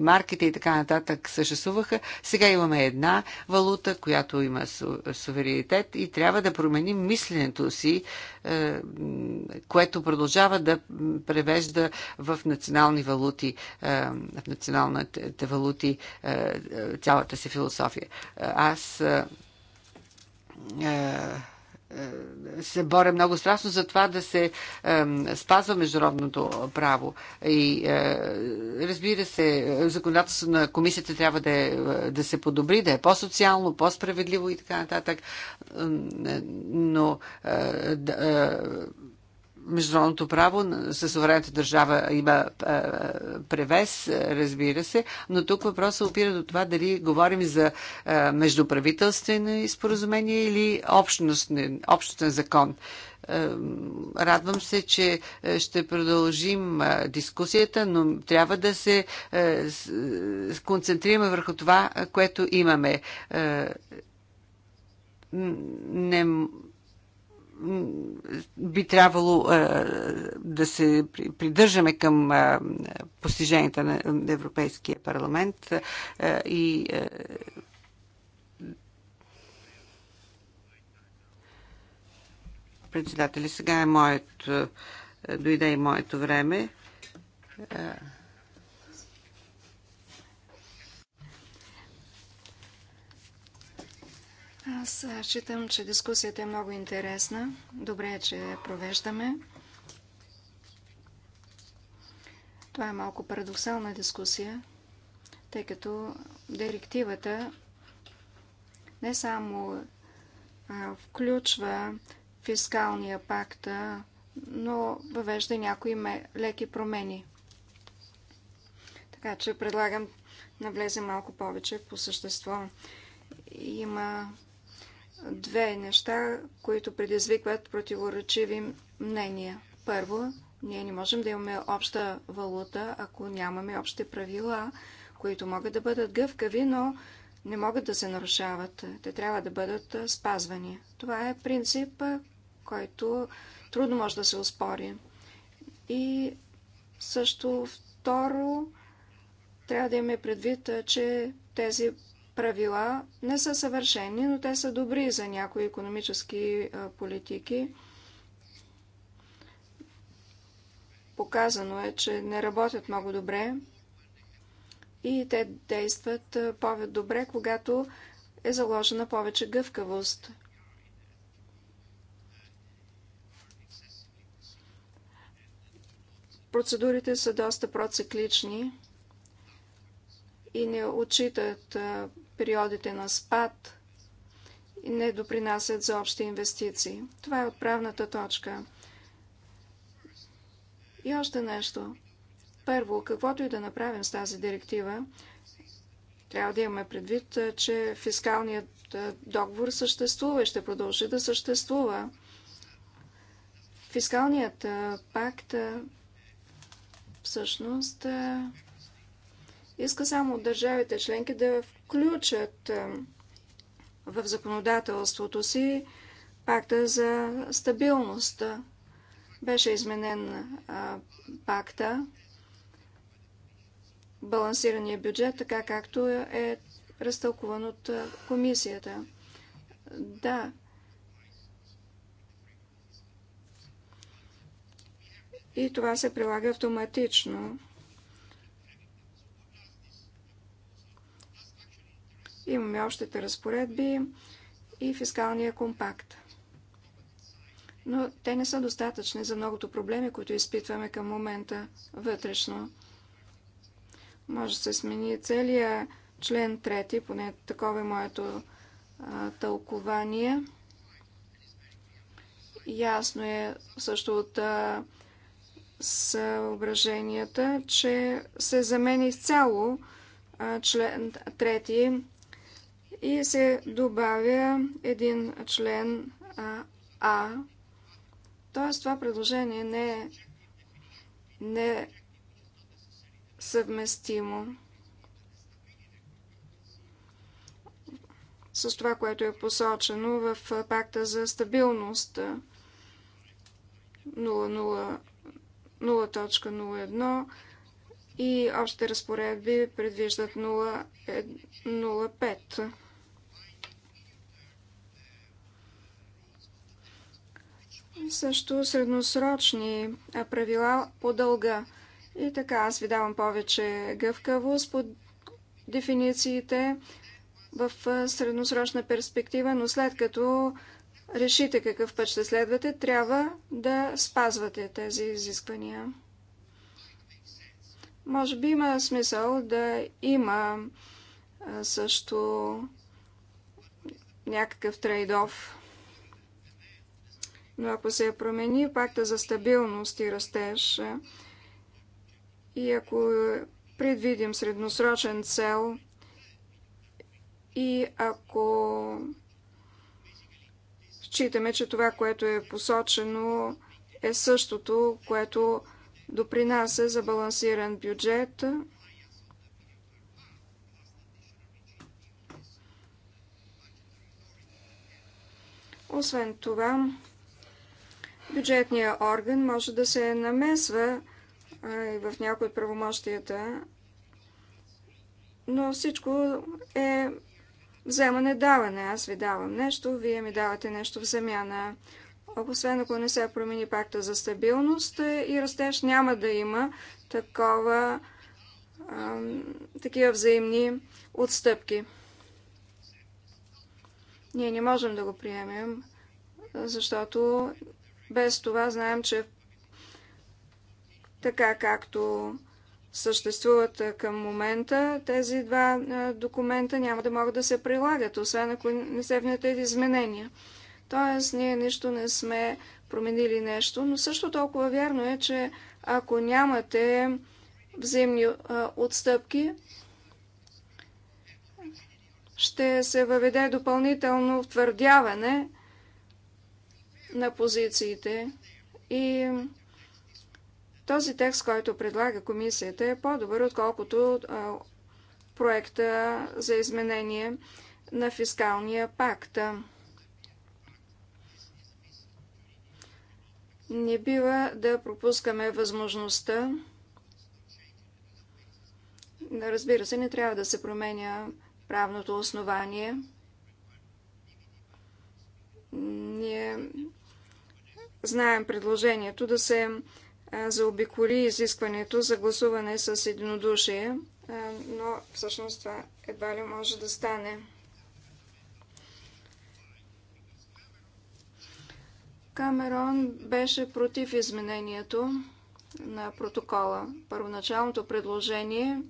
марките и така нататък съществуваха. Сега имаме една валута, която има суверенитет и трябва да променим мисленето си, което продължава да превежда в национални валути е, в националните валути е, е, цялата си философия. Аз е, се боря много страшно за това да се спазва международното право. И разбира се, законодателството на комисията трябва да, е, да се подобри, да е по-социално, по-справедливо и така нататък. Но да, международното право със съвременната държава има превес, разбира се, но тук въпросът опира до това дали говорим за междуправителствени споразумения или общностен, общностен закон. Радвам се, че ще продължим дискусията, но трябва да се концентрираме върху това, което имаме. Не би трябвало е, да се придържаме към е, постиженията на Европейския парламент е, и председатели, сега е моето, дойде и моето време. Аз считам, че дискусията е много интересна. Добре е, че я провеждаме. Това е малко парадоксална дискусия, тъй като директивата не само включва фискалния пакт, но въвежда някои леки промени. Така че предлагам да влезе малко повече по същество. Има две неща, които предизвикват противоречиви мнения. Първо, ние не можем да имаме обща валута, ако нямаме общи правила, които могат да бъдат гъвкави, но не могат да се нарушават. Те трябва да бъдат спазвани. Това е принцип, който трудно може да се успори. И също второ, трябва да имаме предвид, че тези правила не са съвършени, но те са добри за някои економически политики. Показано е, че не работят много добре и те действат повече добре когато е заложена повече гъвкавост. Процедурите са доста проциклични и не отчитат периодите на спад и не допринасят за общи инвестиции. Това е отправната точка. И още нещо. Първо, каквото и да направим с тази директива, трябва да имаме предвид, е, че фискалният е, договор съществува и ще продължи да съществува. Фискалният е, пакт всъщност иска само от държавите членки да включат е, в законодателството си пакта за стабилност. Беше изменен е, пакта, балансирания бюджет, така както е разтълкуван от е, комисията. Да. И това се прилага автоматично. Имаме общите разпоредби и фискалния компакт. Но те не са достатъчни за многото проблеми, които изпитваме към момента вътрешно. Може да се смени целият член трети, поне такова е моето а, тълкование. Ясно е също от а, съображенията, че се заменя изцяло член трети и се добавя един член а, а. Тоест това предложение не е не е съвместимо с това, което е посочено в пакта за стабилност 0.01 и общите разпоредби предвиждат 0.05. също средносрочни правила по дълга. И така, аз ви давам повече гъвкавост по дефинициите в средносрочна перспектива, но след като решите какъв път ще следвате, трябва да спазвате тези изисквания. Може би има смисъл да има също някакъв трейдов но ако се промени пакта за стабилност и растеж и ако предвидим средносрочен цел и ако считаме, че това, което е посочено, е същото, което допринася за балансиран бюджет, Освен това, бюджетният орган може да се намесва и в някои от правомощията, но всичко е вземане-даване. Аз ви давам нещо, вие ми давате нещо в замяна. Освен ако не се промени пакта за стабилност и растеж, няма да има такова, такива взаимни отстъпки. Ние не можем да го приемем, защото без това знаем, че така както съществуват към момента, тези два документа няма да могат да се прилагат, освен ако не се внятят изменения. Тоест, ние нищо не сме променили нещо, но също толкова вярно е, че ако нямате взаимни отстъпки, ще се въведе допълнително втвърдяване на позициите и този текст, който предлага комисията, е по-добър, отколкото проекта за изменение на фискалния пакт. Не бива да пропускаме възможността. Разбира се, не трябва да се променя правното основание. Ние Знаем предложението да се заобиколи изискването за гласуване с единодушие, но всъщност това едва ли може да стане. Камерон беше против изменението на протокола. Първоначалното предложение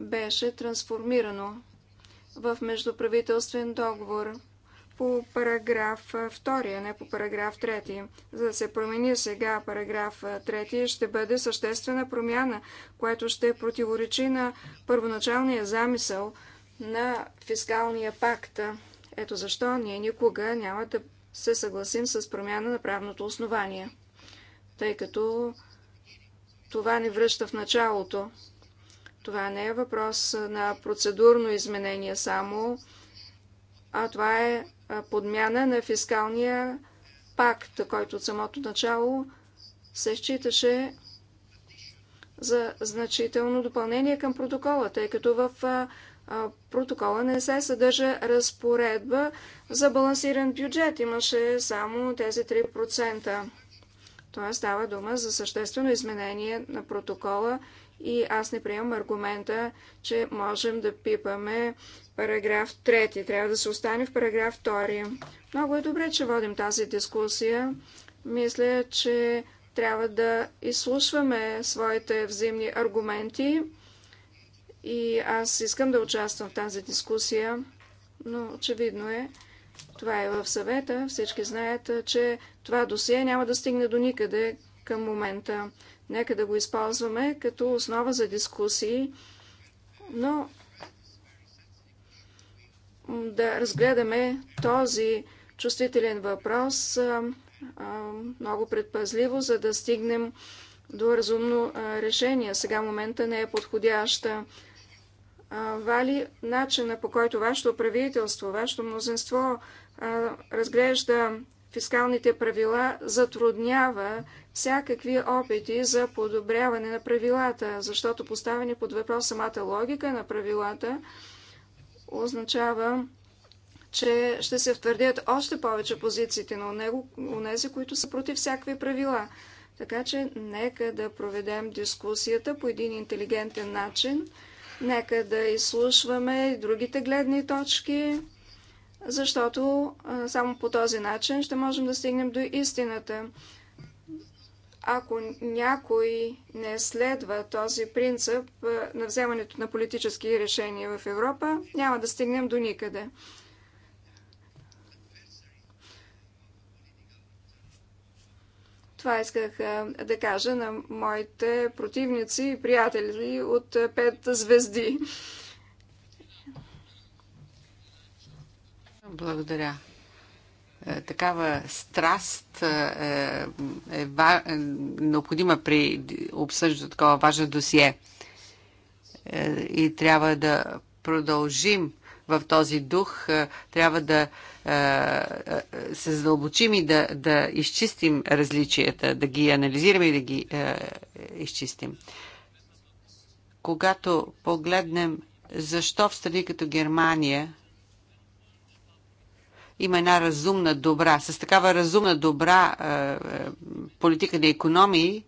беше трансформирано в междуправителствен договор по параграф 2, а не по параграф 3. За да се промени сега параграф 3, ще бъде съществена промяна, което ще противоречи на първоначалния замисъл на фискалния пакт. Ето защо ние никога няма да се съгласим с промяна на правното основание, тъй като това ни връща в началото. Това не е въпрос на процедурно изменение само, а това е подмяна на фискалния пакт, който от самото начало се считаше за значително допълнение към протокола, тъй като в протокола не се съдържа разпоредба за балансиран бюджет. Имаше само тези 3%. Тоест става дума за съществено изменение на протокола и аз не приемам аргумента, че можем да пипаме параграф 3. Трябва да се остане в параграф 2. Много е добре, че водим тази дискусия. Мисля, че трябва да изслушваме своите взаимни аргументи. И аз искам да участвам в тази дискусия, но очевидно е, това е в съвета. Всички знаят, че това досие няма да стигне до никъде към момента. Нека да го използваме като основа за дискусии, но да разгледаме този чувствителен въпрос а, а, много предпазливо, за да стигнем до разумно а, решение. Сега момента не е подходяща. Вали начина по който вашето правителство, вашето мнозинство разглежда фискалните правила затруднява всякакви опити за подобряване на правилата, защото поставени под въпрос самата логика на правилата означава, че ще се втвърдят още повече позициите на унези, които са против всякакви правила. Така че нека да проведем дискусията по един интелигентен начин, нека да изслушваме другите гледни точки, защото само по този начин ще можем да стигнем до истината. Ако някой не следва този принцип на вземането на политически решения в Европа, няма да стигнем до никъде. Това исках да кажа на моите противници и приятели от пет звезди. Благодаря. Е, такава страст е, е, е, необходима при обсъждането такова важно досие. и трябва да продължим в този дух. Трябва да се задълбочим и да, да изчистим различията, да ги анализираме и да ги изчистим. Когато погледнем защо в страни като Германия има една разумна добра, с такава разумна добра е, е, политика на економии,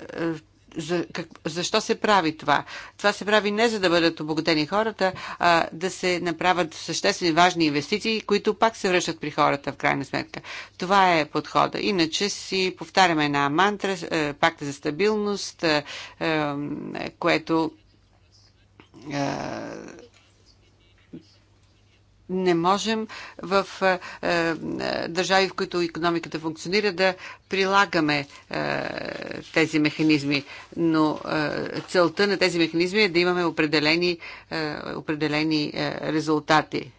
е, за, как, защо се прави това? Това се прави не за да бъдат обогатени хората, а да се направят съществени важни инвестиции, които пак се връщат при хората в крайна сметка. Това е подхода. Иначе си повтаряме една мантра, е, пакта за стабилност, е, е, което. Е, не можем в е, е, държави, в които економиката функционира, да прилагаме е, тези механизми. Но е, целта на тези механизми е да имаме определени, е, определени е, резултати.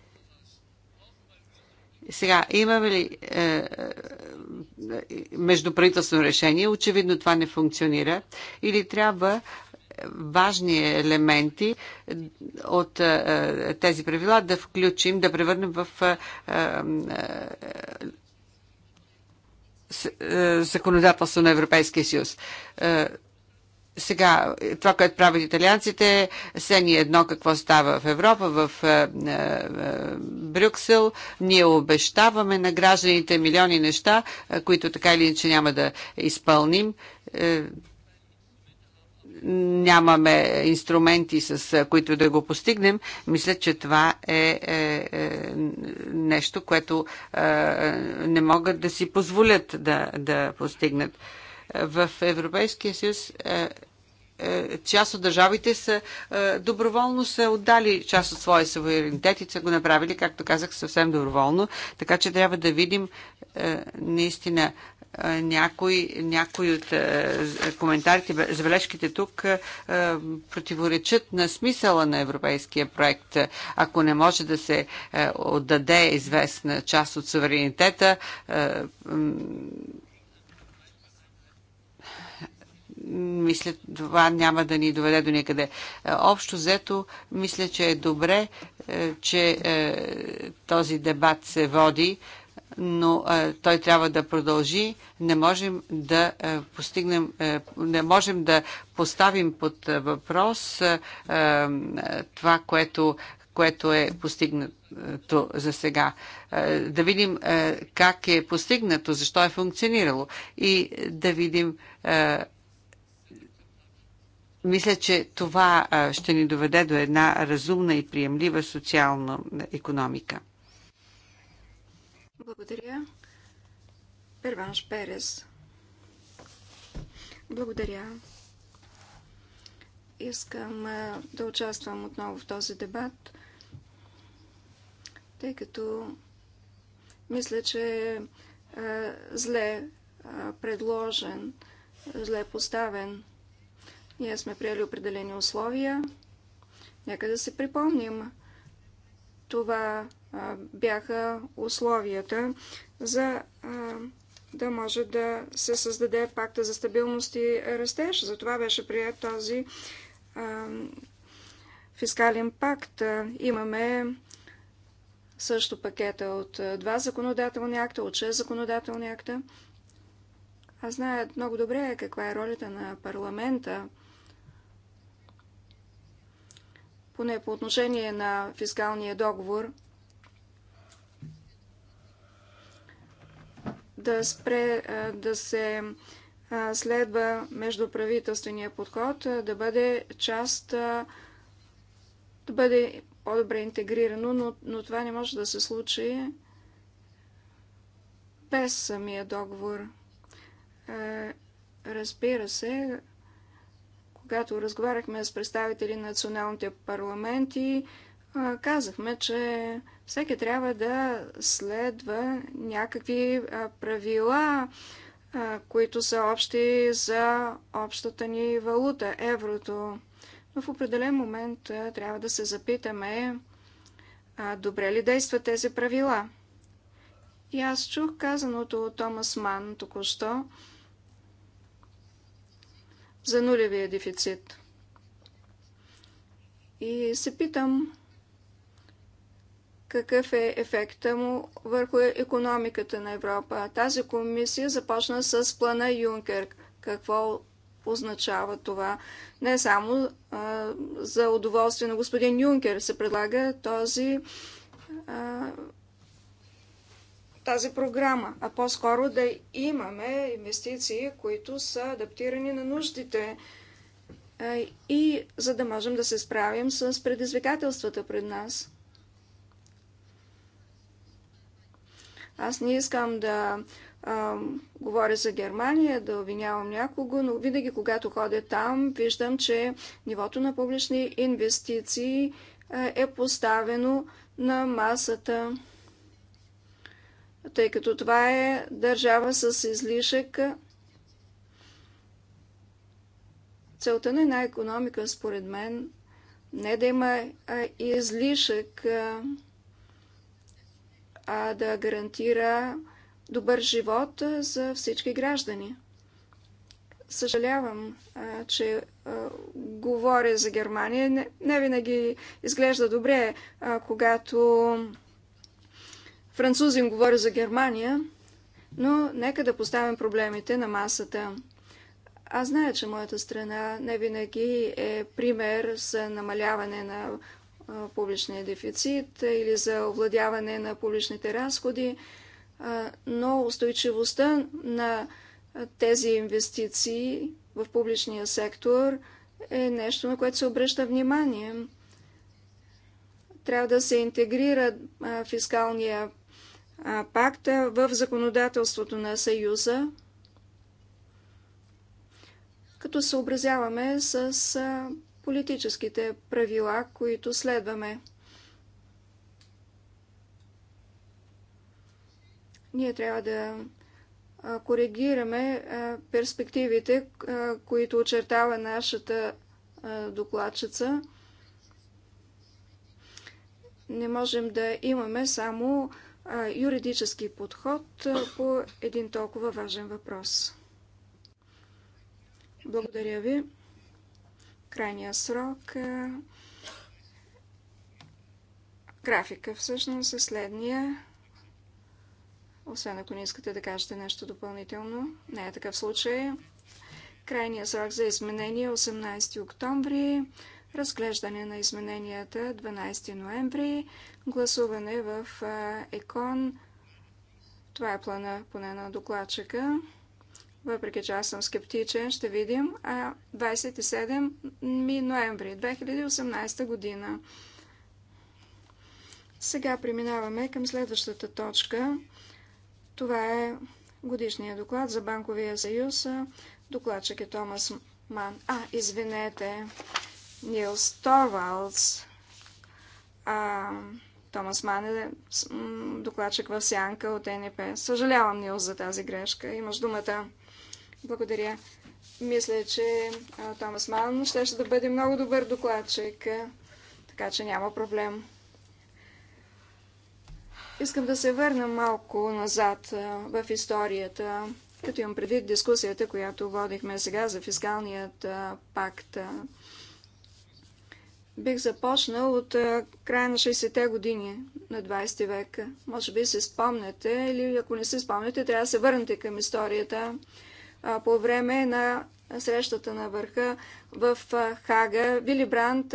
Сега, имаме ли е, е, междуправителствено решение? Очевидно това не функционира. Или трябва важни елементи от е, е, тези правила да включим, да превърнем в е, законодателство на Европейския съюз. Сега, това, което правят италианците, се ни едно какво става в Европа, в Брюксел. Ние обещаваме на гражданите милиони неща, които така или иначе няма да изпълним нямаме инструменти, с които да го постигнем, мисля, че това е, е, е нещо, което е, не могат да си позволят да, да постигнат. В Европейския съюз е, част от държавите са доброволно са отдали част от своя суверенитет и са го направили, както казах, съвсем доброволно. Така че трябва да видим наистина някои, някои от коментарите, забележките тук противоречат на смисъла на европейския проект. Ако не може да се отдаде известна част от суверенитета, мисля, това няма да ни доведе до никъде. Общо взето, мисля, че е добре, че този дебат се води но а, той трябва да продължи. Не можем да а, постигнем, а, не можем да поставим под въпрос а, а, това, което, което е постигнато за сега. Да видим как е постигнато, защо е функционирало и да видим. Мисля, че това ще ни доведе до една разумна и приемлива социална економика. Благодаря. Перванш Перес. Благодаря. Искам да участвам отново в този дебат, тъй като мисля, че е зле предложен, зле поставен. Ние сме приели определени условия. Нека да се припомним това бяха условията за да може да се създаде пакта за стабилност и растеж. Затова беше прият този фискален пакт. Имаме също пакета от два законодателни акта, от шест законодателни акта. Аз знае много добре каква е ролята на парламента, поне по отношение на фискалния договор – да спре да се следва междуправителствения подход, да бъде част, да бъде по-добре интегрирано, но, но това не може да се случи без самия договор. Разбира се, когато разговаряхме с представители на националните парламенти, казахме, че всеки трябва да следва някакви правила, които са общи за общата ни валута, еврото. В определен момент трябва да се запитаме, добре ли действат тези правила. И аз чух казаното от Томас Ман току-що за нулевия дефицит. И се питам, какъв е ефекта му върху економиката на Европа. Тази комисия започна с плана Юнкер. Какво означава това? Не само а, за удоволствие на господин Юнкер се предлага този, а, тази програма, а по-скоро да имаме инвестиции, които са адаптирани на нуждите а, и за да можем да се справим с предизвикателствата пред нас. Аз не искам да а, говоря за Германия, да обвинявам някого, но винаги, когато ходя там, виждам, че нивото на публични инвестиции е поставено на масата, тъй като това е държава с излишък. Целта на една економика, според мен, не да има излишък, а да гарантира добър живот за всички граждани. Съжалявам, че говоря за Германия. Не, винаги изглежда добре, когато французин говори за Германия, но нека да поставим проблемите на масата. Аз зная, че моята страна не винаги е пример за намаляване на публичния дефицит или за овладяване на публичните разходи, но устойчивостта на тези инвестиции в публичния сектор е нещо, на което се обръща внимание. Трябва да се интегрира фискалния пакт в законодателството на Съюза, като съобразяваме с политическите правила, които следваме. Ние трябва да коригираме перспективите, които очертава нашата докладчица. Не можем да имаме само юридически подход по един толкова важен въпрос. Благодаря ви крайния срок. Е, графика всъщност е следния. Освен ако не искате да кажете нещо допълнително. Не е такъв случай. Крайният срок за изменение 18 е октомври, разглеждане на измененията 12 е ноември, гласуване в ЕКОН. Това е плана поне на докладчика въпреки че аз съм скептичен, ще видим, 27 ноември 2018 година. Сега преминаваме към следващата точка. Това е годишния доклад за Банковия съюз. Докладчик е Томас Ман. А, извинете, Нилс Торвалдс. Томас Ман е докладчик в сянка от НП. Съжалявам, Нилс, за тази грешка. Имаш думата. Благодаря. Мисля, че Томас Ман ще, ще да бъде много добър докладчик, така че няма проблем. Искам да се върна малко назад в историята, като имам предвид дискусията, която водихме сега за фискалният пакт. Бих започнал от края на 60-те години на 20 век. Може би се спомняте, или ако не се спомняте, трябва да се върнете към историята по време на срещата на върха в Хага. Вили Брант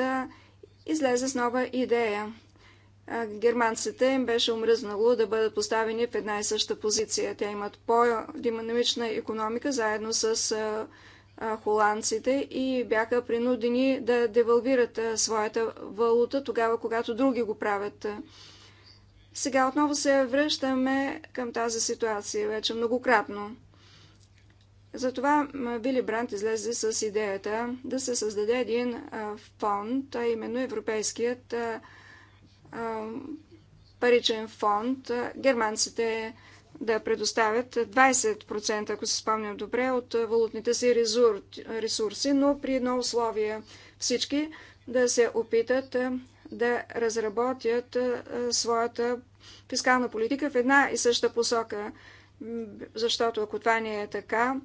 излезе с нова идея. Германците им беше омръзнало да бъдат поставени в една и съща позиция. Те имат по-динамична економика заедно с холандците и бяха принудени да девалвират своята валута тогава, когато други го правят. Сега отново се връщаме към тази ситуация вече многократно. Затова Вили Брант излезе с идеята да се създаде един фонд, а именно Европейският паричен фонд. Германците да предоставят 20%, ако се спомням добре, от валутните си ресурси, но при едно условие всички да се опитат да разработят своята фискална политика в една и съща посока защото ако това не е така,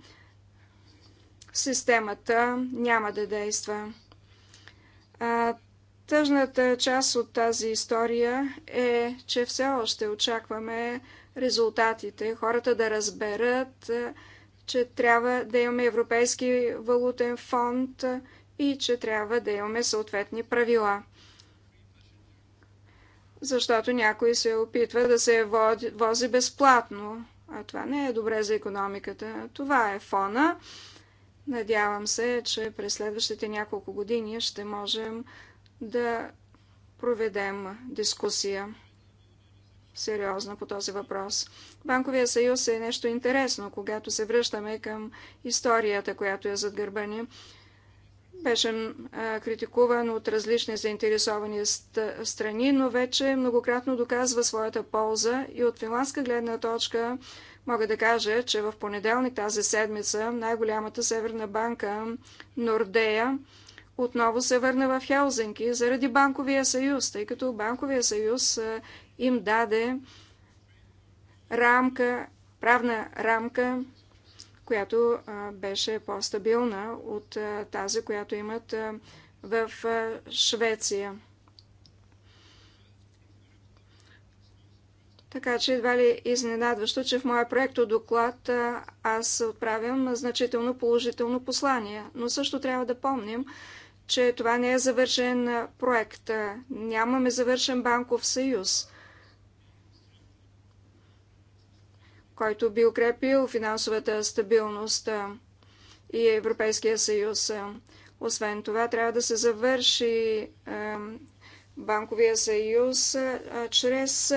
системата няма да действа. А, тъжната част от тази история е, че все още очакваме резултатите, хората да разберат, че трябва да имаме Европейски валутен фонд и че трябва да имаме съответни правила. Защото някой се опитва да се вози безплатно а това не е добре за економиката. Това е фона. Надявам се, че през следващите няколко години ще можем да проведем дискусия сериозна по този въпрос. Банковия съюз е нещо интересно, когато се връщаме към историята, която е зад гърба ни. Беше критикуван от различни заинтересовани страни, но вече многократно доказва своята полза и от финландска гледна точка мога да кажа, че в понеделник тази седмица най-голямата северна банка Нордея отново се върна в Хелзинки заради Банковия съюз, тъй като Банковия съюз им даде рамка, правна рамка която беше по-стабилна от тази, която имат в Швеция. Така че едва ли изненадващо, че в моя проекто доклад аз отправям значително положително послание. Но също трябва да помним, че това не е завършен проект. Нямаме завършен банков съюз. който би укрепил финансовата стабилност и Европейския съюз. Освен това, трябва да се завърши банковия съюз чрез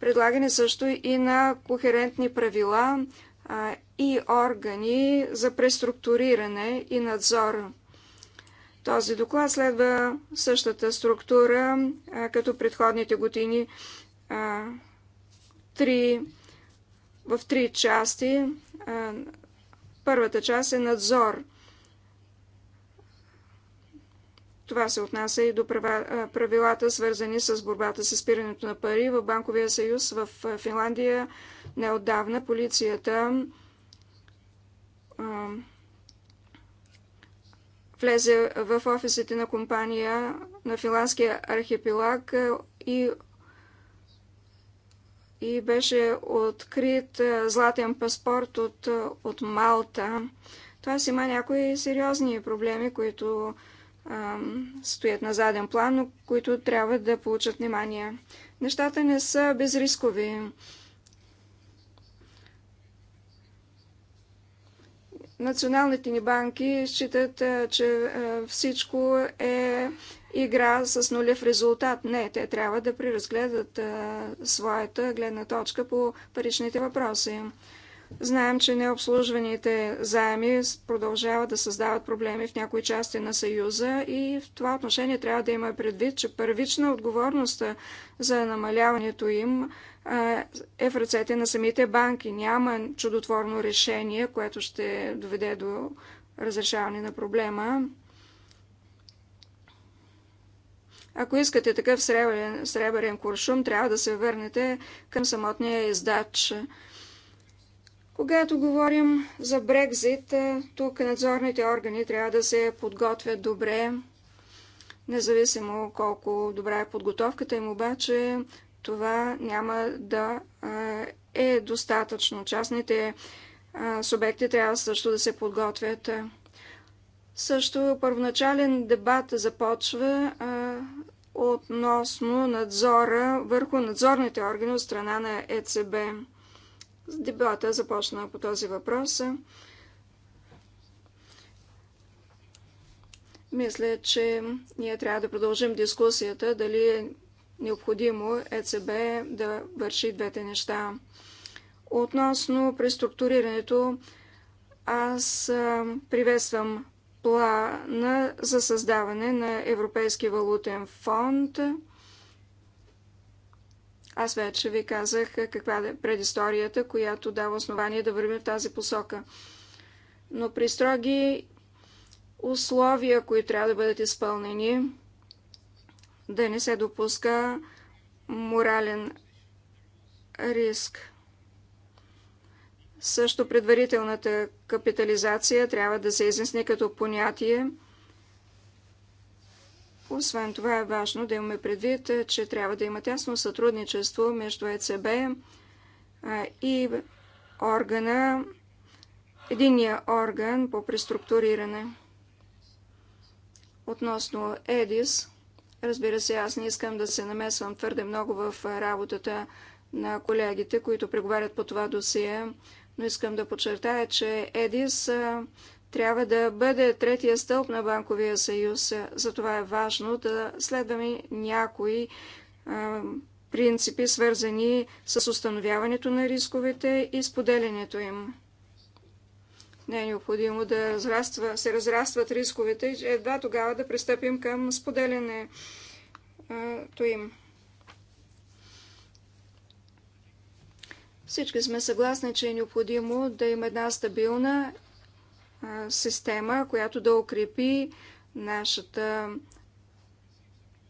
предлагане също и на кохерентни правила и органи за преструктуриране и надзор. Този доклад следва същата структура като предходните години. Три в три части. Първата част е надзор. Това се отнася и до правилата, свързани с борбата с спирането на пари. В Банковия съюз в Финландия неотдавна полицията влезе в офисите на компания на финландския архипелаг и и беше открит е, златен паспорт от, е, от Малта. си има някои сериозни проблеми, които ам, стоят на заден план, но които трябва да получат внимание. Нещата не са безрискови. Националните ни банки считат, е, че всичко е игра с нулев резултат. Не, те трябва да преразгледат а, своята гледна точка по паричните въпроси. Знаем, че необслужваните заеми продължават да създават проблеми в някои части на Съюза и в това отношение трябва да има предвид, че първична отговорност за намаляването им е в ръцете на самите банки. Няма чудотворно решение, което ще доведе до разрешаване на проблема. Ако искате такъв сребърен, сребрен куршум, трябва да се върнете към самотния издач. Когато говорим за Брекзит, е, тук надзорните органи трябва да се подготвят добре, независимо колко добра е подготовката им, обаче това няма да е, е достатъчно. Частните субекти трябва също да се подготвят. Също първоначален дебат започва а, относно надзора върху надзорните органи от страна на ЕЦБ. Дебата започна по този въпрос. Мисля, че ние трябва да продължим дискусията дали е необходимо ЕЦБ да върши двете неща. Относно преструктурирането, аз приветствам плана за създаване на Европейски валутен фонд. Аз вече ви казах каква е предисторията, която дава основание да вървим в тази посока. Но при строги условия, които трябва да бъдат изпълнени, да не се допуска морален риск. Също предварителната капитализация трябва да се изясни като понятие. Освен това е важно да имаме предвид, че трябва да има тясно сътрудничество между ЕЦБ и органа, единия орган по преструктуриране. Относно ЕДИС, разбира се, аз не искам да се намесвам твърде много в работата на колегите, които преговарят по това досие но искам да подчертая, че ЕДИС трябва да бъде третия стълб на Банковия съюз. Затова е важно да следваме някои принципи, свързани с установяването на рисковете и споделянето им. Не е необходимо да разраства, се разрастват рисковете и едва тогава да пристъпим към споделянето им. Всички сме съгласни, че е необходимо да има една стабилна система, която да укрепи нашата,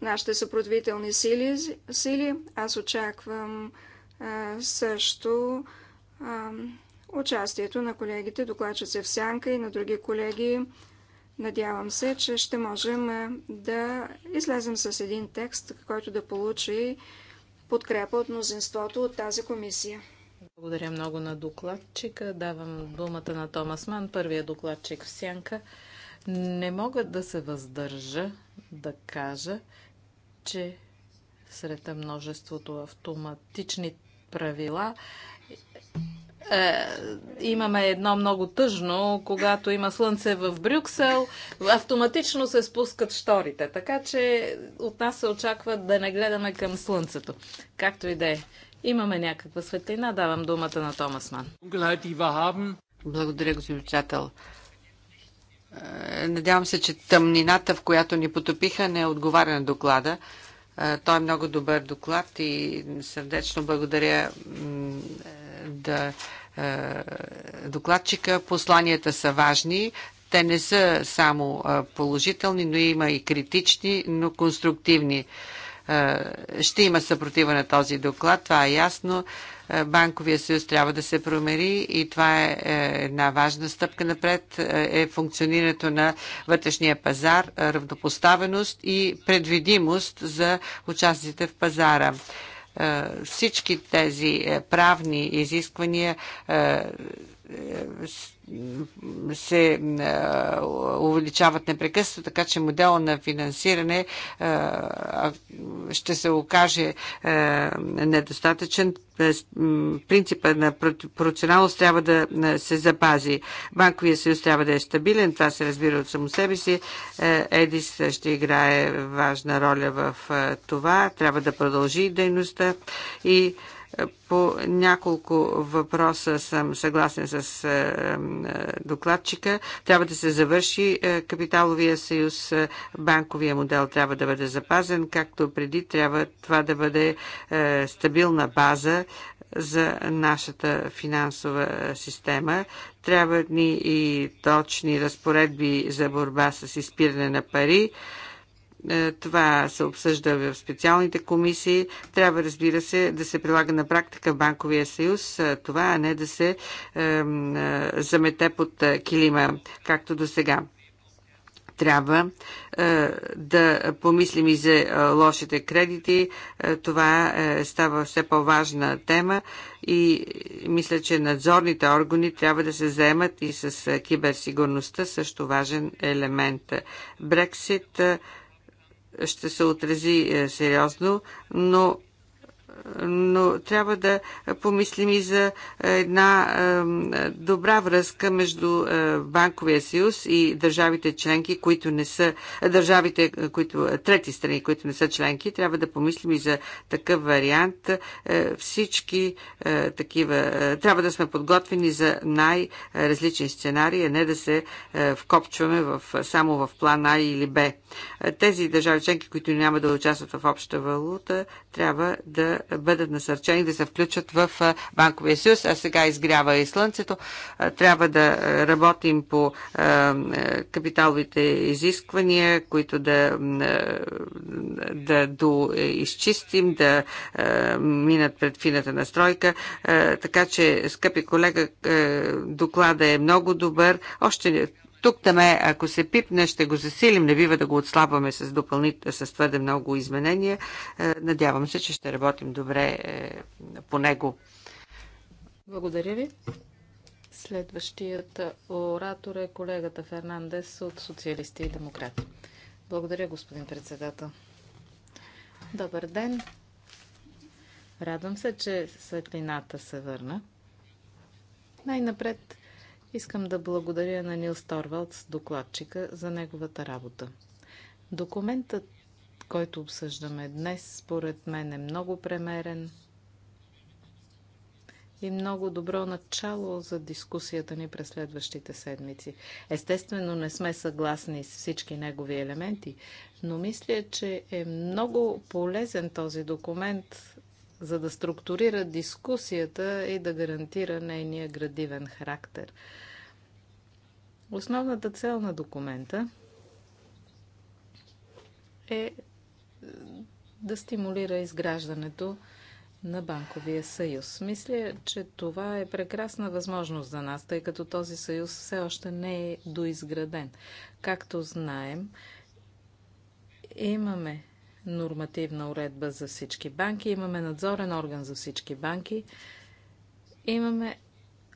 нашите съпротивителни сили, сили. Аз очаквам също участието на колегите, докладчици в Сянка и на други колеги. Надявам се, че ще можем да излезем с един текст, който да получи подкрепа от мнозинството от тази комисия. Благодаря много на докладчика. Давам думата на Томас Ман, първия докладчик в Сянка. Не мога да се въздържа да кажа, че сред множеството автоматични правила е, имаме едно много тъжно, когато има слънце в Брюксел, автоматично се спускат шторите, така че от нас се очаква да не гледаме към слънцето. Както и да е. Имаме някаква светлина. Давам думата на Томас Ман. Благодаря, господин председател. Е, надявам се, че тъмнината, в която ни потопиха, не е отговаря на доклада. Е, той е много добър доклад и сърдечно благодаря е, да, докладчика. Посланията са важни. Те не са само положителни, но има и критични, но конструктивни е, ще има съпротива на този доклад, това е ясно. Е, Банковия съюз трябва да се промери и това е, е една важна стъпка напред, е функционирането на вътрешния пазар, равнопоставеност и предвидимост за участниците в пазара всички тези правни изисквания се е, увеличават непрекъснато, така че модел на финансиране е, ще се окаже е, недостатъчен. Принципа на пропорционалност трябва да се запази. Банковия съюз трябва да е стабилен, това се разбира от само себе си. Едис ще играе важна роля в това. Трябва да продължи дейността и по няколко въпроса съм съгласен с е, е, докладчика. Трябва да се завърши е, капиталовия съюз, банковия модел трябва да бъде запазен, както преди трябва това да бъде стабилна база за нашата финансова система. Трябват ни и точни разпоредби за борба с изпиране на пари е, това се обсъжда в специалните комисии. Трябва, разбира се, да се прилага на практика банковия съюз. Е, това, а не да се е, замете под е, килима, както до сега трябва е, да помислим и за лошите кредити. това е, става все по-важна тема и мисля, че надзорните органи трябва да се заемат и с киберсигурността, също важен елемент. Брексит. Е, ще се отрази е, сериозно, но но трябва да помислим и за една добра връзка между Банковия съюз и държавите членки, които не са държавите, които трети страни, които не са членки. Трябва да помислим и за такъв вариант. Всички такива трябва да сме подготвени за най-различни сценарии, а не да се вкопчваме в, само в план А или Б. Тези държави членки, които няма да участват в общата валута, трябва да да бъдат насърчени да се включат в банковия съюз, а сега изгрява и слънцето. Трябва да работим по капиталовите изисквания, които да, да доизчистим, да минат пред фината настройка. Така че, скъпи колега, доклада е много добър. Още тук таме, ако се пипне, ще го засилим. Не бива да го отслабваме с, с твърде много изменения. Е, надявам се, че ще работим добре е, по него. Благодаря ви. Следващият оратор е колегата Фернандес от Социалисти и Демократи. Благодаря, господин председател. Добър ден. Радвам се, че светлината се върна. Най-напред Искам да благодаря на Нил Торвалдс, докладчика, за неговата работа. Документът, който обсъждаме днес, според мен е много премерен и много добро начало за дискусията ни през следващите седмици. Естествено, не сме съгласни с всички негови елементи, но мисля, че е много полезен този документ за да структурира дискусията и да гарантира нейния градивен характер. Основната цел на документа е да стимулира изграждането на Банковия съюз. Мисля, че това е прекрасна възможност за нас, тъй като този съюз все още не е доизграден. Както знаем, имаме нормативна уредба за всички банки, имаме надзорен орган за всички банки, имаме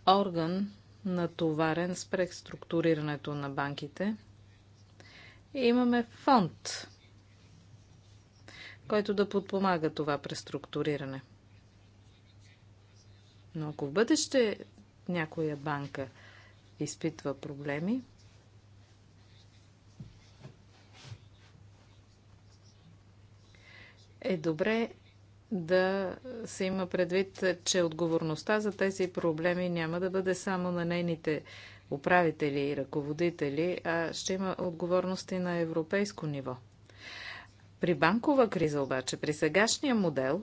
орган натоварен с преструктурирането на банките, имаме фонд, който да подпомага това преструктуриране. Но ако в бъдеще някоя банка изпитва проблеми, е добре да се има предвид, че отговорността за тези проблеми няма да бъде само на нейните управители и ръководители, а ще има отговорности на европейско ниво. При банкова криза обаче, при сегашния модел,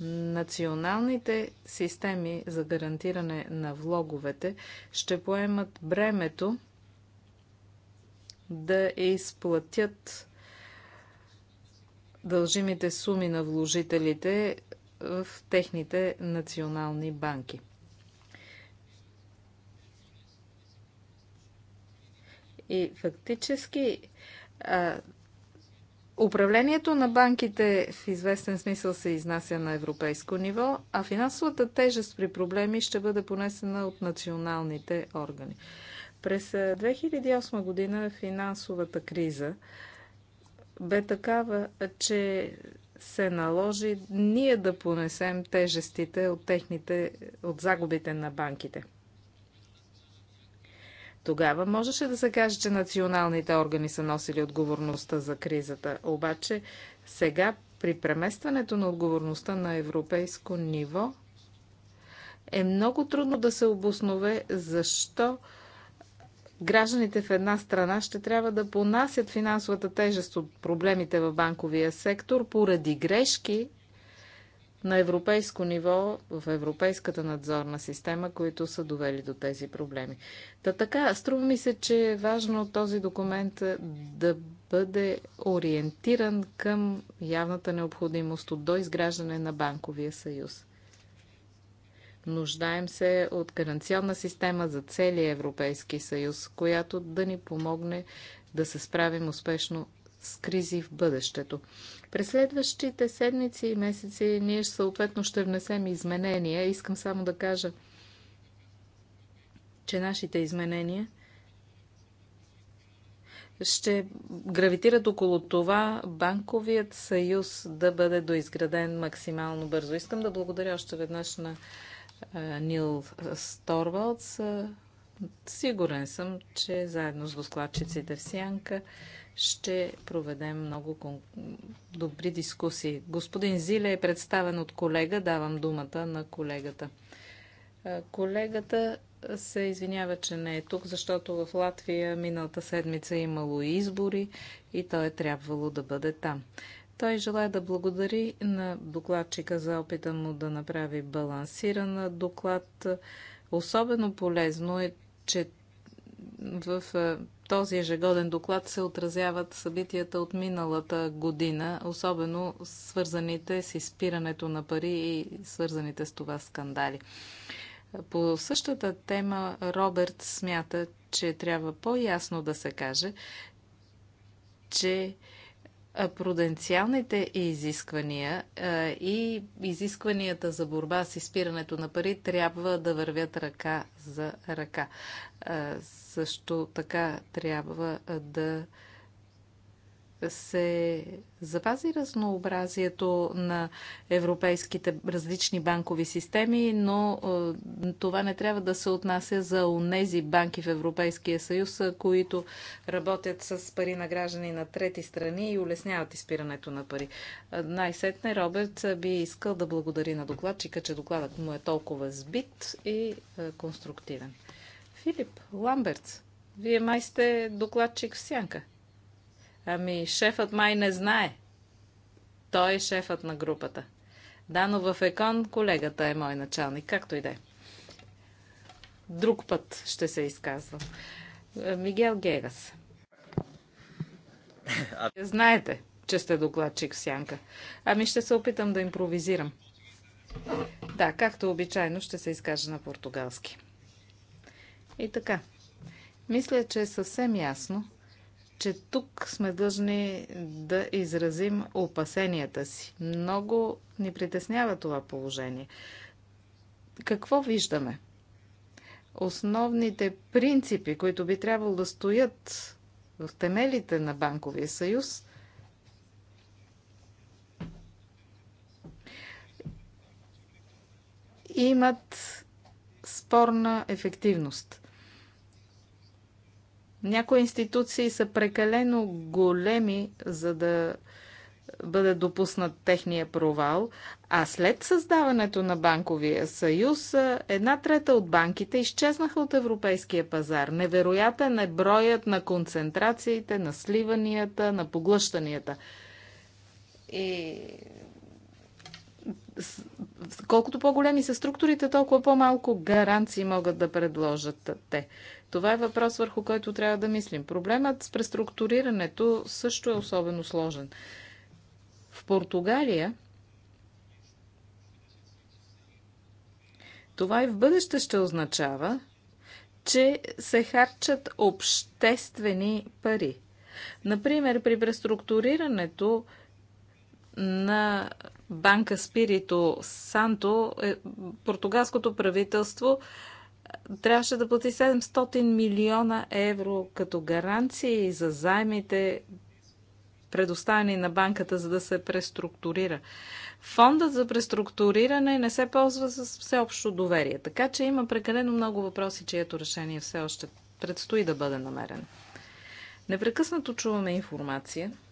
националните системи за гарантиране на влоговете ще поемат бремето да изплатят дължимите суми на вложителите в техните национални банки. И фактически управлението на банките в известен смисъл се изнася на европейско ниво, а финансовата тежест при проблеми ще бъде понесена от националните органи. През 2008 година финансовата криза бе такава, че се наложи ние да понесем тежестите от, техните, от загубите на банките. Тогава можеше да се каже, че националните органи са носили отговорността за кризата. Обаче сега при преместването на отговорността на европейско ниво е много трудно да се обоснове защо гражданите в една страна ще трябва да понасят финансовата тежест от проблемите в банковия сектор поради грешки на европейско ниво в европейската надзорна система, които са довели до тези проблеми. Та така, струва ми се, че е важно този документ е, да бъде ориентиран към явната необходимост от доизграждане на банковия съюз. Нуждаем се от гаранционна система за целия Европейски съюз, която да ни помогне да се справим успешно с кризи в бъдещето. През следващите седмици и месеци ние съответно ще внесем изменения. Искам само да кажа, че нашите изменения ще гравитират около това банковият съюз да бъде доизграден максимално бързо. Искам да благодаря още веднъж на е, Нил Сторвалдс. Е, сигурен съм, че заедно с доскладчиците в Сянка ще проведем много добри дискусии. Господин Зиле е представен от колега. Давам думата на колегата. Е, колегата се извинява, че не е тук, защото в Латвия миналата седмица е имало избори и той е трябвало да бъде там. Той желая да благодари на докладчика за опита му да направи балансиран доклад. Особено полезно е, че в е, този ежегоден доклад се отразяват събитията от миналата година, особено свързаните с изпирането на пари и свързаните с това скандали. По същата тема Роберт смята, че трябва по-ясно да се каже, че пруденциалните изисквания и изискванията за борба с изпирането на пари трябва да вървят ръка за ръка. Също така трябва да се запази разнообразието на европейските различни банкови системи, но е, това не трябва да се отнася за онези банки в Европейския съюз, е, които работят с пари на граждани на трети страни и улесняват изпирането на пари. Е, най-сетне Роберт би искал да благодари на докладчика, че докладът му е толкова сбит и конструктивен. Филип Ламберт, вие май сте докладчик в сянка. Ами, шефът май не знае. Той е шефът на групата. Да, но в Екон колегата е мой началник, както и да е. Друг път ще се изказвам. Е, Мигел Гегас. Знаете, че сте докладчик в сянка. Ами ще се опитам да импровизирам. Да, както обичайно ще се изкажа на португалски. И така. Мисля, че е съвсем ясно, че тук сме дължни да изразим опасенията си. Много ни притеснява това положение. Какво виждаме? Основните принципи, които би трябвало да стоят в темелите на Банковия съюз, имат спорна ефективност – някои институции са прекалено големи, за да бъде допуснат техния провал, а след създаването на банковия съюз, една трета от банките изчезнаха от европейския пазар. Невероятен е броят на концентрациите, на сливанията, на поглъщанията. И колкото по-големи са структурите, толкова по-малко гаранции могат да предложат те. Това е въпрос, върху който трябва да мислим. Проблемът с преструктурирането също е особено сложен. В Португалия това и в бъдеще ще означава, че се харчат обществени пари. Например, при преструктурирането на банка Спирито Санто, е, португалското правителство е, трябваше да плати 700 милиона евро като гаранции за займите, предоставени на банката, за да се преструктурира. Фондът за преструктуриране не се ползва с всеобщо доверие, така че има прекалено много въпроси, чието решение все още предстои да бъде намерено. Непрекъснато чуваме информация –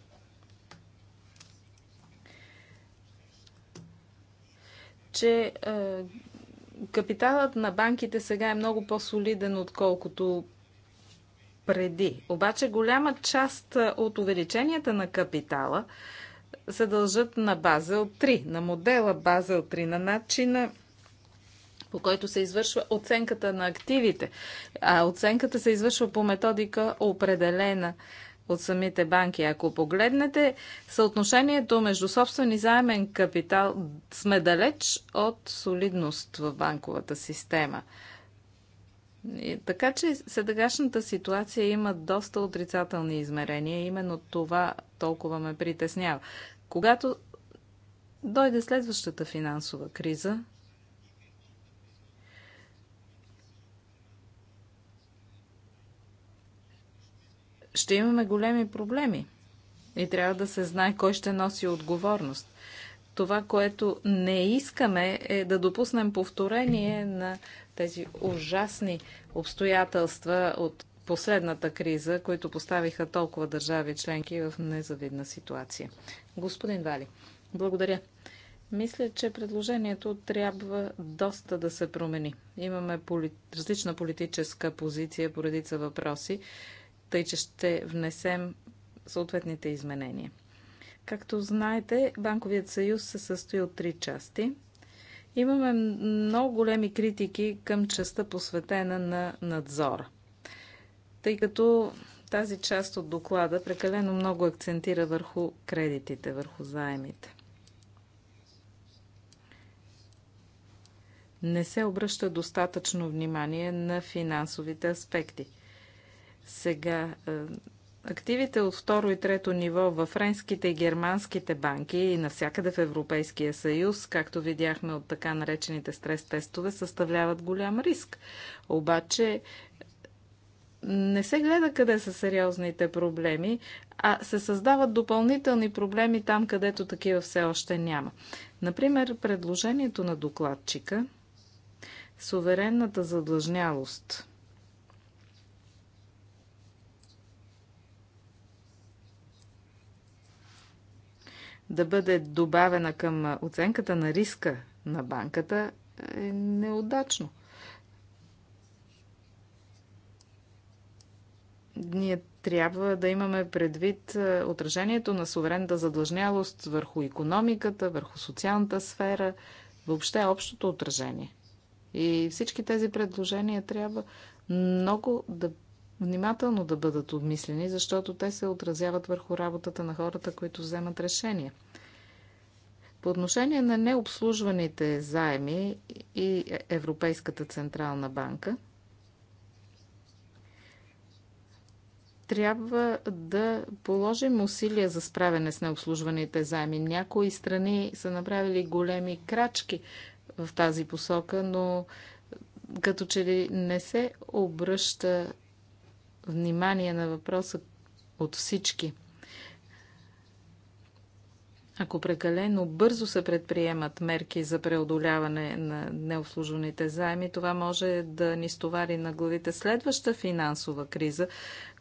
че е, капиталът на банките сега е много по-солиден, отколкото преди. Обаче голяма част е, от увеличенията на капитала се дължат на Базел 3, на модела Базел 3, на начина по който се извършва оценката на активите. А оценката се извършва по методика определена от самите банки. Ако погледнете съотношението между собствен и заемен капитал, сме далеч от солидност в банковата система. И, така че сегашната ситуация има доста отрицателни измерения. Именно това толкова ме притеснява. Когато дойде следващата финансова криза, ще имаме големи проблеми. И трябва да се знае кой ще носи отговорност. Това, което не искаме е да допуснем повторение на тези ужасни обстоятелства от последната криза, които поставиха толкова държави членки в незавидна ситуация. Господин Вали, благодаря. Мисля, че предложението трябва доста да се промени. Имаме поли... различна политическа позиция по редица въпроси тъй че ще внесем съответните изменения. Както знаете, Банковият съюз се състои от три части. Имаме много големи критики към частта посветена на надзора, тъй като тази част от доклада прекалено много акцентира върху кредитите, върху заемите. Не се обръща достатъчно внимание на финансовите аспекти – сега, е, активите от второ и трето ниво във френските и германските банки и навсякъде в Европейския съюз, както видяхме от така наречените стрес-тестове, съставляват голям риск. Обаче, не се гледа къде са сериозните проблеми, а се създават допълнителни проблеми там, където такива все още няма. Например, предложението на докладчика суверенната задлъжнялост – да бъде добавена към оценката на риска на банката е неудачно. Ние трябва да имаме предвид отражението на суверенната задлъжнялост върху економиката, върху социалната сфера, въобще общото отражение. И всички тези предложения трябва много да внимателно да бъдат обмислени, защото те се отразяват върху работата на хората, които вземат решения. По отношение на необслужваните заеми и Европейската централна банка, трябва да положим усилия за справяне с необслужваните заеми. Някои страни са направили големи крачки в тази посока, но като че ли не се обръща внимание на въпроса от всички. Ако прекалено бързо се предприемат мерки за преодоляване на необслужваните заеми, това може да ни стовари на главите следваща финансова криза,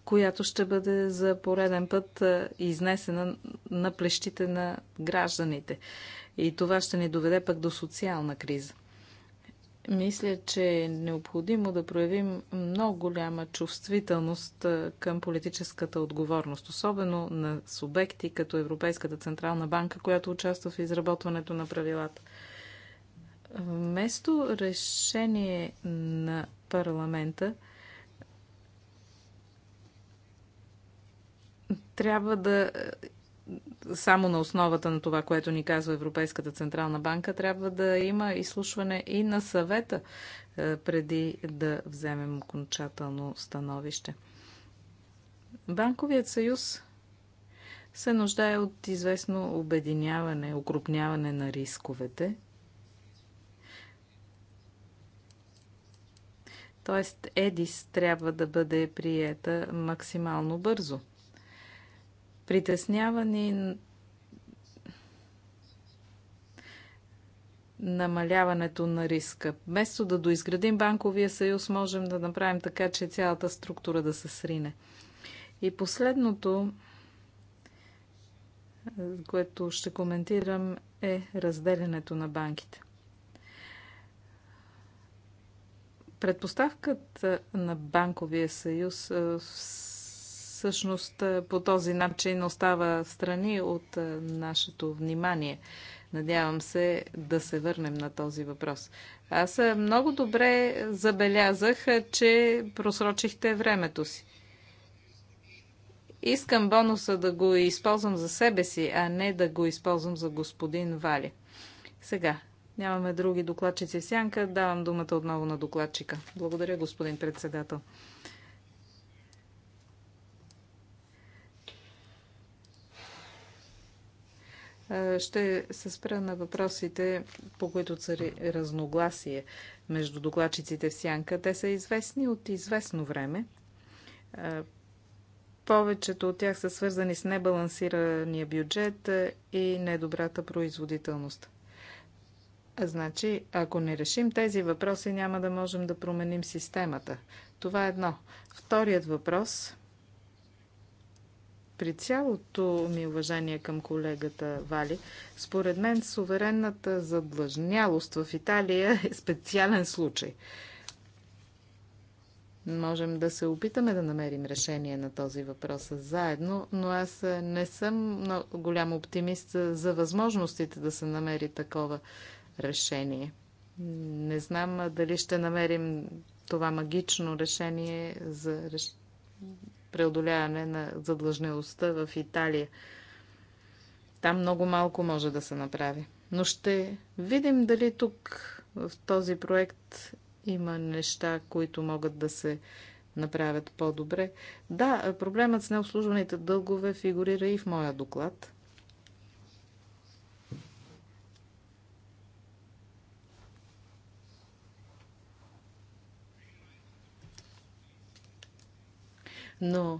която ще бъде за пореден път изнесена на плещите на гражданите. И това ще ни доведе пък до социална криза. Мисля, че е необходимо да проявим много голяма чувствителност към политическата отговорност, особено на субекти като Европейската Централна банка, която участва в изработването на правилата. Вместо решение на парламента, трябва да само на основата на това, което ни казва Европейската Централна банка, трябва да има изслушване и на съвета, е, преди да вземем окончателно становище. Банковият съюз се нуждае от известно обединяване, укрупняване на рисковете. Тоест, ЕДИС трябва да бъде приета максимално бързо – Притеснявани намаляването на риска. Вместо да доизградим банковия съюз, можем да направим така, че цялата структура да се срине. И последното, което ще коментирам, е разделянето на банките. Предпоставката на банковия съюз е, всъщност е, по този начин остава страни от е, нашето внимание. Надявам се да се върнем на този въпрос. Аз е, много добре забелязах, че просрочихте времето си. Искам бонуса да го използвам за себе си, а не да го използвам за господин Вали. Сега, нямаме други докладчици в сянка. Давам думата отново на докладчика. Благодаря, господин председател. Е, ще се спра на въпросите, по които цари разногласие между докладчиците в Сянка. Те са известни от известно време. Е, повечето от тях са свързани с небалансирания бюджет и недобрата производителност. Значи, ако не решим тези въпроси, няма да можем да променим системата. Това е едно. Вторият въпрос при цялото ми уважение към колегата Вали, според мен суверенната задлъжнялост в Италия е специален случай. Можем да се опитаме да намерим решение на този въпрос заедно, но аз не съм голям оптимист за възможностите да се намери такова решение. Не знам дали ще намерим това магично решение за преодоляване на задлъжнелостта в Италия. Там много малко може да се направи. Но ще видим дали тук в този проект има неща, които могат да се направят по-добре. Да, проблемът с необслужваните дългове фигурира и в моя доклад. Но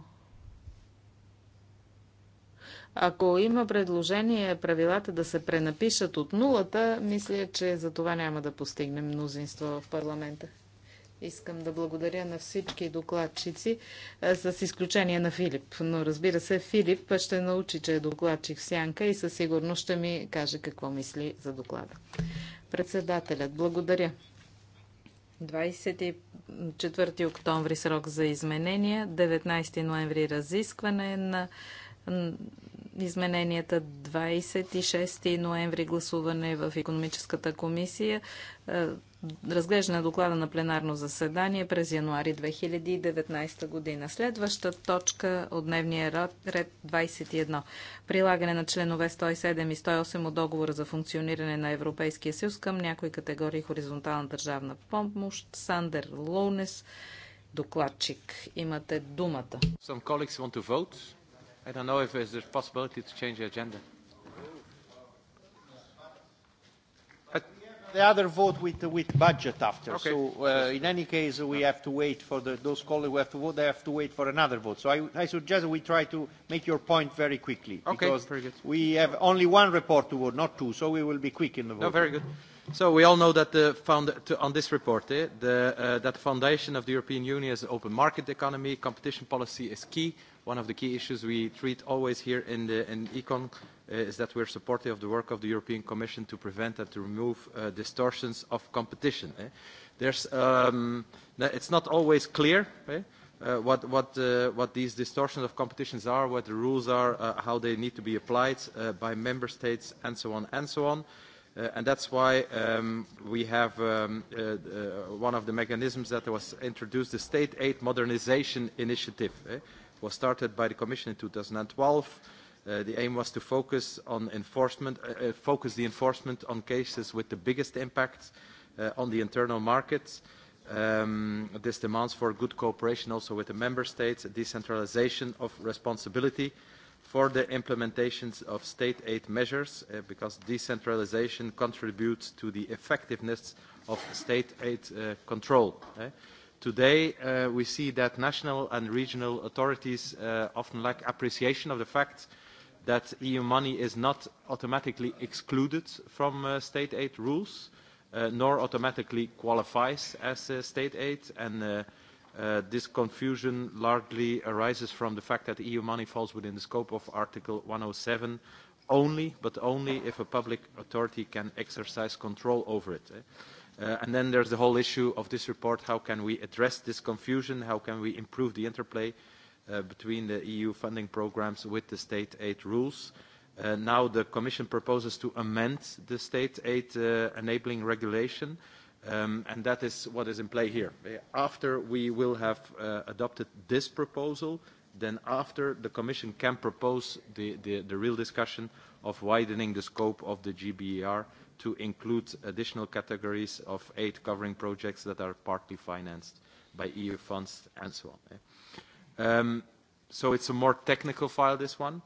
ако има предложение правилата да се пренапишат от нулата, мисля, че за това няма да постигнем мнозинство в парламента. Искам да благодаря на всички докладчици, с изключение на Филип. Но разбира се, Филип ще научи, че е докладчик в Сянка и със сигурност ще ми каже какво мисли за доклада. Председателят, благодаря. 24 октомври срок за изменения, 19 ноември разискване на измененията, 26 ноември гласуване в економическата комисия, е, разглеждане на доклада на пленарно заседание през януари 2019 година. Следваща точка от дневния ред 21. Прилагане на членове 107 и 108 от договора за функциониране на Европейския съюз към някои категории хоризонтална държавна помощ. Сандер Лоунес, докладчик. Имате думата. Some colleagues want to vote. I don't know if there's a possibility to change the agenda. the other vote with, with budget after. Okay. So uh, in any case, we have to wait for the, those colleagues who have to vote. They have to wait for another vote. So I, I suggest we try to make your point very quickly. Okay, because very good. we have only one report to vote, not two. So we will be quick in the vote. No, very good. So we all know that the found, to, on this report eh, the, uh, that the foundation of the European Union is an open market economy. Competition policy is key. One of the key issues we treat always here in, the, in Econ uh, is that we're supportive of the work of the European Commission to prevent and to remove uh, distortions of competition. Eh? There's, um, it's not always clear. Eh? uh, what, what, uh, what these distortions of competitions are, what the rules are, uh, how they need to be applied uh, by member states, and so on and so on and that's why um, we have um, uh, uh, one of the mechanisms that was introduced, the State Aid Modernization Initiative, eh, was started by the Commission in 2012. Uh, the aim was to focus on enforcement, uh, uh, focus the enforcement on cases with the biggest impact uh, on the internal markets. Um, this demands for good cooperation also with the member states, a decentralization of responsibility uh, for the implementations of state aid measures, uh, because decentralization contributes to the effectiveness of state aid uh, control. Uh, today, uh, we see that national and regional authorities uh, often lack appreciation of the fact that EU money is not automatically excluded from uh, state aid rules, uh, nor automatically qualifies as uh, state aid, and uh, this confusion largely arises from the fact that EU money falls within the scope of Article one hundred and seven only, but only if a public authority can exercise control over it. and then there's the whole issue of this report. How can we address this confusion? How can we improve the interplay between the EU funding programmes with the state aid rules? now the Commission proposes to amend the state aid enabling regulation uh, and that is what is in play here. After we will have adopted this proposal, then after the Commission can propose the, the, the real discussion of widening the scope of the GBER to include additional categories of aid covering projects that are partly financed by EU funds and so on. Um, so it's a more technical file, this one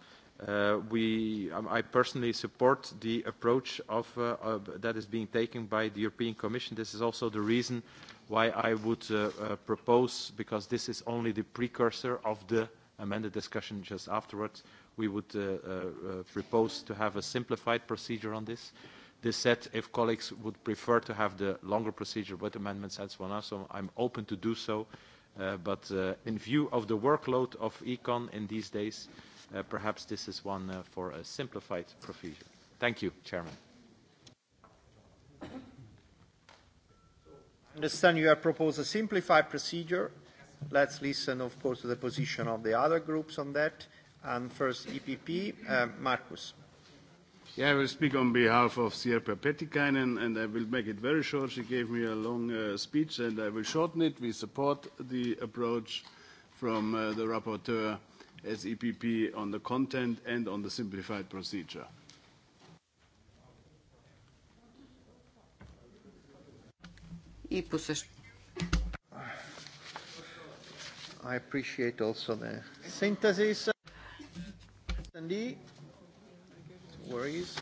uh we, I personally support the approach of, uh, uh, that is being taken by the European Commission. This is also the reason why I would uh, uh, propose, because this is only the precursor of the amended discussion just afterwards, we would uh, uh, uh propose to have a simplified procedure on this. This said, if colleagues would prefer to have the longer procedure with amendments and so on, so I'm open to do so. Uh, but uh, in view of the workload of ECON in these days, uh, Perhaps this is one for a simplified procedure. Thank you, Chairman. I understand you have proposed a simplified procedure. Let's listen, of course, to the position of the other groups on that. And first, EPP, uh, Markus. Yeah, I will speak on behalf of Sirpa Petikainen, and I will make it very short. She gave me a long uh, speech, and I will shorten it. We support the approach from uh, the rapporteur as EPP on the content and on the simplified procedure. I appreciate also the synthesis. And where is?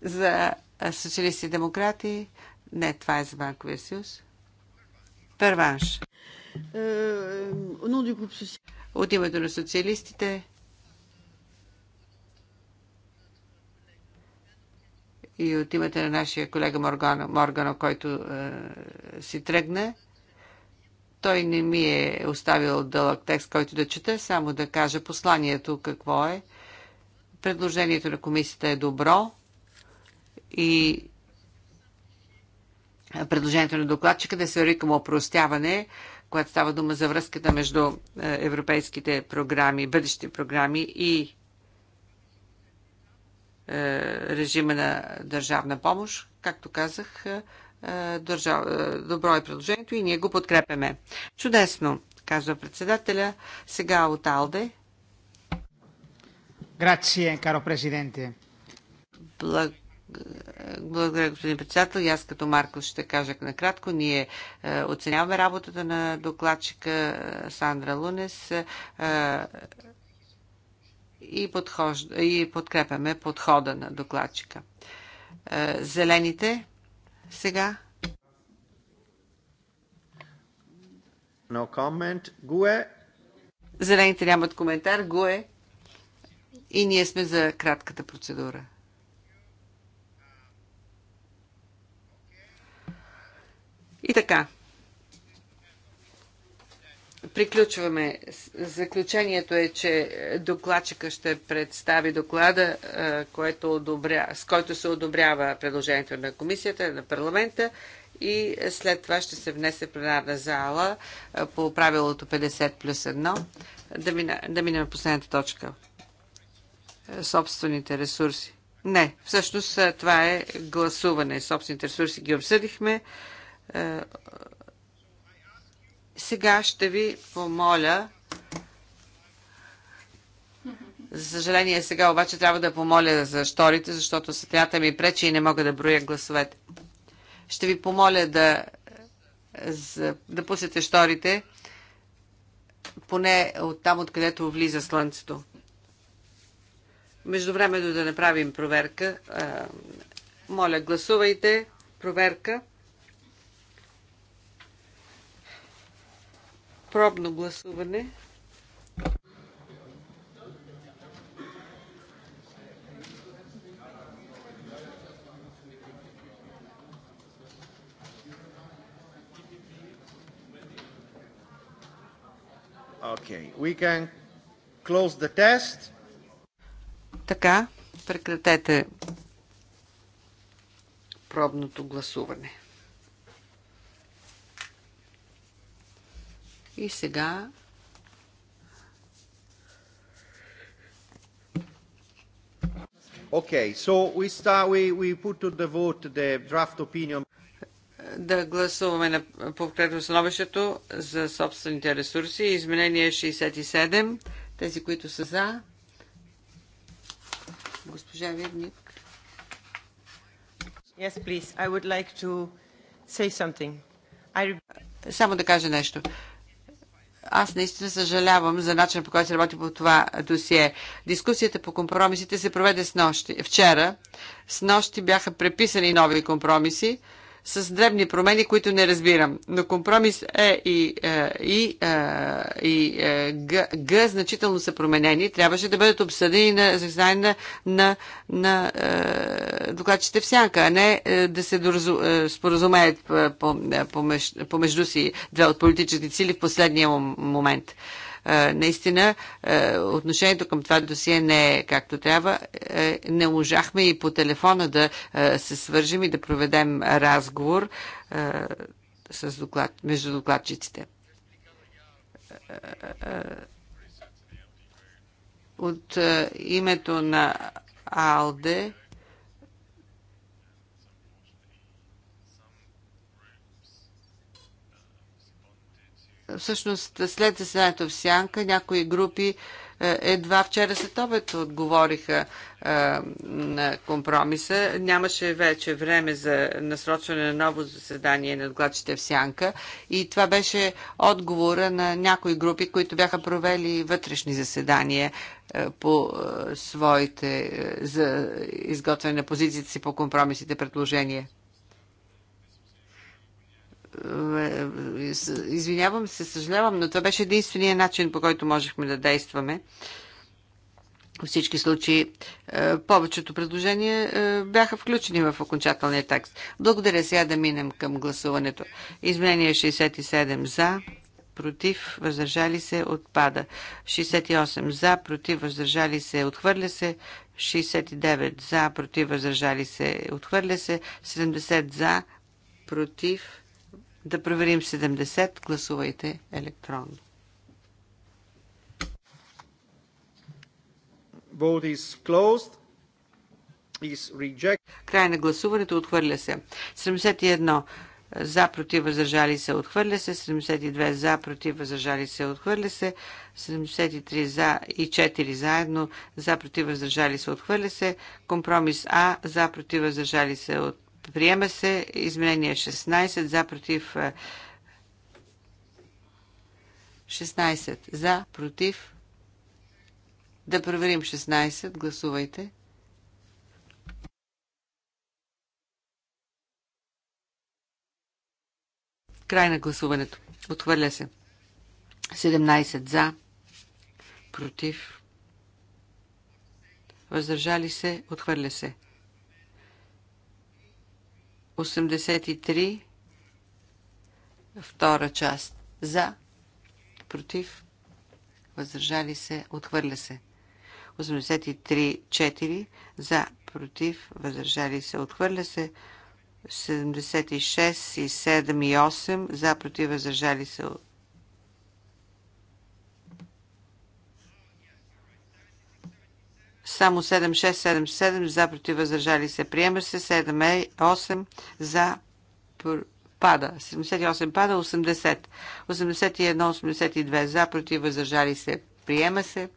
За социалисти и демократи. Не, това е за Банковия съюз. Първанш. Au nom du groupe social от името на социалистите и от името на нашия колега Моргано, Моргано който е, си тръгна, той не ми е оставил дълъг текст, който да чета, само да кажа посланието какво е. Предложението на комисията е добро и предложението на докладчика да се върви към опростяване когато става дума за връзката между е, европейските програми, бъдещи програми и е, режима на държавна помощ. Както казах, е, държав... добро е предложението и ние го подкрепяме. Чудесно, казва председателя. Сега от Алде. Грация, каро президенте. Благодаря благодаря, господин председател. И аз като Марко ще кажа накратко. Ние е, оценяваме работата на докладчика е, Сандра Лунес е, и, подхож... и подкрепяме подхода на докладчика. Е, зелените сега. No comment. Гуе. Зелените нямат коментар. Гуе. И ние сме за кратката процедура. И така. Приключваме. Заключението е, че докладчика ще представи доклада, който одобря, с който се одобрява предложението на комисията, на парламента и след това ще се внесе пленарна зала по правилото 50 плюс 1. Да, мина, да минем последната точка. Собствените ресурси. Не, всъщност това е гласуване. Собствените ресурси ги обсъдихме. Е, сега ще ви помоля. За съжаление, сега обаче трябва да помоля за шторите, защото светлината ми пречи и не мога да броя гласовете. Ще ви помоля да, да пуснете шторите, поне от там, откъдето влиза слънцето. Между времето да направим проверка. Е, моля, гласувайте. Проверка. Пробно гласуване. Okay, we can close the test. Така, прекратете пробното гласуване. И сега Okay, so we start, we, we put to the vote the draft opinion. Да гласуваме на подкрепно становището за собствените ресурси. Изменение 67. Тези, които са за. Госпожа Вирник. Yes, please. I would like to say something. I... Само да кажа нещо. Uh, аз наистина съжалявам за начина по който се работи по това досие. Дискусията по компромисите се проведе с нощи. Вчера с нощи бяха преписани нови компромиси с дребни промени, които не разбирам. Но компромис Е и, е, и, е, и е, Г, Г значително са променени. Трябваше да бъдат обсъдени на заседание на, на, на докладчите в сянка, а не да се доразу, споразумеят помежду си две от политическите сили в последния момент наистина отношението към това досие не е както трябва. Е, не можахме и по телефона да се свържим и да проведем разговор с доклад, между докладчиците. От името на АЛДЕ Всъщност, след заседанието в Сянка, някои групи е, едва вчера след обед отговориха е, на компромиса. Нямаше вече време за насрочване на ново заседание на отглачите в Сянка и това беше отговора на някои групи, които бяха провели вътрешни заседания е, по своите за изготвяне на позициите си по компромисите предложения. Е, е, извинявам се, съжалявам, но това беше единствения начин, по който можехме да действаме. В всички случаи, е, повечето предложения бяха включени в окончателния текст. Благодаря сега да минем към гласуването. Изменение 67 за, против, въздържали се, отпада. 68 за, против, въздържали се, отхвърля се. 69 за, против, въздържали се, отхвърля се. 70 за, против, да проверим 70. Гласувайте електронно. Vote is closed. Is reject. Край на гласуването отхвърля се. 71 за, против, въздържали се, отхвърля се, 72 за, против, въздържали се, отхвърля се, 73 за и 4 заедно, за, против, въздържали се, отхвърля се, компромис А, за, против, въздържали се, от... Приема се изменение 16 за против 16 е, за против. Да проверим 16. Гласувайте. Край на гласуването. Отхвърля се. 17 за против. Въздържали се. Отхвърля се. 83, втора част. За, против, въздържали се, отхвърля се. 83-4 за, против, въздържали се, отхвърля се. 76 и 7 и 8 за, против, въздържали се, Само 7677 за против въздържали се. Приема се 78 е, за пада. 78 пада, 80. 81, 82 за против въздържали се. Приема се.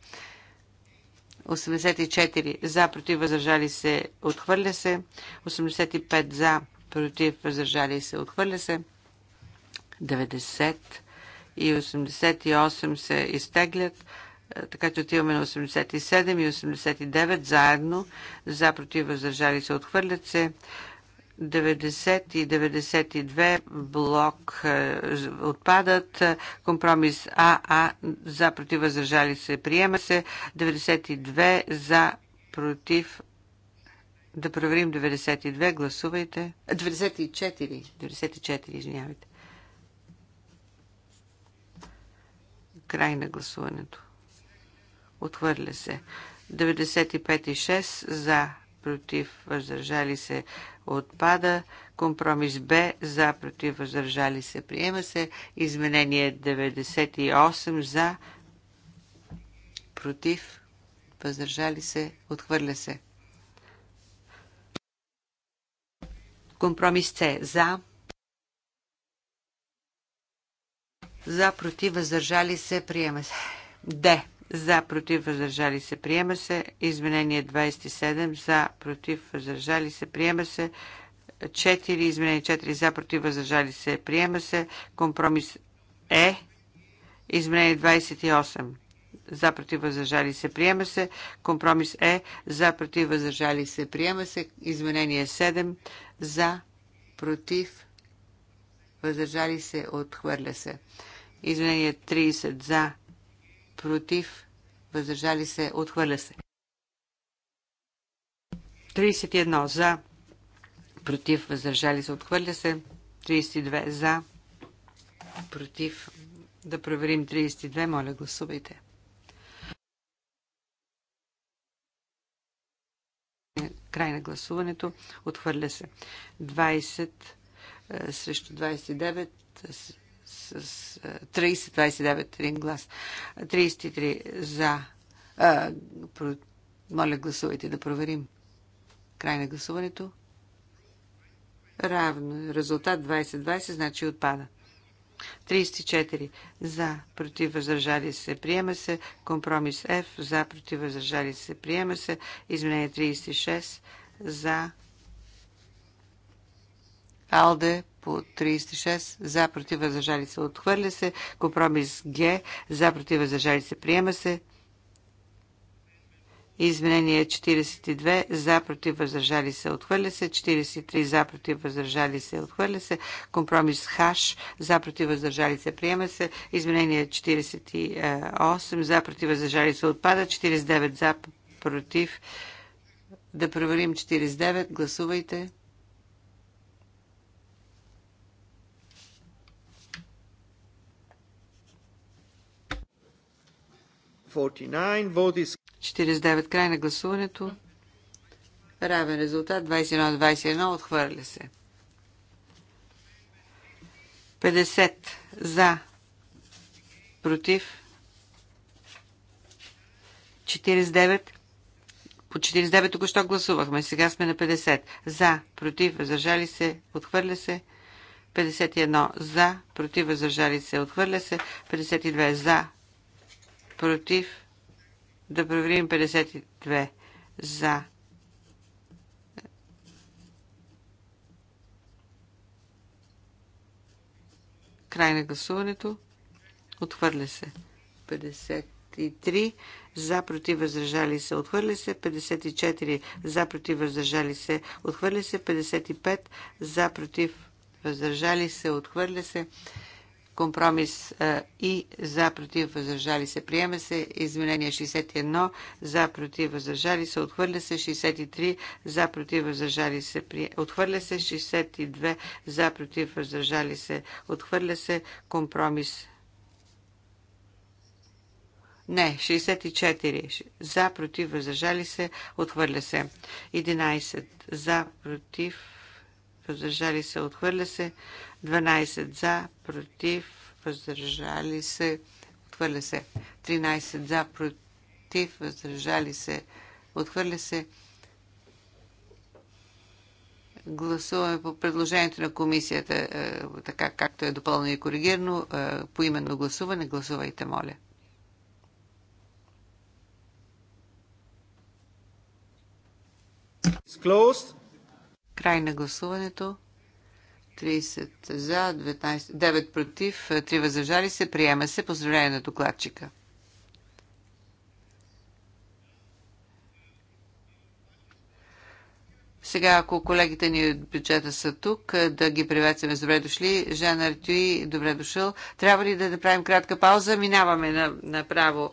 84 за против въздържали се. Отхвърля се. 85 за против въздържали се. Отхвърля се. 90 и 88 се изтеглят. Е, така че отиваме на 87 и 89 заедно, за против въздържали се, отхвърлят се. 90 и 92 блок е, отпадат. Компромис АА за против въздържали се приема се. 92 за против да проверим 92. Гласувайте. 94. 94, извинявайте. Край на гласуването. Отхвърля се. 95 и 6 за, против, въздържали се, отпада. Компромис Б за, против, въздържали се, приема се. Изменение 98 за, против, въздържали се, отхвърля се. Компромис С за, за, против, въздържали се, приема се. Д за, против, въздържали се, приема се. Изменение 27, за, против, въздържали се, приема се. 4, изменение 4, за, против, въздържали се, приема се. Компромис Е, изменение 28, за, против, въздържали се, приема се. Компромис Е, за, против, въздържали се, приема се. Изменение 7, за, против, въздържали се, отхвърля се. Изменение 30, за, против, въздържали се, отхвърля се. 31 за, против, въздържали се, отхвърля се. 32 за, против, да проверим 32, моля гласувайте. Край на гласуването, отхвърля се. 20 е, срещу 29 с 30-29 един глас. 33 за. А, про... Моля, гласувайте да проверим. Край на гласуването. Равно. Резултат 20-20, значи отпада. 34. За, против, въздържали се, приема се. Компромис F. За, против, въздържали се, приема се. Изменение 36. За, Алде по 36, за против въздържали се, отхвърля се. Компромис Г, за против въздържали се, приема се. Изменение 42 за против въздържали се отхвърля се, 43 за против въздържали се отхвърля се, компромис ХАШ за против въздържали се приема се, изменение 48 за против въздържали се отпада, 49 за против. Да проверим 49. Гласувайте. 49. Край на гласуването. Равен резултат. 21 21. Отхвърля се. 50. За. Против. 49. По 49 току-що гласувахме. Сега сме на 50. За. Против. Въздържали се. Отхвърля се. 51 за, против въздържали се, отхвърля се, 52 за, против, да проверим 52 за. Край на гласуването. Отхвърля се. 53 за против въздържали се. Отхвърля се. 54 за против въздържали се. Отхвърля се. 55 за против въздържали се. Отхвърля се. Компромис е, и за против въздържали се приема се. Изменение 61 за против въздържали се отхвърля се. 63 за против въздържали се при... отхвърля се. 62 за против въздържали се отхвърля се. Компромис не, 64. За, против, възражали се, отхвърля се. 11. За, против, въздържали се, отхвърля се. 12 за, против, въздържали се, отхвърля се. 13 за, против, въздържали се, отхвърля се. Гласуваме по предложението на комисията, е, така както е допълнено и коригирано, е, по именно гласуване. Гласувайте, моля. closed. Край на гласуването. 30 за, 19, 9 против, 3 въздържали се. Приема се. Поздравление на докладчика. Сега, ако колегите ни от бюджета са тук, да ги приветстваме с добре дошли. Жан Артюи, добре дошъл. Трябва ли да направим кратка пауза? Минаваме направо